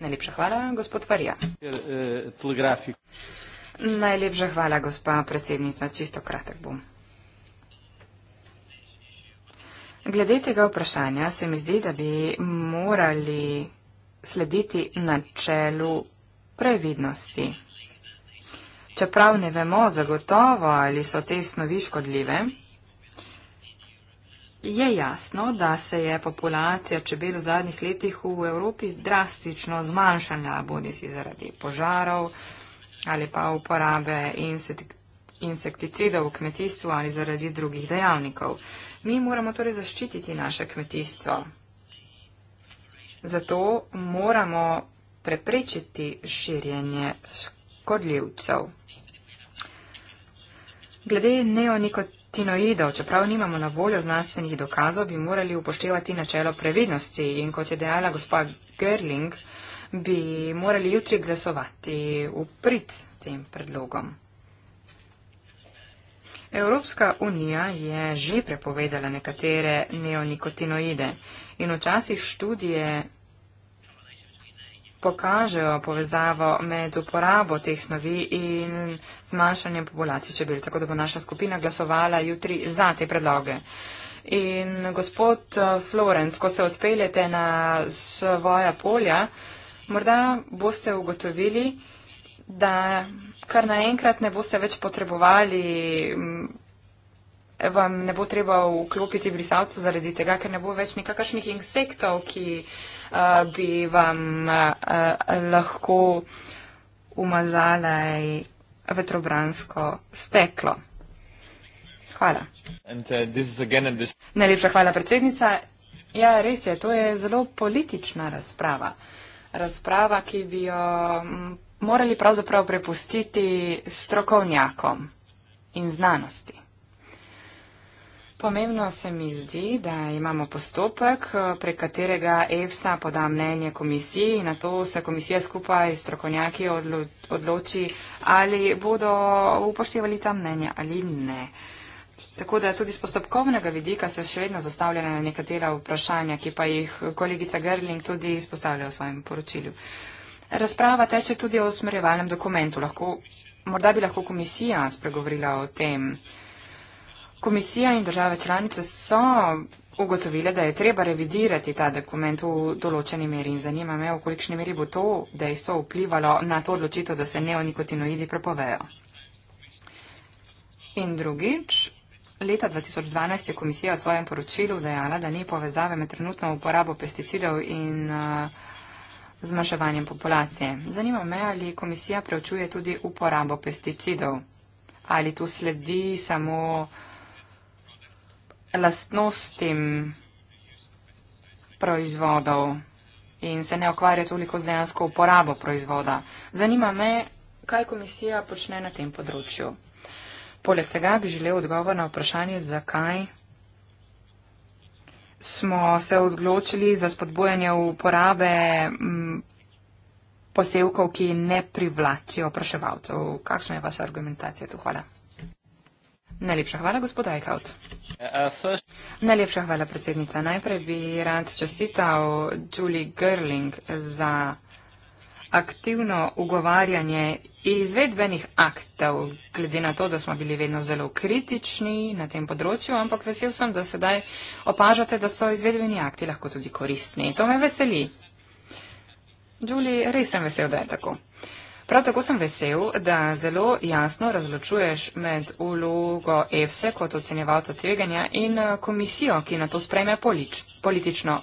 Najlepša hvala, gospod Farija. Ja, eh, telegrafik. Najlepša hvala, gospa predsednica. Čisto kratek bom. Glede tega vprašanja se mi zdi, da bi morali slediti načelu previdnosti. Čeprav ne vemo zagotovo, ali so te snovi škodljive, je jasno, da se je populacija čebel v zadnjih letih v Evropi drastično zmanjšala, bodi si zaradi požarov ali pa uporabe insekticidov v kmetijstvu ali zaradi drugih dejavnikov. Mi moramo torej zaščititi naše kmetijstvo. Zato moramo preprečiti širjenje škodljivcev. Glede neonikotinoidov, čeprav nimamo na voljo znanstvenih dokazov, bi morali upoštevati načelo previdnosti in kot je dejala gospa Gerling, bi morali jutri glasovati v prid tem predlogom. Evropska unija je že prepovedala nekatere neonikotinoide in včasih študije pokažejo povezavo med uporabo teh snovi in zmanjšanjem populacij čebel. Tako da bo naša skupina glasovala jutri za te predloge. In gospod eh, Florence, ko se odpeljete na svoja polja, morda boste ugotovili, da kar naenkrat ne boste več potrebovali, vam ne bo treba vklopiti brisalcu zaradi tega, ker ne bo več nekakšnih insektov, ki uh, bi vam uh, lahko umazale vetrobransko steklo. Hvala. And, uh, this... Najlepša hvala, predsednica. Ja, res je, to je zelo politična razprava. Razprava, ki bi jo morali pravzaprav prepustiti strokovnjakom in znanosti. Pomembno se mi zdi, da imamo postopek, prek katerega EFSA poda mnenje komisiji in na to se komisija skupaj s strokovnjaki odloči, ali bodo upoštevali ta mnenja ali ne. Tako da tudi z postopkovnega vidika se še vedno zastavljajo nekatera vprašanja, ki pa jih kolegica Gerling tudi izpostavlja v svojem poročilju. Razprava teče tudi o usmerjevalnem dokumentu. Lahko, morda bi lahko komisija spregovorila o tem. Komisija in države članice so ugotovile, da je treba revidirati ta dokument v določeni meri in zanima me, v kolikšni meri bo to dejstvo vplivalo na to odločitev, da se neonikotinoidi prepovejo. In drugič, leta 2012 je komisija v svojem poročilu dejala, da ni povezave med trenutno uporabo pesticidov in uh, zmanjševanjem populacije. Zanima me, ali komisija preučuje tudi uporabo pesticidov. Ali tu sledi samo lastnostim proizvodov in se ne okvarja toliko z dejansko uporabo proizvoda. Zanima me, kaj komisija počne na tem področju. Poleg tega bi želel odgovor na vprašanje, zakaj smo se odločili za spodbojanje uporabe mm, posevkov, ki ne privlačijo opraševalcev. Kakšna je vaša argumentacija tu? Hvala. Najlepša hvala, gospod Eichhout. Najlepša hvala, predsednica. Najprej bi rad čestital Julie Gerling za aktivno ugovarjanje izvedbenih aktov, glede na to, da smo bili vedno zelo kritični na tem področju, ampak vesel sem, da sedaj opažate, da so izvedbeni akti lahko tudi koristni. To me veseli. Julie, res sem vesel, da je tako. Prav tako sem vesel, da zelo jasno razločuješ med vlogo EFSE kot ocenjevalca tveganja in eh, komisijo, ki na to spreme polič, politično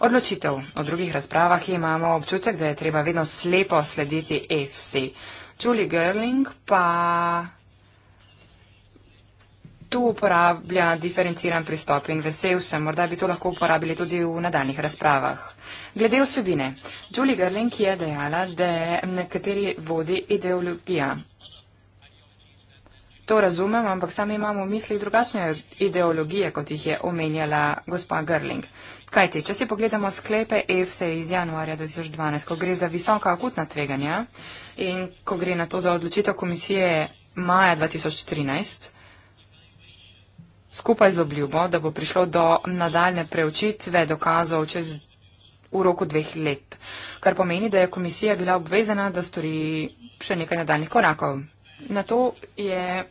Odločitev. V drugih razpravah imamo občutek, da je treba vedno slepo slediti EFC. Julie Gerling pa tu uporablja diferenciran pristop in vesel sem, morda bi to lahko uporabili tudi v nadaljnih razpravah. Glede osebine. Julie Gerling je dejala, da nekateri vodi ideologija. To razumem, ampak sami imamo v mislih drugačne ideologije, kot jih je omenjala gospa Gerling. Kajti, če si pogledamo sklepe EFSE iz januarja 2012, ko gre za visoka akutna tveganja in ko gre na to za odločitev komisije maja 2013, skupaj z obljubo, da bo prišlo do nadaljne preučitve dokazov čez v roku dveh let, kar pomeni, da je komisija bila obvezana, da stori še nekaj nadaljnih korakov. Na to je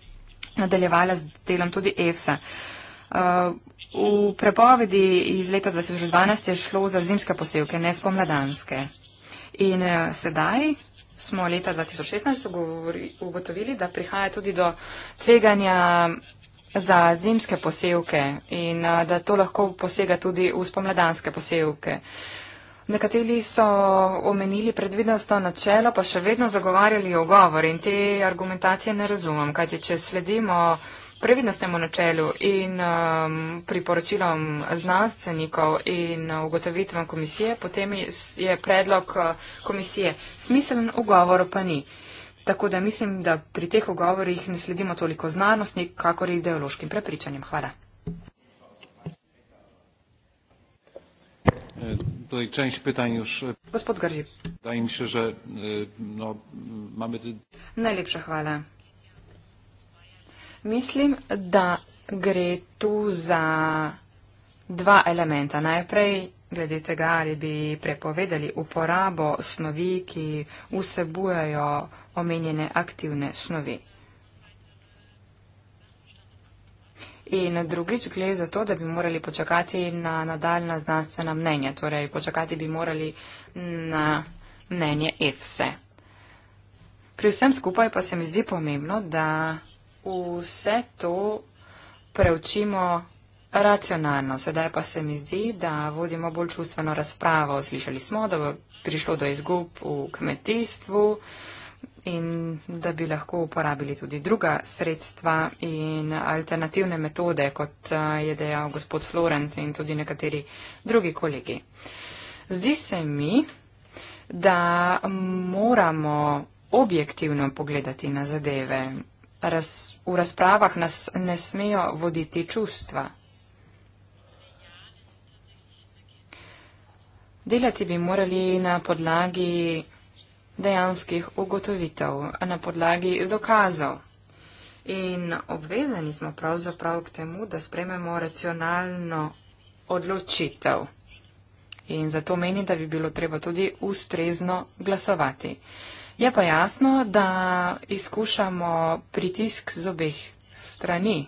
nadaljevala z delom tudi EFSA. Uh, V prepovedi iz leta 2012 je šlo za zimske posevke, ne spomladanske. In eh, sedaj smo leta 2016 ugotovili, da prihaja tudi do tveganja za zimske posevke in eh, da to lahko posega tudi v spomladanske posevke. Nekateri so omenili predvidnostno načelo, pa še vedno zagovarjali ogovor in te argumentacije ne razumem, kajti če sledimo previdnostnemu načelu in um, priporočilom znanstvenikov in uh, ugotovitvam komisije, potem je predlog uh, komisije smiseln, ugovor pa ni. Tako da mislim, da pri teh ugovorih ne sledimo toliko znanostni, kakor ideološkim prepričanjem. Hvala. E, tutaj część pytań już. E, Gospod Garzi. Wydaje mi się, że e, no, mamy. Najlepsza chwala. Mislim, da gre tu za dva elementa. Najprej glede tega, ali bi prepovedali uporabo snovi, ki vsebujajo omenjene aktivne snovi. In drugič gre za to, da bi morali počakati na nadaljna znanstvena mnenja, torej počakati bi morali na mnenje EFSE. Pri vsem skupaj pa se mi zdi pomembno, da vse to preučimo racionalno. Sedaj pa se mi zdi, da vodimo bolj čustveno razpravo. Slišali smo, da bo prišlo do izgub v kmetijstvu in da bi lahko uporabili tudi druga sredstva in alternativne metode, kot je dejal gospod Florence in tudi nekateri drugi kolegi. Zdi se mi, da moramo objektivno pogledati na zadeve raz, v razpravah nas ne smejo voditi čustva. Delati bi morali na podlagi dejanskih ugotovitev, na podlagi dokazov. In obvezani smo pravzaprav k temu, da sprememo racionalno odločitev. In zato meni, da bi bilo treba tudi ustrezno glasovati. Je pa jasno, da izkušamo pritisk z obeh strani.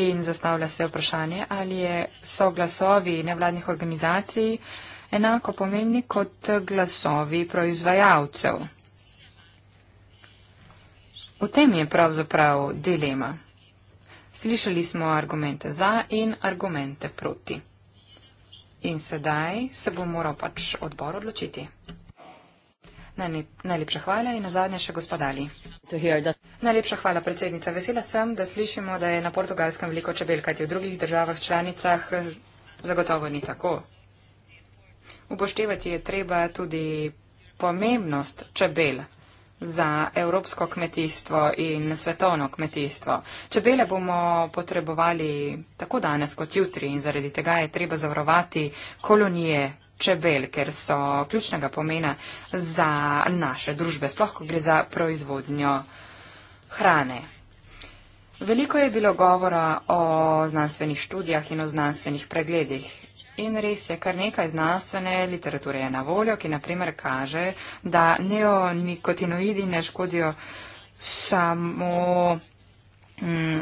In zastavlja se vprašanje, ali so glasovi nevladnih organizacij enako pomembni kot glasovi proizvajalcev. V tem je pravzaprav dilema. Slišali smo argumente za in argumente proti. In sedaj se bo moral pač odbor odločiti. Najlepša hvala in na zadnje še gospodali. Najlepša hvala, predsednica. Vesela sem, da slišimo, da je na portugalskem veliko čebel, kajti v drugih državah članicah eh, zagotovo ni tako. Upoštevati je treba tudi pomembnost čebel za evropsko kmetijstvo in svetovno kmetijstvo. Čebele bomo potrebovali tako danes kot jutri in zaradi tega je treba zavarovati kolonije čebel, ker so ključnega pomena za naše družbe, sploh ko gre za proizvodnjo hrane. Veliko je bilo govora o znanstvenih študijah in o znanstvenih pregledih. In res je, kar nekaj znanstvene literature je na voljo, ki naprimer kaže, da neonikotinoidi ne škodijo samo mm,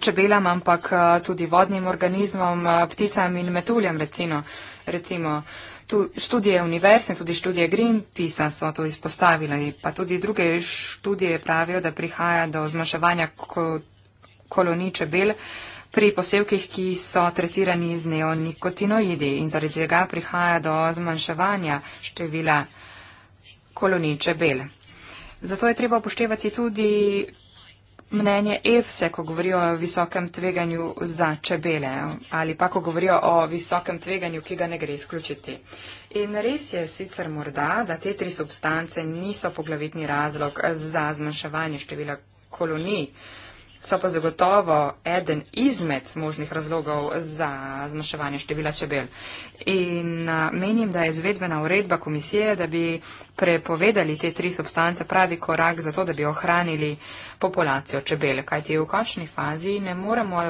čebelam, ampak eh, tudi vodnim organizmom, eh, pticam in metuljam recimo recimo tu, študije univerzne, tudi študije Greenpeace so to izpostavile, pa tudi druge študije pravijo, da prihaja do zmaševanja ko, koloni čebel pri posevkih, ki so tretirani z neonikotinoidi in zaradi tega prihaja do zmanjševanja števila koloni čebel. Zato je treba upoštevati tudi mnenje EFSE, ko govorijo o visokem tveganju za čebele ali pa ko govorijo o visokem tveganju, ki ga ne gre izključiti. In res je sicer morda, da te tri substance niso poglavitni razlog za zmanjševanje števila kolonij. So pa zagotovo eden izmed možnih razlogov za zmanjševanje števila čebel. In menim, da je izvedbena uredba komisije, da bi prepovedali te tri substance pravi korak za to, da bi ohranili populacijo čebel. Kajti v končni fazi ne moremo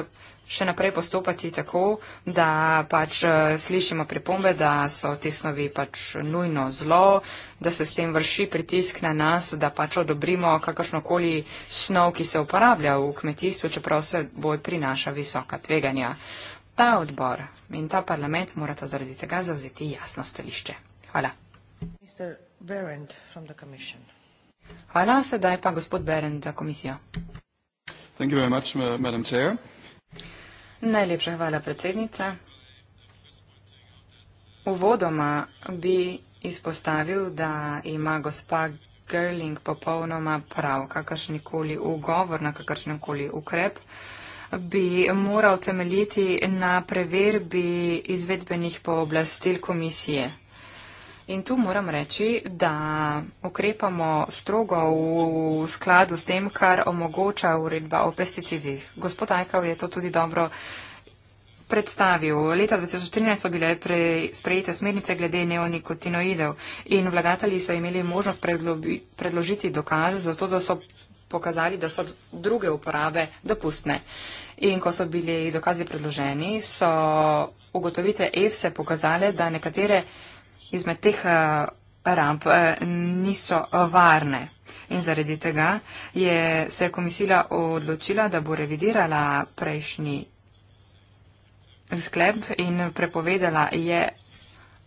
še naprej postopati tako, da pač eh, slišimo pripombe, da so te snovi pač nujno zlo, da se s tem vrši pritisk na nas, da pač odobrimo kakršnokoli snov, ki se uporablja v kmetijstvu, čeprav se boj prinaša visoka tveganja. Ta odbor in ta parlament morata zaradi tega zavzeti jasno stališče. Hvala. Hvala, sedaj pa gospod Berend za komisijo. Thank you very much, Madam Chair. Najlepša hvala, predsednica. Uvodoma bi izpostavil, da ima gospa Gerling popolnoma prav, kakršnikoli ugovor na kakršnikoli ukrep bi moral temeljiti na preverbi izvedbenih pooblastil komisije. In tu moram reči, da ukrepamo strogo v skladu s tem, kar omogoča uredba o pesticidih. Gospod Ajkal je to tudi dobro predstavil. Leta 2013 so bile pre, sprejete smernice glede neonikotinoidov in vlagatelji so imeli možnost predlobi, predložiti dokaz za to, da so pokazali, da so druge uporabe dopustne. In ko so bili dokazi predloženi, so ugotovitve EFSE e pokazale, da nekatere izmed teh eh, ramp eh, niso eh, varne. In zaradi tega je, se je komisija odločila, da bo revidirala prejšnji sklep in prepovedala je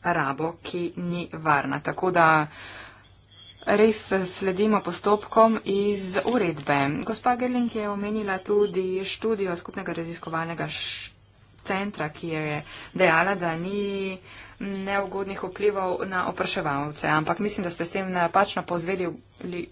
rabo, ki ni varna. Tako da res sledimo postopkom iz uredbe. Gospa Gerling je omenila tudi študijo skupnega raziskovalnega centra, ki je dejala, da ni neugodnih vplivov na opraševalce, ampak mislim, da ste s tem napačno povzvedili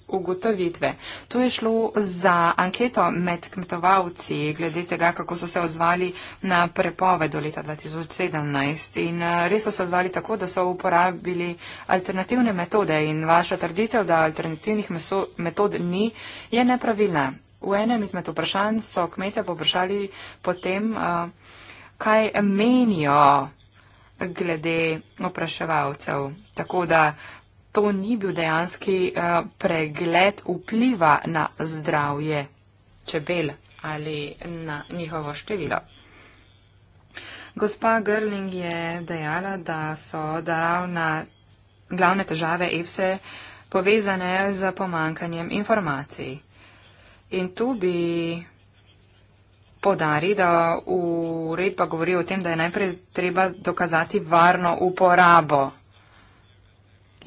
ugotovitve. To je šlo za anketo med kmetovalci glede tega, kako so se odzvali na prepoved do leta 2017 in eh, res so se odzvali tako, da so uporabili alternativne metode in vaša trditev, da alternativnih meso, metod ni, je nepravilna. V enem izmed vprašanj so kmete poprašali potem, uh, kaj menijo glede opraševalcev. Tako da to ni bil dejanski eh, pregled vpliva na zdravje čebel ali na njihovo število. Gospa Grling je dejala, da so daravna, glavne težave EFSE povezane z pomankanjem informacij. In tu bi podari, da uredba govori o tem, da je najprej treba dokazati varno uporabo.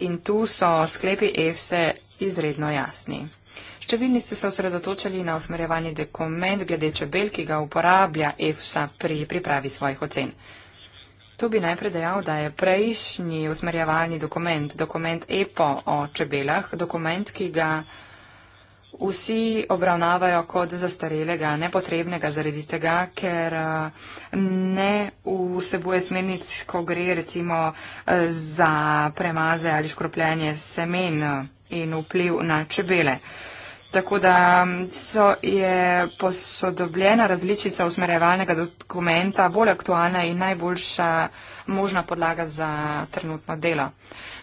In tu so sklepi EFSE izredno jasni. Številni ste se osredotočali na usmerjevanje dokument glede čebel, ki ga uporablja EFSA pri pripravi svojih ocen. Tu bi najprej dejal, da je prejšnji usmerjevalni dokument, dokument EPO o čebelah, dokument, ki ga vsi obravnavajo kot zastarelega, nepotrebnega zaradi tega, ker eh, ne vsebuje smernic, ko gre recimo eh, za premaze ali škropljenje semen eh, in vpliv na čebele. Uh, Tako da mm, so, je posodobljena različica usmerjevalnega dokumenta bolj aktualna in najboljša možna podlaga za trenutno delo.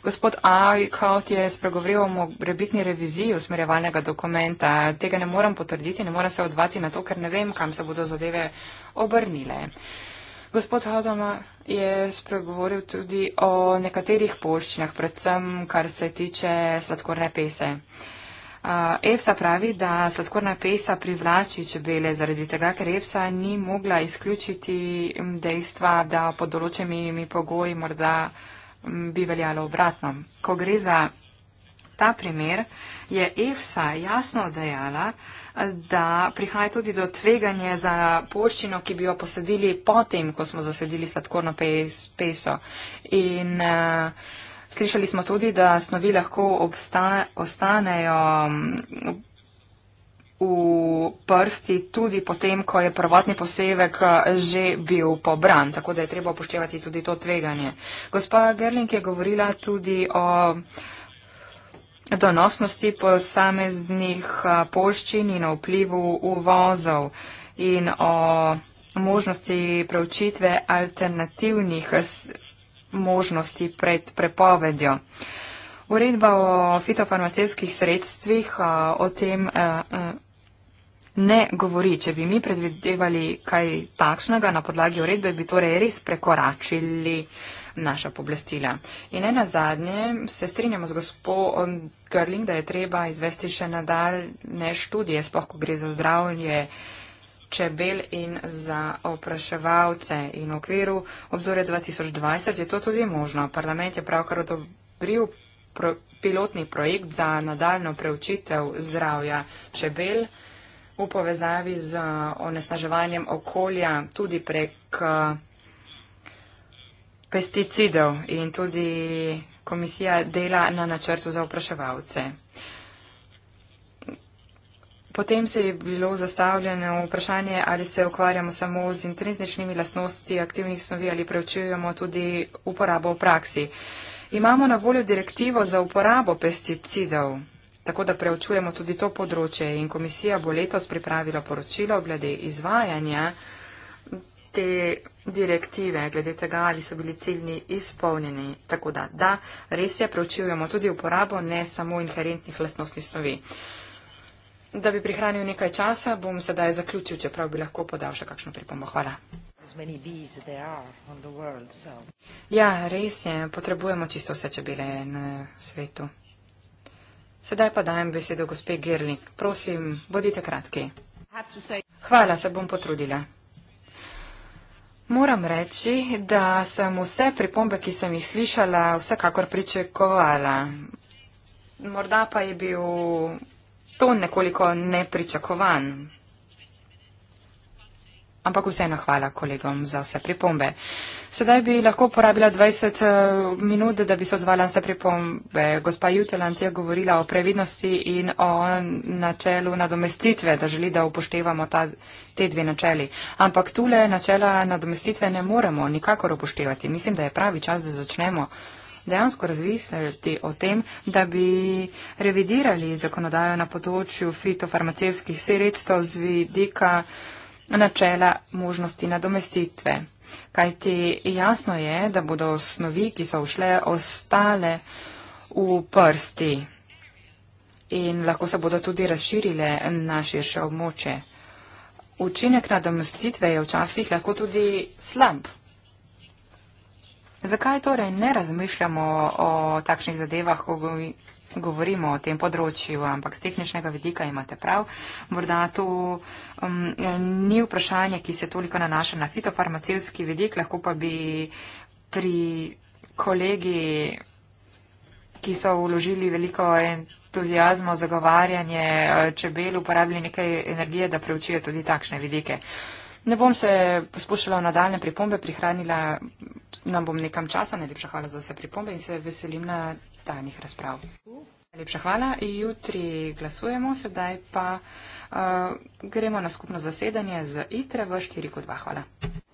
Gospod Aikot je spregovoril o morebitni reviziji usmerjevalnega dokumenta. Tega ne moram potrditi, ne moram se odzvati na to, ker ne vem, kam se bodo zadeve obrnile. Gospod Hodoma je spregovoril tudi o nekaterih poščinah, predvsem kar se tiče sladkorne pese. Eh, EFSA pravi, da sladkorna pesa privlači čebele zaradi tega, ker EFSA ni mogla izključiti mm, dejstva, da pod določenimi pogoji morda mm, bi veljalo obratno. Ko gre za ta primer, je EFSA jasno dejala, da prihaja tudi do tveganja za poščino, ki bi jo posadili potem, ko smo zasadili sladkorno peso. In, uh, Slišali smo tudi, da snovi lahko obsta, ostanejo mm, v prsti tudi potem, ko je prvotni posevek že bil pobran, tako da je treba upoštevati tudi to tveganje. Gospa Gerling je govorila tudi o donosnosti posameznih polščin in o vplivu uvozov in o možnosti preučitve alternativnih možnosti pred prepovedjo. Uredba o fitofarmacevskih sredstvih o tem ne govori. Če bi mi predvidevali kaj takšnega na podlagi uredbe, bi torej res prekoračili naša poblestila. In ena zadnje, se strinjamo z gospod Grling, da je treba izvesti še nadaljne študije, sploh ko gre za zdravljenje čebel in za opraševalce. In v okviru obzore 2020 je to tudi možno. Parlament je pravkar odobril pro pilotni projekt za nadaljno preučitev zdravja čebel v povezavi z onesnaževanjem okolja tudi prek eh, pesticidov in tudi komisija dela na načrtu za opraševalce. Potem se je bilo zastavljeno vprašanje, ali se ukvarjamo samo z intrinzničnimi lastnosti aktivnih snovi ali preučujemo tudi uporabo v praksi. Imamo na voljo direktivo za uporabo pesticidov, tako da preučujemo tudi to področje in komisija bo letos pripravila poročilo glede izvajanja te direktive, glede tega, ali so bili ciljni izpolnjeni. Tako da, da, res je, preučujemo tudi uporabo ne samo inherentnih lastnosti snovi. Da bi prihranil nekaj časa, bom sedaj zaključil, čeprav bi lahko podal še kakšno pripombo. Hvala. World, so. Ja, res je, potrebujemo čisto vse čebele na svetu. Sedaj pa dajem besedo gospe Gerlik. Prosim, bodite kratki. Hvala, se bom potrudila. Moram reči, da sem vse pripombe, ki sem jih slišala, vsekakor pričakovala. Morda pa je bil ton nekoliko nepričakovan. Ampak vseeno hvala kolegom za vse pripombe. Sedaj bi lahko porabila 20 eh, minut, da bi se odzvala na vse pripombe. Gospa Jutelant je govorila o previdnosti in o načelu nadomestitve, da želi, da upoštevamo ta, te dve načeli. Ampak tule načela nadomestitve ne moremo nikakor upoštevati. Mislim, da je pravi čas, da začnemo. Uh, dejansko razmisliti o tem, da bi revidirali zakonodajo na področju fitofarmacevskih sredstev z vidika načela možnosti nadomestitve. Kajti jasno je, da bodo osnovi, ki so všle, ostale v prsti in lahko se bodo tudi razširile na širše območje. Učinek nadomestitve je včasih lahko tudi slab. Zakaj torej ne razmišljamo o takšnih zadevah, ko govorimo o tem področju, ampak z tehničnega vidika imate prav, morda to um, ni vprašanje, ki se toliko nanaša na fitofarmacijski vidik, lahko pa bi pri kolegi, ki so uložili veliko entuzijazmo, zagovarjanje eh, čebel, uporabili nekaj energije, da preučijo tudi takšne vidike. Ne bom se poskušala v nadaljne pripombe, prihranila nam bom nekam časa. Najlepša hvala za vse pripombe in se veselim na daljnih razprav. Najlepša hvala. Jutri glasujemo, sedaj pa uh, gremo na skupno zasedanje z ITRE v 4.2. Hvala.